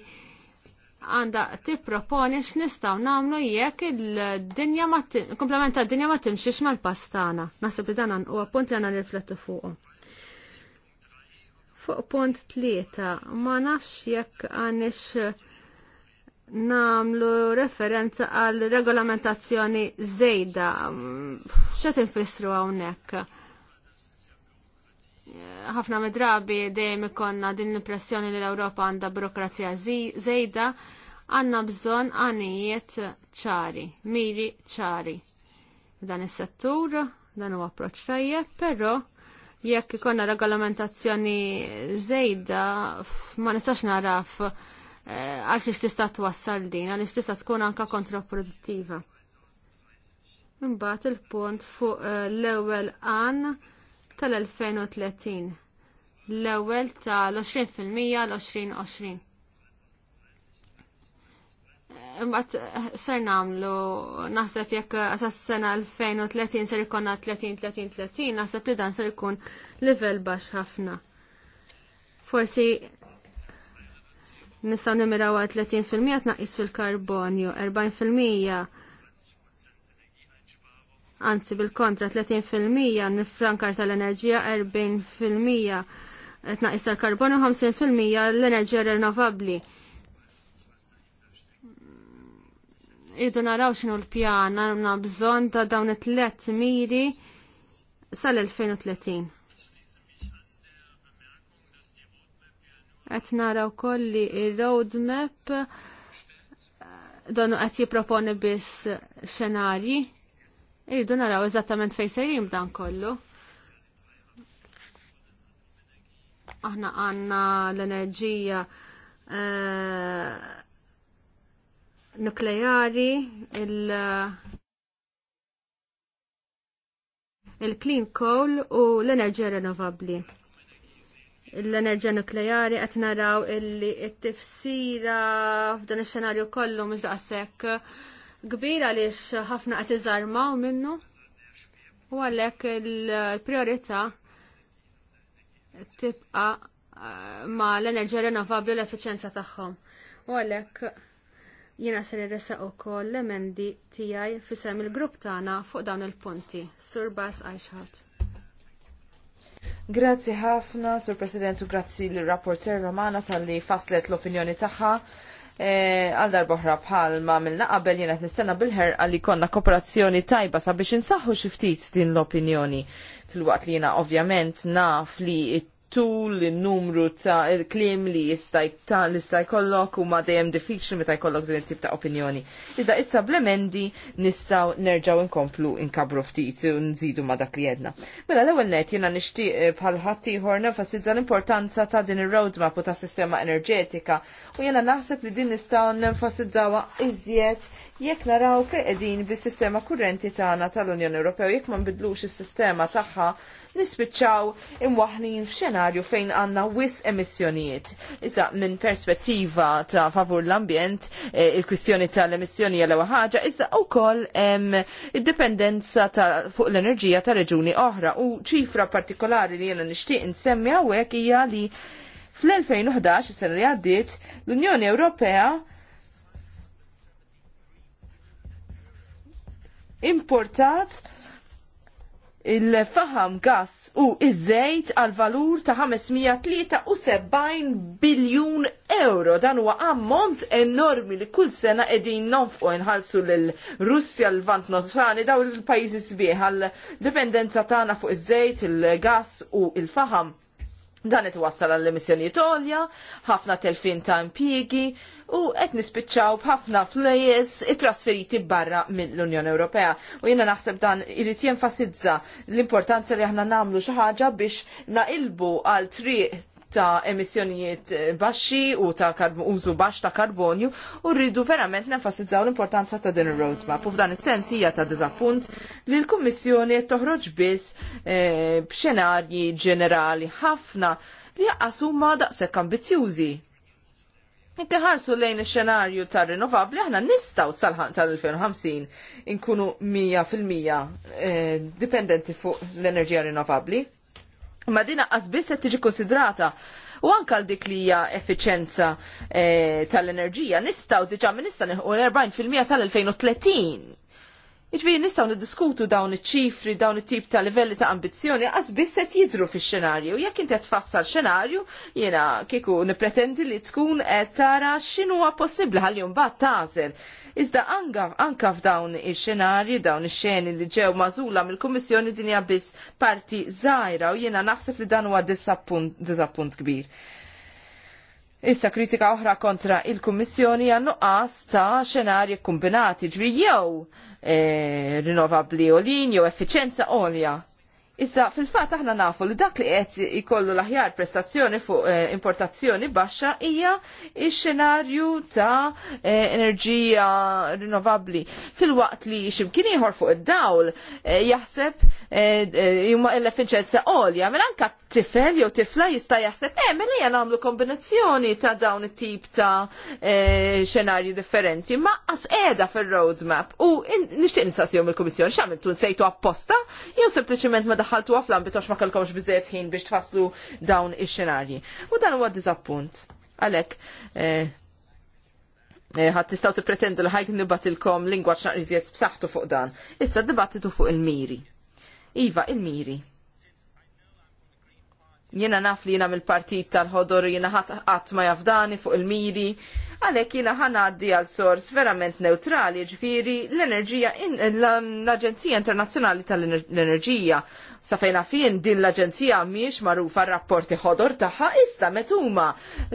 għanda tipproponi x'nistgħu nagħmlu jekk il-dinja ma komplementa d dinja ma timxiex mal-pastana. Naħseb li dan huwa punt li għandna riflettu fuqu. Fuq punt tlieta ma nafx jekk għandix namlu referenza għal regolamentazzjoni żejda. X'a infissru hawnhekk? ħafna medrabi dejjem ikonna din l-impressjoni li l-Ewropa għandha burokrazija żejda, għandna bżonn għanijiet ċari, miri ċari. Dan is-settur, dan huwa approċċ tajjeb, però jekk ikonna regolamentazzjoni żejda ma nistax naraf eh, għal xiex tista' twassal din, għal tista' tkun anka kontraproduttiva. Imbagħad il-punt fuq eh, l-ewwel għan tal-2030 l-ewwel tal-20% l-2020. Imbagħad eh, ser nagħmlu naħseb jekk għasas sena 2030 ser ikonna 30-30-30 naħseb li dan ser ikun livell baxx ħafna. Forsi nistgħu nimiraw 30% tnaqqis fil-karbonju, 40% anzi bil-kontra 30% nifrankar tal-enerġija, 40% tnaqis tal-karbonu, 50% l-enerġija rinnovabli. Irdu naraw xinu l-pjan, għanna bżon ta' dawn it-tlet miri sal-2030. Qed naraw kolli il-roadmap donu qed jipproponi biss xenarji Irridu naraw eżattament fejn sejrim dan kollu. Aħna għandna l-enerġija eh, nukleari, il- il-clean coal u l-enerġija rinnovabbli. L-enerġija nukleari qed naraw illi t-tifsira f'dan ix-xenarju kollu mhux daqshekk Kbira għaliex ħafna qed iżarmaw minnu u għalhekk il-priorità tibqa eh, ma l-enerġija rinnovabbli l-effiċenza tagħhom. U għalhekk jiena ser irresaq ukoll l-emendi tiegħi fisem il-grupp tagħna fuq dawn il-punti. Sur Bas Għajxħat. Grazzi ħafna, Sur President, u grazzi l-rapporter Romana tal-li faslet l-opinjoni tagħha. E, għal darboħra bħal ma minna qabel jena nistenna bil-ħer għalli konna kooperazzjoni tajba sabiex insaħħu xiftit din l-opinjoni fil-waqt li jena ovvjament naf li tul il-numru ta' il-klim li jista' jkollok u ma' dejjem diffiċli meta jkollok din tip ta' opinjoni. Iżda issa blemendi nistgħu nerġgħu nkomplu inkabru ftit u nżidu ma' dak li jedna. Mela l-ewwel net jiena nixtieq eh, bħal ħadd ieħor nenfasizza l-importanza ta' din ir-roadmap u ta' sistema enerġetika u jiena naħseb li din nistgħu nenfasizzawha iżjed jekk naraw fejn qegħdin bis-sistema kurrenti tagħna tal-Unjoni Ewropea jekk ma nbidlux is-sistema tagħha nispiċċaw imwaħnin f'xenarju fejn għandna wis emissjonijiet. Iżda minn perspettiva ta' favur l-ambjent, eh, il-kwistjoni tal-emissjoni jew ħaġa, iżda wkoll id-dipendenza ta' fuq l-enerġija ta' reġuni oħra u ċifra partikolari li jiena nixtieq insemmi hawnhekk hija li fl-2011 is-sena li għaddiet l-Unjoni Ewropea importat il-faham gas u iż-żejt għal valur ta' 573 biljun euro. Dan huwa ammont enormi li kull sena qegħdin nonfqu nħallsu l Russja l-Vant Nosani daw il-pajjiżi sbieħ għal dipendenza tagħna fuq iż-żejt, il-gas u il-faham. Dan it wassal għall emissjoni tolja, ħafna telfin ta' impjiegi, u qed nispiċċaw b'ħafna flejes it-trasferiti barra mill-Unjoni Ewropea. U jiena naħseb dan irid jenfasizza l-importanza li aħna nagħmlu xi ħaġa biex naqilbu għal triq ta' emissjonijiet baxxi u ta' użu baxx ta' karbonju u rridu verament nenfasizzaw l-importanza ta' din ir-roadmap. U f'dan is-sens hija ta' diżappunt li l-Kummissjoni qed toħroġ biss eh, b'xenarji ġenerali ħafna li jaqqas huma daqshekk ambizzjużi. Inti ħarsu lejn ix-xenarju tar rinnovabbli aħna nistgħu salħan tal-2050 inkunu 100% eh, dipendenti fuq l-enerġija rinnovabbli. Ma dina qasbis qed tiġi konsidrata u anka l dik li hija effiċenza eh, tal-enerġija nistgħu diġa' minn nista' l-40% tal-2030. Iġviri nistaw niddiskutu dawn iċ-ċifri, dawn it-tip ta' livelli ta' ambizjoni, għaz bisset jidru fi xenarju. Jek inti qed tfassar xenarju, jena kiku nipretendi li tkun qed tara x'inhuwa possibbli ħalli mbagħad tazer. Iżda anka f'dawn ix-xenarji, dawn ix-xeni li ġew mażula mill-Kummissjoni dinja biss parti żgħira u jiena naħseb li dan huwa disappunt kbir. Issa kritika oħra kontra il-Kummissjoni għannu nuqqas ta' xenarji kombinati ġri jew Eh, rinnovabli olin jew effiċenza olja. Issa fil-fatt aħna nafu li dak li qed ikollu l-aħjar prestazzjoni fuq eh, importazzjoni baxxa hija x-xenarju ta' eh, enerġija rinnovabbli. Fil-waqt li x'imkien ieħor fuq id-dawl eh, jaħseb huma l-effiċenza għolja, mela anke tifel jew tifla jista' jaħseb eh mela hija nagħmlu kombinazzjoni ta' dawn it-tip ta' xenarji differenti ma' qas qiegħda fir-roadmap u nixtieq nistaqsihom il-Kummissjoni x'għamiltu nsejtu apposta jew sempliċement ma daħaltu għaflan bitox ma kellkomx biżiet ħin biex tfasslu dawn ix-xenarji. U dan huwa dizappunt. Għalek, eh, eh, ħat tistaw tippretendu li ħajk nibatilkom lingwaġġ naqriżiet b'saħħtu fuq dan. Issa dibattitu fuq il-miri. Iva, il-miri. Jiena naf li jiena mill-partit tal-ħodor jiena ħat ma jafdani fuq il-miri, għalek jiena ħanaddi għal sors verament neutrali ġviri l-enerġija, l-Aġenzija Internazzjonali tal-Enerġija sa fejna fien din l-Aġenzija miex marufa rapporti ħodor taħħa issa metuma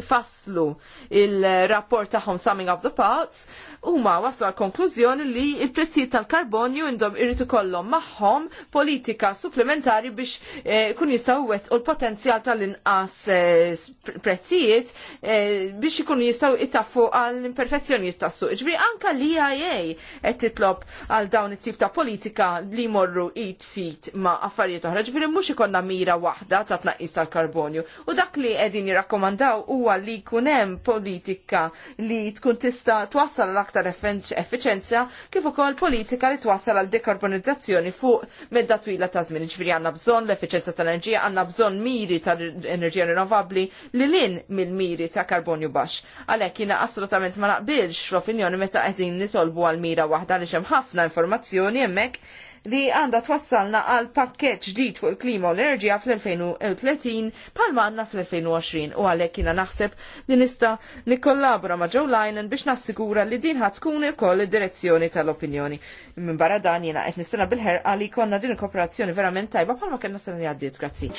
faslu il-rapport taħħom Summing of the Parts huma waslu għal konklużjoni li il-prezzijiet tal-karbonju indom irritu ikollhom magħhom politika supplementari biex eh, kun jistgħu u l-potenzjal tal-inqas eh, prezzijiet eh, biex kun jistgħu itaffu għall imperfezzjonijiet tas-suq. Ġbri anka l-IIA qed titlob għal dawn it-tip ta' politika li morru it fit ma' affarijiet li oħra, ġifieri mhux ikonna mira waħda ta' tnaqqis tal-karbonju. U dak li qegħdin jirrakkomandaw huwa li jkun hemm politika li tkun tista' twassal l-aktar effiċenza kif ukoll politika li twassal għal dekarbonizzazzjoni fuq medda twila ta' żmien. Ġifiri għandna bżonn l-effiċenza tal-enerġija, għandna bżonn miri tal-enerġija rinnovabbli li lin mill-miri ta' karbonju baxx. Għalhekk jiena assolutament ma naqbilx l-opinjoni meta qegħdin nitolbu għal mira waħda li hemm ħafna informazzjoni hemmhekk li għandha twassalna għal pakket ġdid fuq il-klima u l-enerġija fl-2030 palma għandna fl-2020 u għalhekk jiena naħseb li nista' nikkollabora ma' Joe Linen biex nassigura li din ħatkun tkun id-direzzjoni tal-opinjoni. Minn barra dan jiena qed nistenna bil-ħerqa li konna din il-kooperazzjoni verament tajba palma kellna sena li għaddiet, grazzi.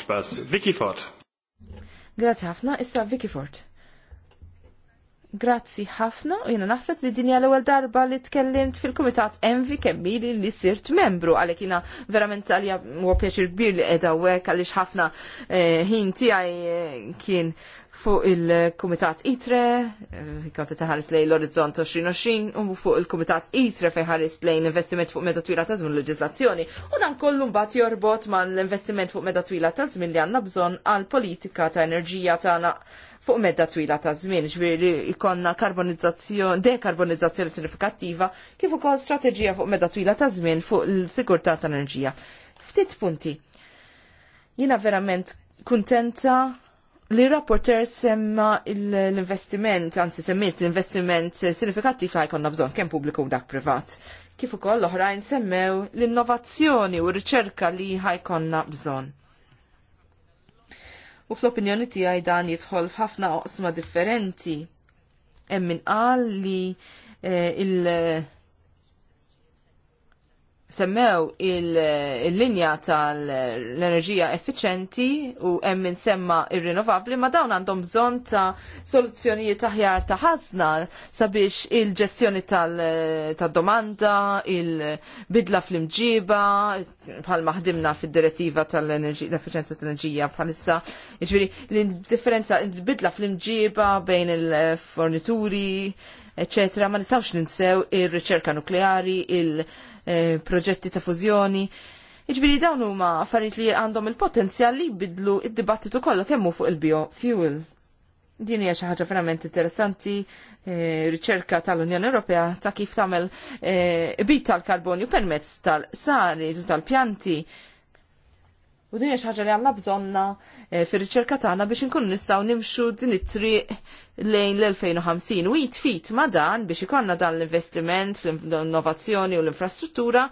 Grazzi ħafna, issa Vicky Ford. Grazzi ħafna u jena naħseb li dinja l-ewwel darba li tkellimt fil-Kumitat Envi kemmili li sirt membru għalhekk jiena verament għalija huwa pjaċir kbir li qiegħda hawnhekk għaliex ħafna eh, ħin tiegħi eh, kien fuq il-Kumitat ITRE, eh, kont taħares lejn l-Orizzont 2020, u fuq il-Kumitat ITRE fejn ħares lejn investiment fuq meda twila ta' żmien leġislazzjoni. U dan kollu mbagħad jorbot mal investiment fuq meda twila ta' żmien li għandna bżonn għal politika ta' enerġija tagħna fuq medda twila ta' żmien, ġviri ikonna karbonizzazzjoni, dekarbonizzazzjoni sinifikattiva, kif ukoll strateġija fuq medda twila ta' żmien fuq l-sigurtà ta' enerġija. Ftit punti. Jina verament kuntenta li rapporter semma l-investiment, anzi semmiet l-investiment sinifikattiv ta' jkonna bżon, kemm pubbliku u dak privat. Kif ukoll l-oħrajn semmew l-innovazzjoni u r-riċerka li ħajkonna bżonn u fl-opinjoni tiegħi dan jidħol f'ħafna oqsma differenti. Hemm min qal li eh, il- semmew il-linja il linja tal enerġija effiċenti u hemm semma ir-rinnovabli, ma dawn għandhom bżonn ta' soluzzjonijiet aħjar ta' ħażna sabiex il-ġestjoni tal-domanda, il-bidla fl-imġiba, bħal maħdimna fil-direttiva tal-efficienza tal-enerġija bħalissa. Iġviri, l-differenza, il-bidla fl-imġiba bejn il-fornituri, eccetera, ma nistawx ninsew ir-riċerka nukleari, il- E, proġetti ta' fużjoni. Iġbiri dawn huma affarijiet li għandhom il-potenzjal li jbidlu id-dibattitu kollha kemm fuq il-biofuel. Din hija xi ħaġa verament interessanti, e, riċerka tal-Unjoni Ewropea ta' kif tagħmel e, bit tal-karbonju permezz tal-sari tal-pjanti. tal sari tal pjanti U din ħaġa li għanna bżonna eh, fir-riċerka tagħna biex inkunu nistgħu nimxu din it-triq lejn l-2050 u jitfit ma dan biex ikonna dan l-investiment fl-innovazzjoni u l-infrastruttura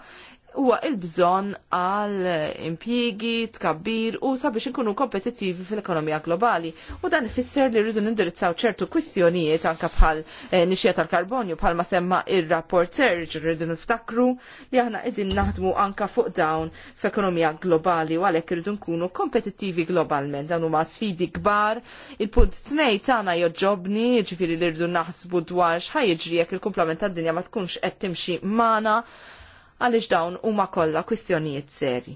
huwa il-bżonn għal impjiegi, tkabbir u sabiex inkunu kompetittivi fil-ekonomija globali. U dan ifisser li rridu nindirizzaw ċertu kwistjonijiet anka bħal eh, nixja tal-karbonju bħalma semma ir-rapporter rridu niftakru li aħna qegħdin naħdmu anka fuq dawn f'ekonomija globali u għalhekk irridu nkunu kompetittivi globalment. Dan huma sfidi kbar. Il-punt tnej tagħna joġobni, ġifieri li rridu naħsbu dwar x'ħajjiġri jekk il-kumplament tad-dinja ma tkunx qed timxi magħna għaliex dawn huma kollha kwistjonijiet seri.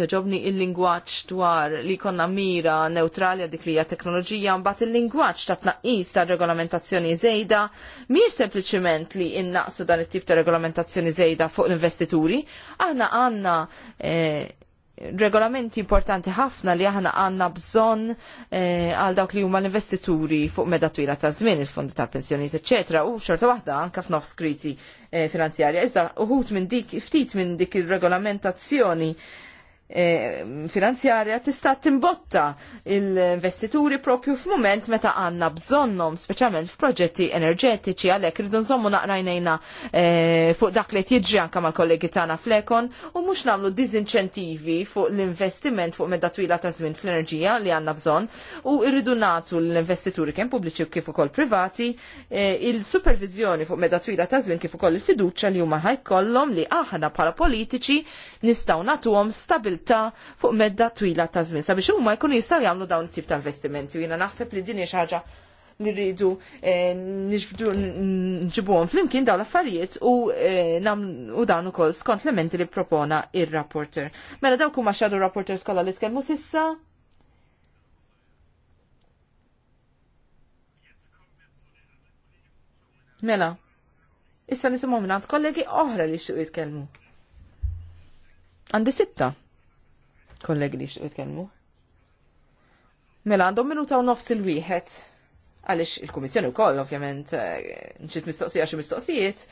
Joġobni il-lingwaċ dwar li konna mira neutrali dik li hija teknoloġija mbagħad il-lingwaċ ta' tnaqqis ta' regolamentazzjoni żejda mhijiex sempliċement li innaqsu dan it-tip ta' regolamentazzjoni żejda fuq l-investituri, aħna għandna eh, regolamenti importanti ħafna li aħna għanna bżon eh, għal dawk li huma l-investituri fuq meda twila ta' żmien il-fondi tal-pensjonijiet, eċetera, u xorta waħda anke f'nofs kriżi eh, finanzjarja. Iżda uħut minn dik, ftit minn dik il-regolamentazzjoni E, finanzjarja tista' timbotta l-investituri propju f'mument meta għandna bżonnhom, speċjalment f'proġetti enerġetiċi għalhekk irridu nżommu naqrajnejna e, fuq dak li jiġri anke mal-kollegi tagħna flekon u mhux nagħmlu dizinċentivi fuq l-investiment fuq medda twila ta' żmien fl-enerġija li għandna bżonn u rridu nagħtu l-investituri kemm pubbliċi kif ukoll privati e, il-supervizjoni fuq medda twila ta' żmien kif ukoll il-fiduċja li huma ħajkollhom li aħna bħala politiċi nistgħu nagħtuhom stabil ta' fuq medda twila ta' żmien sabiex huma jkun jistgħu jagħmlu dawn it-tip ta' investimenti Jina naħseb li din xaġa xi ħaġa nirridu eh, nġibdu nġibuhom flimkien dawn l-affarijiet u eh, u dan ukoll skont l li propona il rapporter Mela dawk huma xadu rapporters kollha li tkellmu sissa. Mela, issa nisimgħu minnant kollegi oħra li xtuq jitkellmu. Għandi sitta kollegi li xtuqt kelmu. Mela għandhom minuta u nofs il-wieħed għalix il-Komissjoni u koll, ovvjament eh, nċit mistoqsija xi mistoqsijiet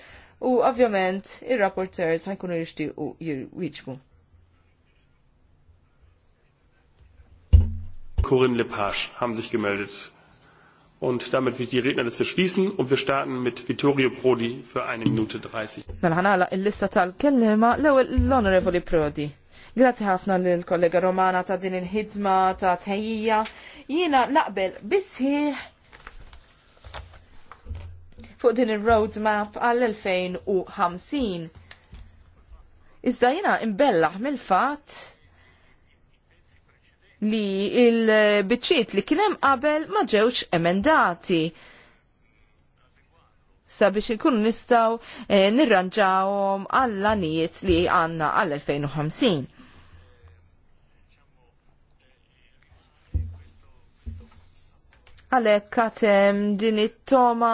u ovvjament il rapporters ħajkunu u jirwiċmu. Corinne Lepage haben sich gemeldet. Und damit wird die Rednerliste schließen und wir starten mit Vittorio Prodi für eine Minute 30. Mal mela, hanala il-lista tal kellema l-ewwel l-Onorevoli Prodi. Grazzi ħafna lill kollega Romana ta' din il-ħidma ta' tħejjija. Jiena naqbel bisħiħ fuq din il-roadmap għall-2050. Iżda jina imbellaħ mill-fat li il-bicċiet li kienem qabel ma ġewx emendati sabiex ikun nistaw eh, nirranġawhom għall-anijiet li għanna għall-2050. għalhekk għatem din it-toma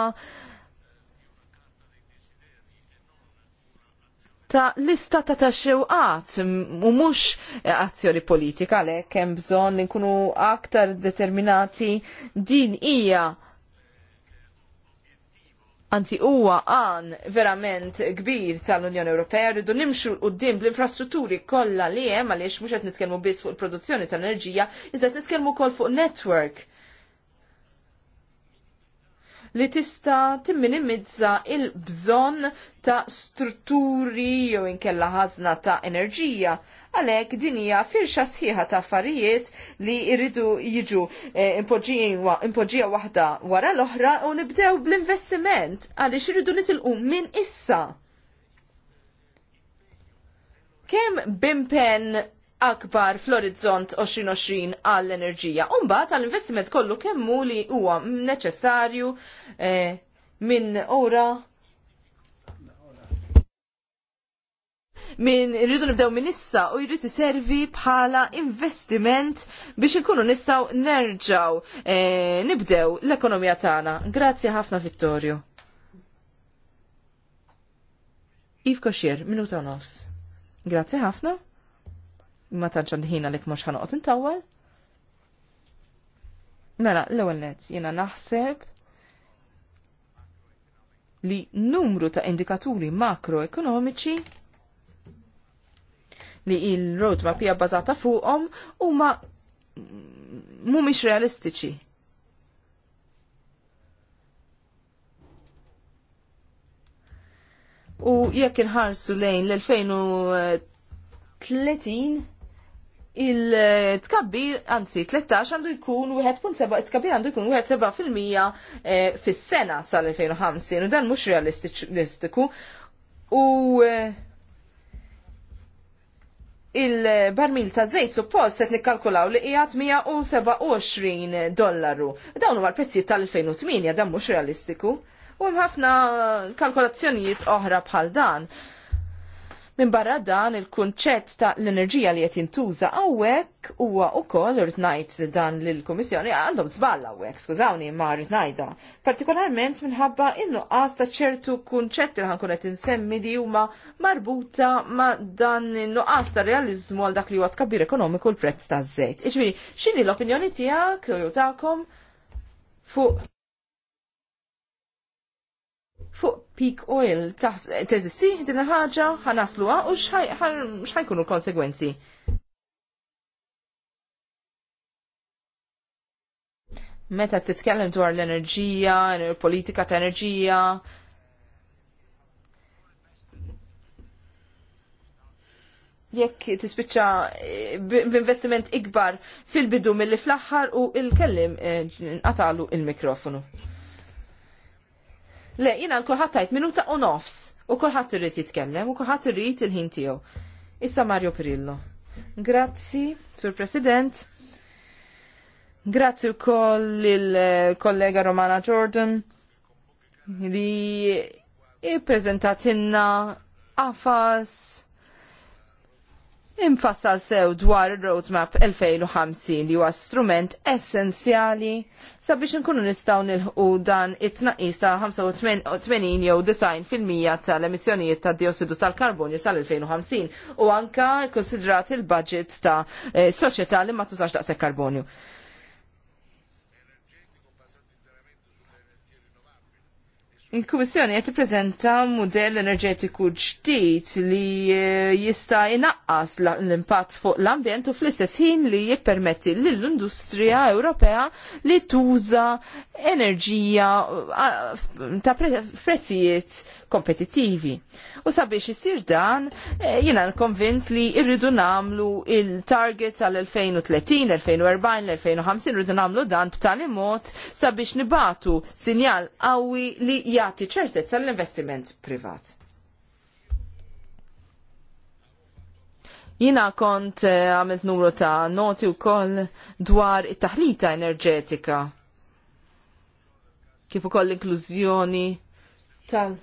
ta' lista ta' ta' xewqat u mux azzjoni politika għalhekk hemm bżonn li nkunu aktar determinati din hija anzi huwa għan verament kbir tal-Unjoni Ewropea rridu nimxu qudiem bl-infrastrutturi kollha li hemm għaliex mhux qed nitkellmu biss fuq il-produzzjoni tal-enerġija iżda qed nitkellmu wkoll fuq network li tista timminimizza il-bżonn ta' strutturi jew inkella ħazna ta' enerġija. Għalhekk din hija firxa sħiħa ta' affarijiet li jridu jiġu eh, impoġġija waħda wara l-oħra u nibdew bl-investiment għaliex irridu nitilqu minn issa. Kemm bimpen akbar fl-orizzont 2020 għall-enerġija. Umbat għall-investiment kollu kemmu li huwa neċessarju eh, minn ora Min irridu nibdew minn issa u jrid iservi bħala investiment biex inkunu nistgħu nerġaw e, nibdew l-ekonomija tagħna. Grazzi ħafna Vittorio. Iv Koxier, minuta nofs. Grazzi ħafna ma tantx għandi li kmux mhux ħanoqgħod intawal. Mela, l-ewwel nett jiena naħseb li numru ta' indikaturi makroekonomiċi li il-roadmap hija bbażata fuqhom huma mhumiex realistiċi. U jekk inħarsu lejn l-2030 il-tkabbir, anzi 13 għandu jkun 1.7, tkabbir għandu jkun 1.7% eh, fis-sena sal-2050, u dan mhux realistiku. U eh, il-barmil ta' zejt suppost qed nikkalkulaw li qiegħed 127 dollaru. Dawn huma l-prezzijiet tal-2008 dan mhux realistiku. U hemm ħafna kalkolazzjonijiet oħra bħal dan. Min barra dan il-kunċett ta' l-enerġija li qed jintuża hawnhekk huwa wkoll irid ngħid dan lill-Kummissjoni għandhom żball hawnhekk, skużawni ma rrid ngħidha. Partikolarment minħabba in-nuqqas ta' ċertu kunċett li ħankun qed insemmi li huma marbuta ma' dan innu nuqqas ta' realiżmu għal dak li huwa tkabbir ekonomiku l-prezz taż-żejt. Iġifieri, x'inhi l-opinjoni tiegħek jew tagħkom fuq fuq peak oil teżisti din ħaġa ħanasluha u x'ħajkunu l-konsegwenzi. Meta titkellem dwar l-enerġija, l politika ta' enerġija, jekk tispiċċa eh, b'investiment ikbar fil-bidu mill-li fl-aħħar u il-kellim għatalu eh, il-mikrofonu. Le, jina l-kulħat tajt minuta u nofs. U kulħat irrit jitkellem, u kulħat irrit il-ħin tiegħu. Issa Mario Pirillo. Grazzi, Sur President. Grazzi u koll il-kollega eh, Romana Jordan li i prezentatinna għafas Infassal sew dwar il-Roadmap 2050 li huwa strument essenzjali sabiex nkunu nistgħu nilħu dan it-tnaqqis ta' 85 jew 90% tal-emissjonijiet ta' diossidu tal-karbonju sal-2050 u anka konsidrat il-budget ta' eh, soċjetà li ma tużax daqshekk karbonju. Il-Kummissjoni qed tippreżenta mudell enerġetiku ġdid li eh, jista' inaqqas l-impatt fuq l-ambjent u fl-istess ħin li jippermetti lill-industrija Ewropea li tuża enerġija eh, ta' prezzijiet kompetittivi. U sabiex jisir dan, eh, jiena konvinz li irridu namlu il-targets għal 2030, 2040, 2050, irridu namlu dan b'tali mod sabiex nibatu sinjal qawwi li jagħti ċertezza l-investiment privat. Jina kont eh, għamilt numru ta' noti u koll dwar it-taħlita enerġetika. Kif ukoll l-inklużjoni tal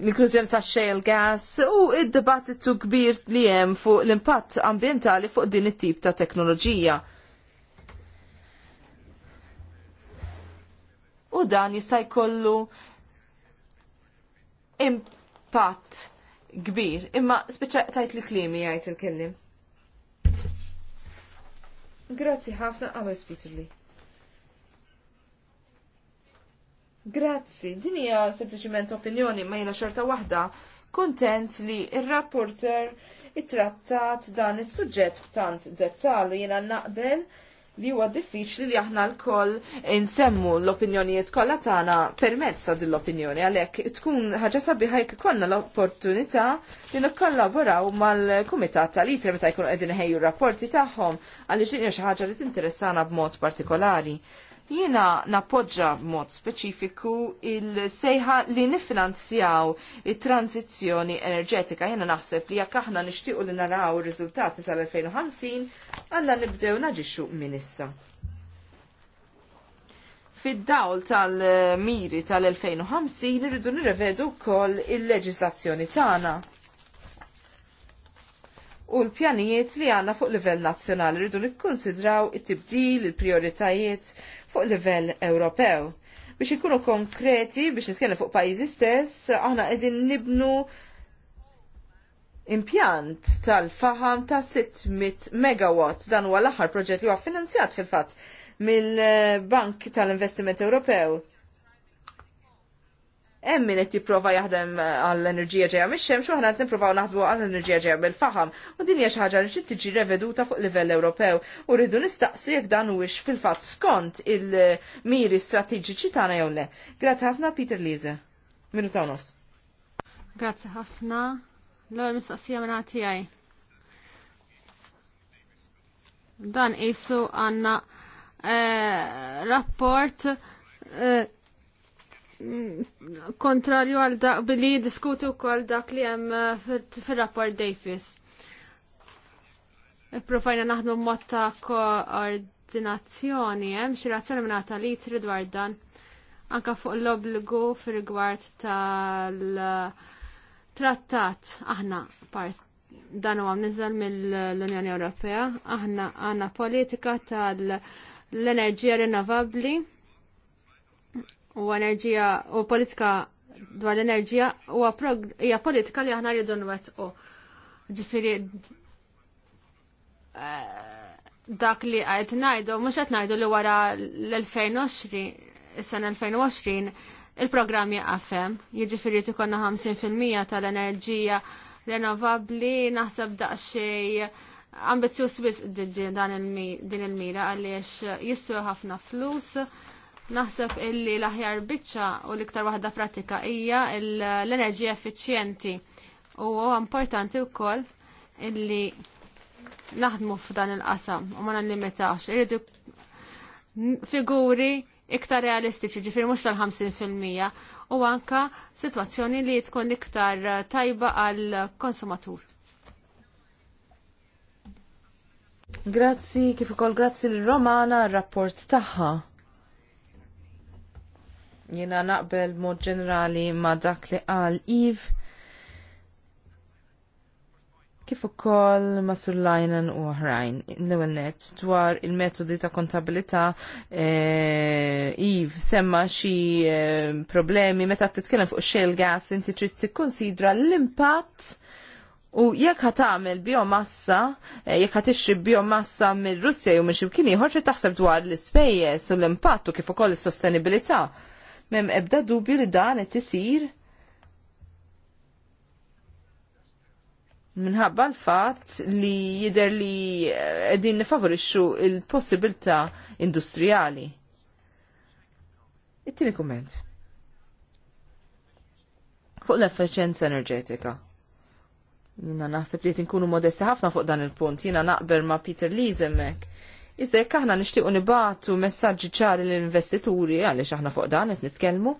l-inklużjoni ta' shale gas u id-dibattitu kbir li hemm fuq l-impatt ambientali fuq din it-tip ta' teknoloġija. U dan jista' jkollu impatt kbir. Imma speċa tajt li klimi jgħid il-kellim. Grazzi ħafna għamil Peter Lee. Grazzi, din hija sempliċiment opinjoni ma jiena xorta waħda kontent li il rapporter it-trattat dan is-suġġett f'tant u jiena naqbel li huwa diffiċli li aħna l-koll insemmu l-opinjonijiet kollha tagħna permezz ta' din l-opinjoni għalhekk tkun ħaġa sabiħa jekk ikollna l-opportunità li nikkollaboraw mal-kumitat tal-itra meta jkunu qegħdin ħejju r-rapporti tagħhom għaliex din hija xi ħaġa li tinteressana b'mod partikolari. Jiena napoġġa b'mod speċifiku il-sejħa li nifinanzjaw it transizzjoni enerġetika. Jiena naħseb li jekk aħna nixtiequ li naraw ir-riżultati sal-2050, għandna nibdew naġixxu minn issa. Fid-dawl tal-miri tal-2050 irridu nirrevedu wkoll il-leġislazzjoni tagħna u l-pjanijiet li għanna fuq livell nazzjonali rridu nikkonsidraw it-tibdil, il-prioritajiet fuq livell Ewropew. Biex ikunu konkreti, biex nitkellem fuq pajjiżi stess, aħna qegħdin nibnu impjant tal-faham ta' 600 megawatt dan huwa l-aħħar proġett li huwa finanzjat fil-fatt mill-Bank tal-Investiment Ewropew hemm min qed jipprova jaħdem eh, għall-enerġija ġejja mix-xemx u aħna qed nippruvaw naħdmu għall-enerġija ġejja mill-faħam u din hija xi ħaġa li trid tiġi reveduta fuq livell Ewropew u rridu nistaqsi jekk dan huwiex fil-fatt skont il-miri strateġiċi tagħna jew le. Grazzi ħafna Peter Lise. Minuta u nofs. Grazzi ħafna. L-ewwel mistaqsija minn tiegħi. Dan qisu għandna eh, rapport eh, kontrarju għal da billi diskutu wkoll dak li hemm eh, fir-rapport Davis. Provajna naħdmu mod ta' koordinazzjoni, hemm eh, xi minna mingħata lit ridward dan anka fuq l-obligu fir-rigward tal-trattat aħna part dan huwa mniżel mill-Unjoni Ewropea, aħna għandna politika tal- l-enerġija rinnovabbli u enerġija u politika dwar l-enerġija u hija politika li aħna rridu nwettqu. ġifiri eh, dak li qed ngħidu, mhux qed ngħidu li wara l-2020, is-sena 2020 s sena 2020 il programm jaqafem, jiġifieri tikonna 50% tal-enerġija renovabli naħseb daqsxej ambizzjuż biss din il-mira għaliex jissu ħafna flus Naħseb illi l-aħjar biċċa u l-iktar waħda pratika hija l-enerġija effiċjenti u importanti wkoll illi naħdmu f'dan il-qasam u ma nlimitax. Irridu figuri iktar realistiċi, ġifir mux tal-50% u anka situazzjoni li tkun iktar tajba għal konsumatur. Grazzi, kif ukoll grazzi l-Romana, rapport taħħa. Jiena naqbel mod ġenerali ma dak li qal Iv. Kif ukoll ma' Surlajnen u oħrajn, l-ewwel nett dwar il-metodi ta' kontabilità e, Iv semma xi e, problemi meta titkellem fuq xel gas inti trid tikkunsidra l-impatt U jekk ħat tagħmel biomassa, e, jekk ħat tixri biomassa mill-Russja jew minn xi ieħor trid taħseb dwar l-ispejjeż u l-impatt u kif ukoll is-sostenibilità. Mem ebda dubju li dan qed isir minħabba l-fatt li jidher li eh, qegħdin nifavorixxu il-possibilità industrijali. It-tieni kumment. Fuq l efficienza enerġetika. Jina naħseb li tinkunu modesti ħafna fuq dan il-punt. Jina naqbel ma' Peter Lee zemmek. Iżda jekk aħna nixtiequ nibatu messaġġi ċari l-investituri għaliex aħna fuq dan qed nitkellmu,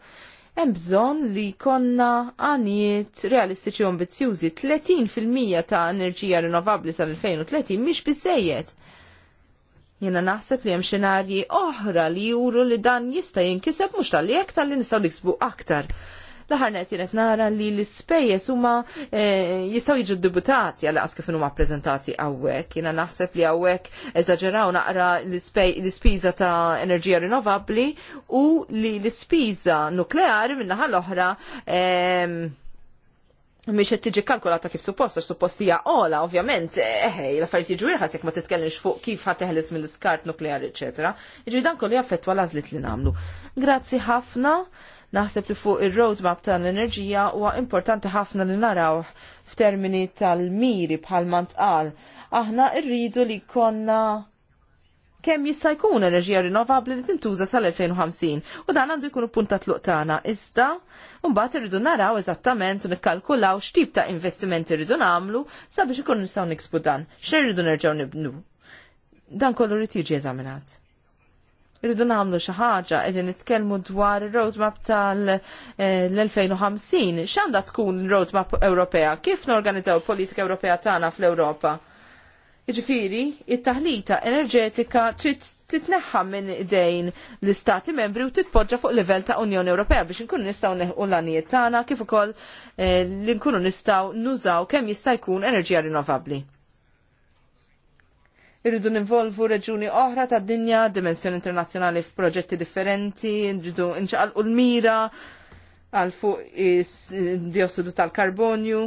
hemm bżonn li konna għanijiet realistiċi u ambizzjużi 30% ta' enerġija rinnovabbli sal-2030 mhix biżejjed. Jena naħseb li hemm xenarji oħra li juru li dan jista' jinkiseb mhux tal-li tal-li nistgħu niksbu aktar laħarnet ħarnet jenet nara li l-spejjes huma eh, jistaw jiġu debutati għal kif huma prezentati għawek. Jena naħseb li għawek eżagġeraw naqra l-spiża ta' enerġija rinnovabli u li l-spiża nukleari minnaħa l-oħra Miex ehm, qed tiġi kalkulata kif suppost, għax suppost hija ola, ovvjament, eħej, eh, eh, l-affarijiet jiġu irħas jekk ma titkellimx fuq kif ħa teħles mill-iskart nukleari, eċetera. Jiġri dan kollu jaffettwa l-għażliet li nagħmlu. Grazzi ħafna Naħseb li fuq il-roadmap tal-enerġija huwa importanti ħafna li naraw f'termini tal-miri bħal mantqal. Aħna rridu li konna kemm jista' jkun enerġija rinnovabbli li tintuża sal-2050 u dan għandu jkun punta tluq tagħna. Iżda mbagħad irridu naraw eżattament u nikkalkulaw x'tip ta' investimenti irridu nagħmlu sabiex ikun nistgħu niksbu dan. X'irridu nerġgħu nibnu? Dan kollu rid jiġi eżaminat irridu nagħmlu xi ħaġa qegħdin nitkellmu dwar ir-roadmap tal-2050. Eh, X'għandha tkun roadmap Ewropea? Kif norganizzaw politika Ewropea tagħna fl-Ewropa? Jiġifieri it-taħlita enerġetika trid titneħħa minn idejn l-istati membri u titpoġġa fuq livell ta' Unjoni Ewropea biex inkunu nistgħu neħu l-għanijiet tagħna kif ukoll eh, li nkunu nistgħu nużaw kemm jista' jkun enerġija rinnovabbli irridu nivolvu reġuni oħra ta' dinja, dimensjoni internazzjonali f'proġetti differenti, irridu nċaqalqu l-mira għal fuq is-diossidu tal-karbonju.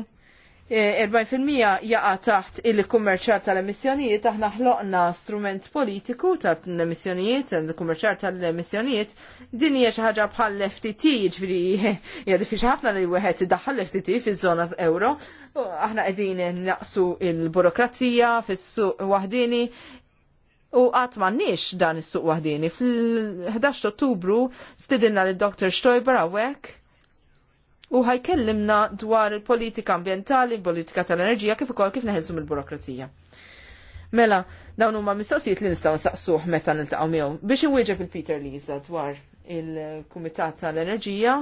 40% eh, jaqa taħt il-kummerċar tal-emissjonijiet, aħna ħloqna strument politiku tal-emissjonijiet, il-kummerċar tal-emissjonijiet, din hija xi ħaġa bħal FTT, ġifieri hija diffiċli ħafna li wieħed idaħħal FTT fiż-żona euro. Aħna qegħdin naqsu il-burokrazija fis-suq waħdini, U għat m'għandniex dan is-suq waħdini. Fl-11 Ottubru stidinna lid dr Stoiber għawek, u ħajkellimna dwar il-politika ambientali, politika tal-enerġija, kif ukoll kif neħelsu mill-burokrazija. Mela, dawn huma mistoqsijiet li nistgħu nsaqsuh meta niltaqgħu miegħu biex iwieġeb il-Peter Lisa dwar il-Kumitat tal-Enerġija.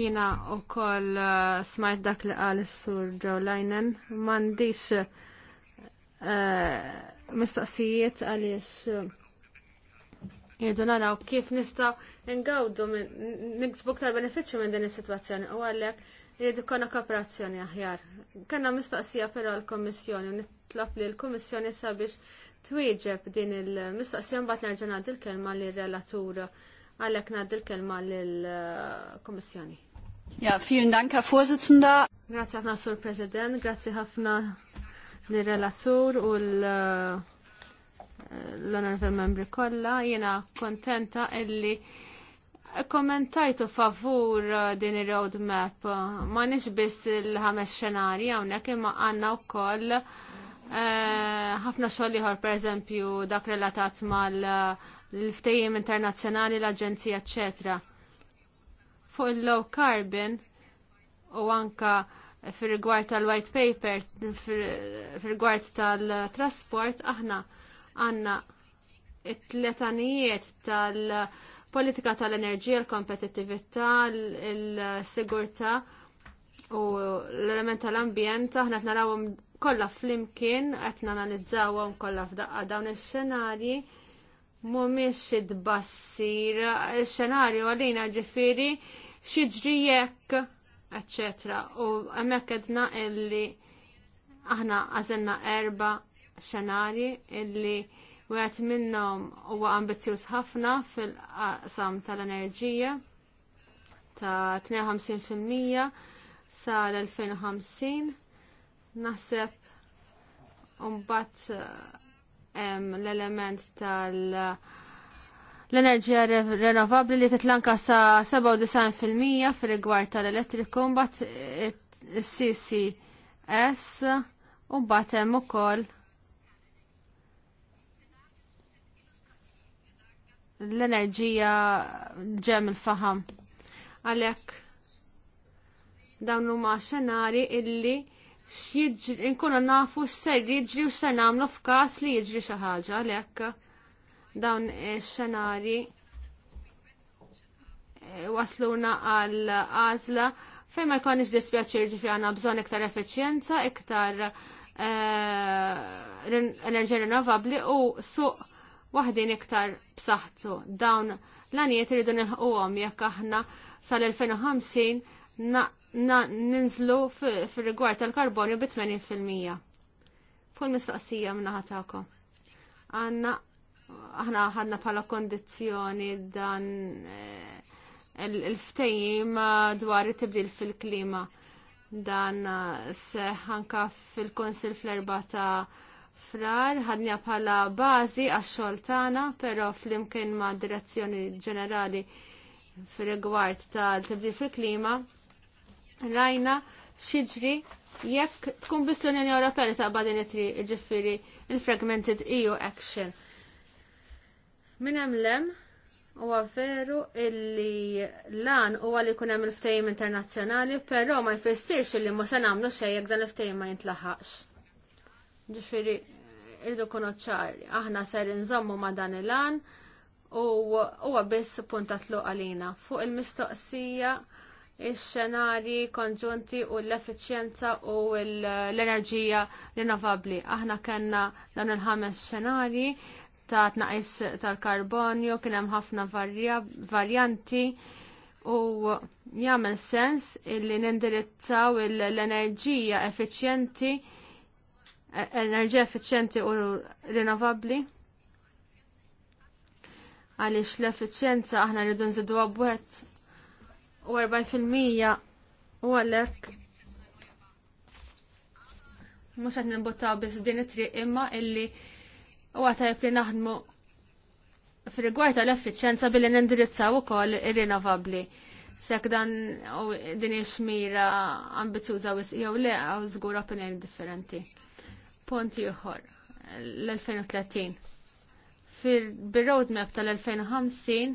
Jiena wkoll uh, smajt dak li qal is-sur Joe Linen, m'għandix uh, mistoqsijiet għaliex uh, Jridu naraw kif nistgħu ngawdu niksbu ktar benefiċċju minn din is-sitwazzjoni u għalhekk jridu konna kooperazzjoni aħjar. Kanna mistoqsija però l komissjoni u nitlob li l-Kummissjoni sabiex twieġeb din il-mistoqsija mbagħad nerġa' ngħaddi l-kelma lir-relatur għalhekk ngħaddi l-kelma lill-Kummissjoni. Ja, vielen Dank, Herr Vorsitzender. Grazie ħafna, Sur President, grazie ħafna lir-relatur u l- l-onorevoli membri kollha, jiena kontenta illi kommentajtu favur uh, din il-roadmap. Ma nix biss il-ħames xenari hawnhekk imma għandna wkoll uh, ħafna uh, xogħol ieħor pereżempju dak relatat mal-ftejjem internazzjonali l-Aġenzija eċetra. Fuq il-low carbon u anka fir-rigward tal-white paper, fir-rigward tal-trasport, aħna għanna it-tletanijiet tal-politika tal-enerġija, l kompetittivita l-sigurtà u l-element tal-ambjent, aħna qed narawhom kollha flimkien, qed nanalizzawhom kollha f'daqqa dawn ix-xenarji mhumiex xi tbassir, ix-xenarju għalina ġifiri, x'jiġri jekk, eccetera. U hemmhekk edna illi aħna għazenna erba' Xenarji illi wieħed minnhom huwa ambizzjuż ħafna fil-qasam tal-enerġija ta' 52% sal-2050 naħseb hemm l-element tal- l-enerġija rinnovabli li titlanka sa 97% fil-rigward tal-elettriku mbagħad is-CCS u mbagħad hemm ukoll l-enerġija ġem il-faham. Għalek dawn huma xenari illi nkunu nafu x'ser jiġri u x'ser nagħmlu f'każ li jiġri xi ħaġa għalhekk dawn ix-xenari eh, wasluna għal għażla fejn ma jkunx dispjaċir ġifi għandna bżonn iktar effiċjenza, iktar eh, enerġija rinnovabbli u suq waħdin iktar b'saħħtu dawn l-għaniet irridu nilħquhom jekk aħna sal-2050 ninżlu fir-rigward tal-karbonju bi 80%. Fuq il-mistoqsija minnaħa tagħkom. Għandna aħna ħadna bħala kondizzjoni dan eh, il-ftejim eh, dwar it-tibdil fil-klima dan eh, seħanka fil-konsil fl-erba ta' frar ħadnija bħala bażi għax-xogħol tagħna, però flimkien ma' direzzjoni ġenerali fir tal-tibdil fil-klima rajna xiġri jekk tkun biss l-Unjoni Ewropea li taqbad initri ġifieri il-fragmented EU action. Min hemm lem huwa veru illi lan huwa li jkun hemm il-ftehim internazzjonali, però ma jfissirx illi ma se nagħmlu xejn jekk dan il-ftehim ma jintlaħaqx. Ġifieri irridu kunu ċar. Aħna ser nżommu ma dan il-an u huwa biss punta tluq għalina. Fuq il-mistoqsija il-xenari konġunti u l-efficienza u l-enerġija rinnovabli. Aħna kena dan il-ħames xenari ta' tnaqis tal-karbonju, kien hemm ħafna varjanti u jagħmel sens illi nindirizzaw l-enerġija effiċjenti enerġija effiċjenti u rinnovabbli. Għaliex l-effiċjenza aħna rridu nżidu għabwet u 40% u għalhekk mhux qed nimbuttaw biz din it-triq imma illi huwa tajjeb li naħdmu fir-rigward tal-effiċjenza billi nindirizzaw ukoll ir-rinnovabbli. Sek dan u din ix-xmira ambizjuża jew le għaw żgur opinjoni differenti punt ieħor l-2030. Fil-roadmap tal-2050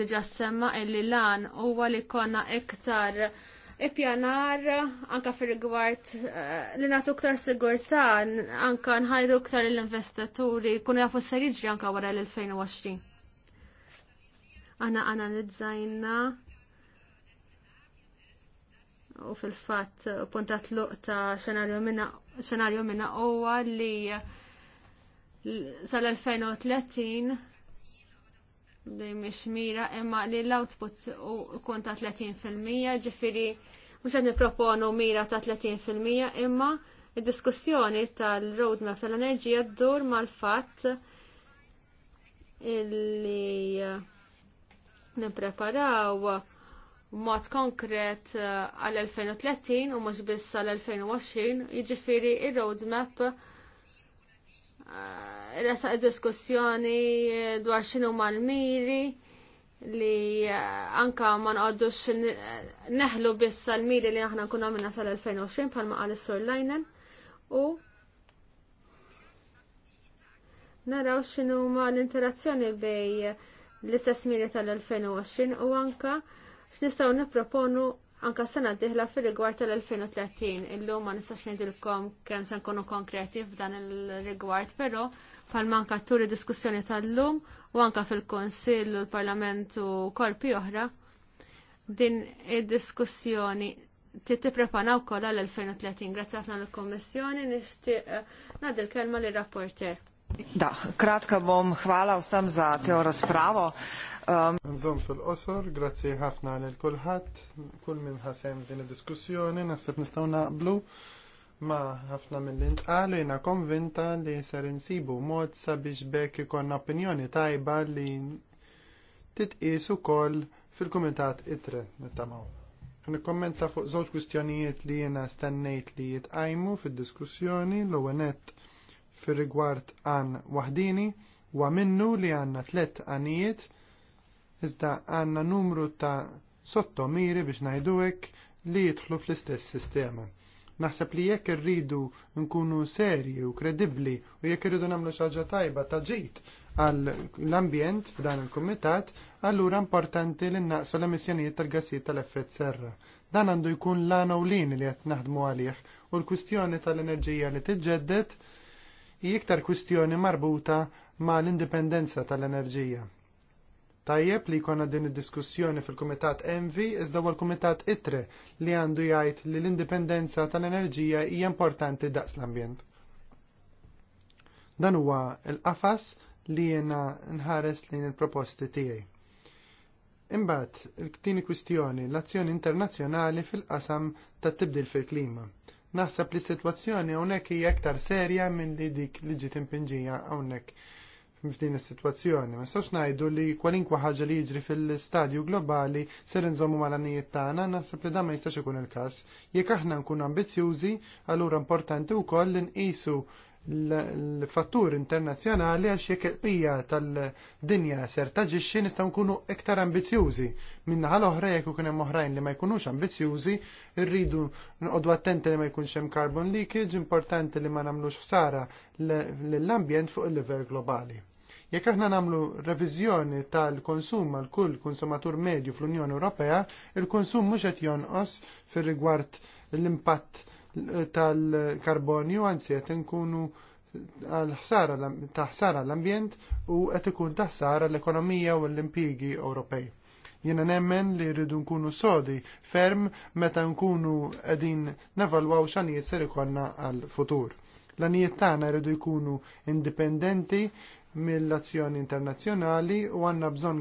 diġa semma illi lan huwa li konna iktar ippjanar anka fil-rigward eh, li nagħtu iktar sigurtà anka nħajdu iktar l-investituri jkunu jafu s jiġri anka wara l-2020. Aħna nidżajna u fil-fatt puntat luqta ta' xenarju minna xenarju minna huwa li sal-2030 li mish mira imma li l-output u kun ta' 30% ġifiri mux għed proponu mira ta' 30% imma il-diskussjoni tal-roadmap tal-enerġija d-dur mal-fat li nipreparaw mod konkret eh, għal-2030 u mhux biss għal-2020, jiġifieri ir roadmap eh, resaq diskussjoni dwar x'inhu mal-miri li eh, anka ma nqoddux neħlu biss għal-miri li aħna nkunu għamilna sal-2020 bħalma qal is-Sur Lajnen u naraw x'inhuma l-interazzjoni bej l-istess miri tal-2020 u anka X'nistgħu nipproponu anka sena diħla fil-rigward tal-2030, illum ma nistax ngħidilkom kemm se nkunu konkreti f'dan il-rigward, però fal manka turi diskussjoni tal-lum u anka fil-Konsill u l-Parlament u korpi oħra, din id-diskussjoni tittiprepana kolla l 2030 Grazzi ħafna l-Kommissjoni, nixtieq eh, nadil l-kelma li rapporter Da, kratka bom hvala vsem za teo razpravo. Um, Nżom fil-qosor, grazzi ħafna lil kulħadd, kull minn ħasem din id-diskussjoni, naħseb nistgħu naqblu ma ħafna mill-intqal jiena konvinta li ser insibu mod sabiex bekk ikon opinjoni tajba li titqis ukoll fil-kumitat itre nittamaw. Nikkommenta fuq żewġ kwistjonijiet li jiena stennejt li jitqajmu fid-diskussjoni l ewwenet fir rigward għan waħdini wa minnu li għandna tlet għanijiet iżda għandna numru ta' sottomiri biex ngħidu hekk li jidħlu fl-istess sistema. Naħseb li jekk irridu nkunu serji u kredibbli u jekk irridu nagħmlu xi ħaġa tajba ta' ġid għall l-ambjent f'dan il-kumitat, allura importanti li naqsu l-emissjonijiet tal-gassijiet tal-effett serra. Dan għandu jkun l-għana u lin li qed naħdmu għalih u l-kwistjoni tal-enerġija li t hi iktar kwistjoni marbuta mal indipendenza tal-enerġija. Tajjeb li jkollna din id-diskussjoni fil-Kumitat Envi iżda huwa l-Kumitat ITRE li għandu jgħid li l-indipendenza tal-enerġija hija importanti daqs l-ambjent. Dan huwa l-qafas li jiena nħares lejn il-proposti tiegħi. Imbagħad il-ktini kwistjoni l-azzjoni internazzjonali fil-qasam tat-tibdil fil-klima. Naħseb li s-sitwazzjoni hawnhekk hija aktar serja minn li dik li ġiet impinġija hawnhekk f'din is-sitwazzjoni. Ma sax ngħidu li kwalinkwa ħaġa li jiġri fil-stadju globali ser inżommu mal għanijiet tagħna naħseb li dan ma jistax ikun il-każ. Jekk aħna nkunu ambizzjużi, allura importanti wkoll li nqisu l-fattur internazzjonali għax jekk il-qija tal-dinja ser taġixxi nistgħu nkunu iktar ambizjużi. Minnaħa l-oħra jekk ikun hemm oħrajn li ma jkunux ambizjużi, rridu nqogħdu attenti li ma jkunx hemm carbon leakage, importanti li ma nagħmlux ħsara lill-ambjent fuq il-livell globali. Jekk aħna nagħmlu reviżjoni tal-konsum għal kull konsumatur medju fl-Unjoni Ewropea, il-konsum mhux qed jonqos fir-rigward l-impatt tal-karbonju, anzi qed inkunu taħsara l-ambjent u qed ikun taħsara l-ekonomija u l impjiegi Ewropej. Jiena nemmen li rridu nkunu sodi ferm meta nkunu qegħdin nevalwaw x'anijiet ser ikollna għall futur L-anijiet tagħna jridu jkunu indipendenti mill-azzjoni internazzjonali u għandna bżonn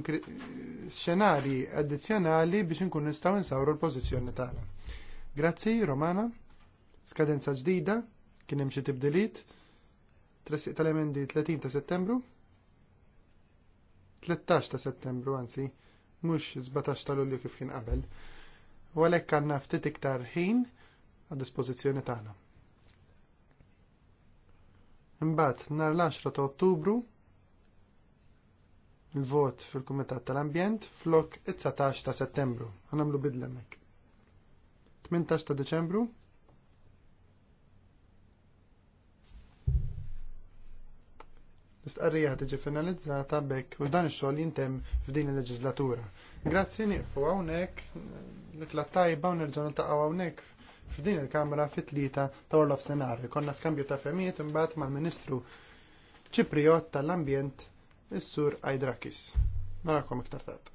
xenarji addizzjonali biex inkun nistgħu nsawru l-pożizzjoni tagħna. Grazzi, Romana. Skadenza ġdida, kien hemm xi tibdiliet. Tressiq tal-emendi 30 ta' Settembru. 13 ta' Settembru, anzi, mhux 17 ta' Lulju kif kien qabel. U għalhekk għandna ftit iktar ħin għad-dispożizzjoni tagħna. Imbagħad nhar l-10 ta' Ottubru il-vot fil-Kumitat tal-Ambjent flok 19 ta' settembru. Għanamlu bidlemek. 18 ta' deċembru. L-istqarrija tiġi finalizzata bekk u dan ix-xogħol jintem f'din il-leġislatura. Grazzi nifu hawnhekk, l-ikla tajba il nerġgħu niltaqgħu hawnhekk f'din il-Kamra fit-tlieta ta' Orlof Senar. Konna skambju ta' femijiet imbagħad mal-Ministru Ċipriot tal-Ambjent is-sur Aydrakis. Narakom iktar tard.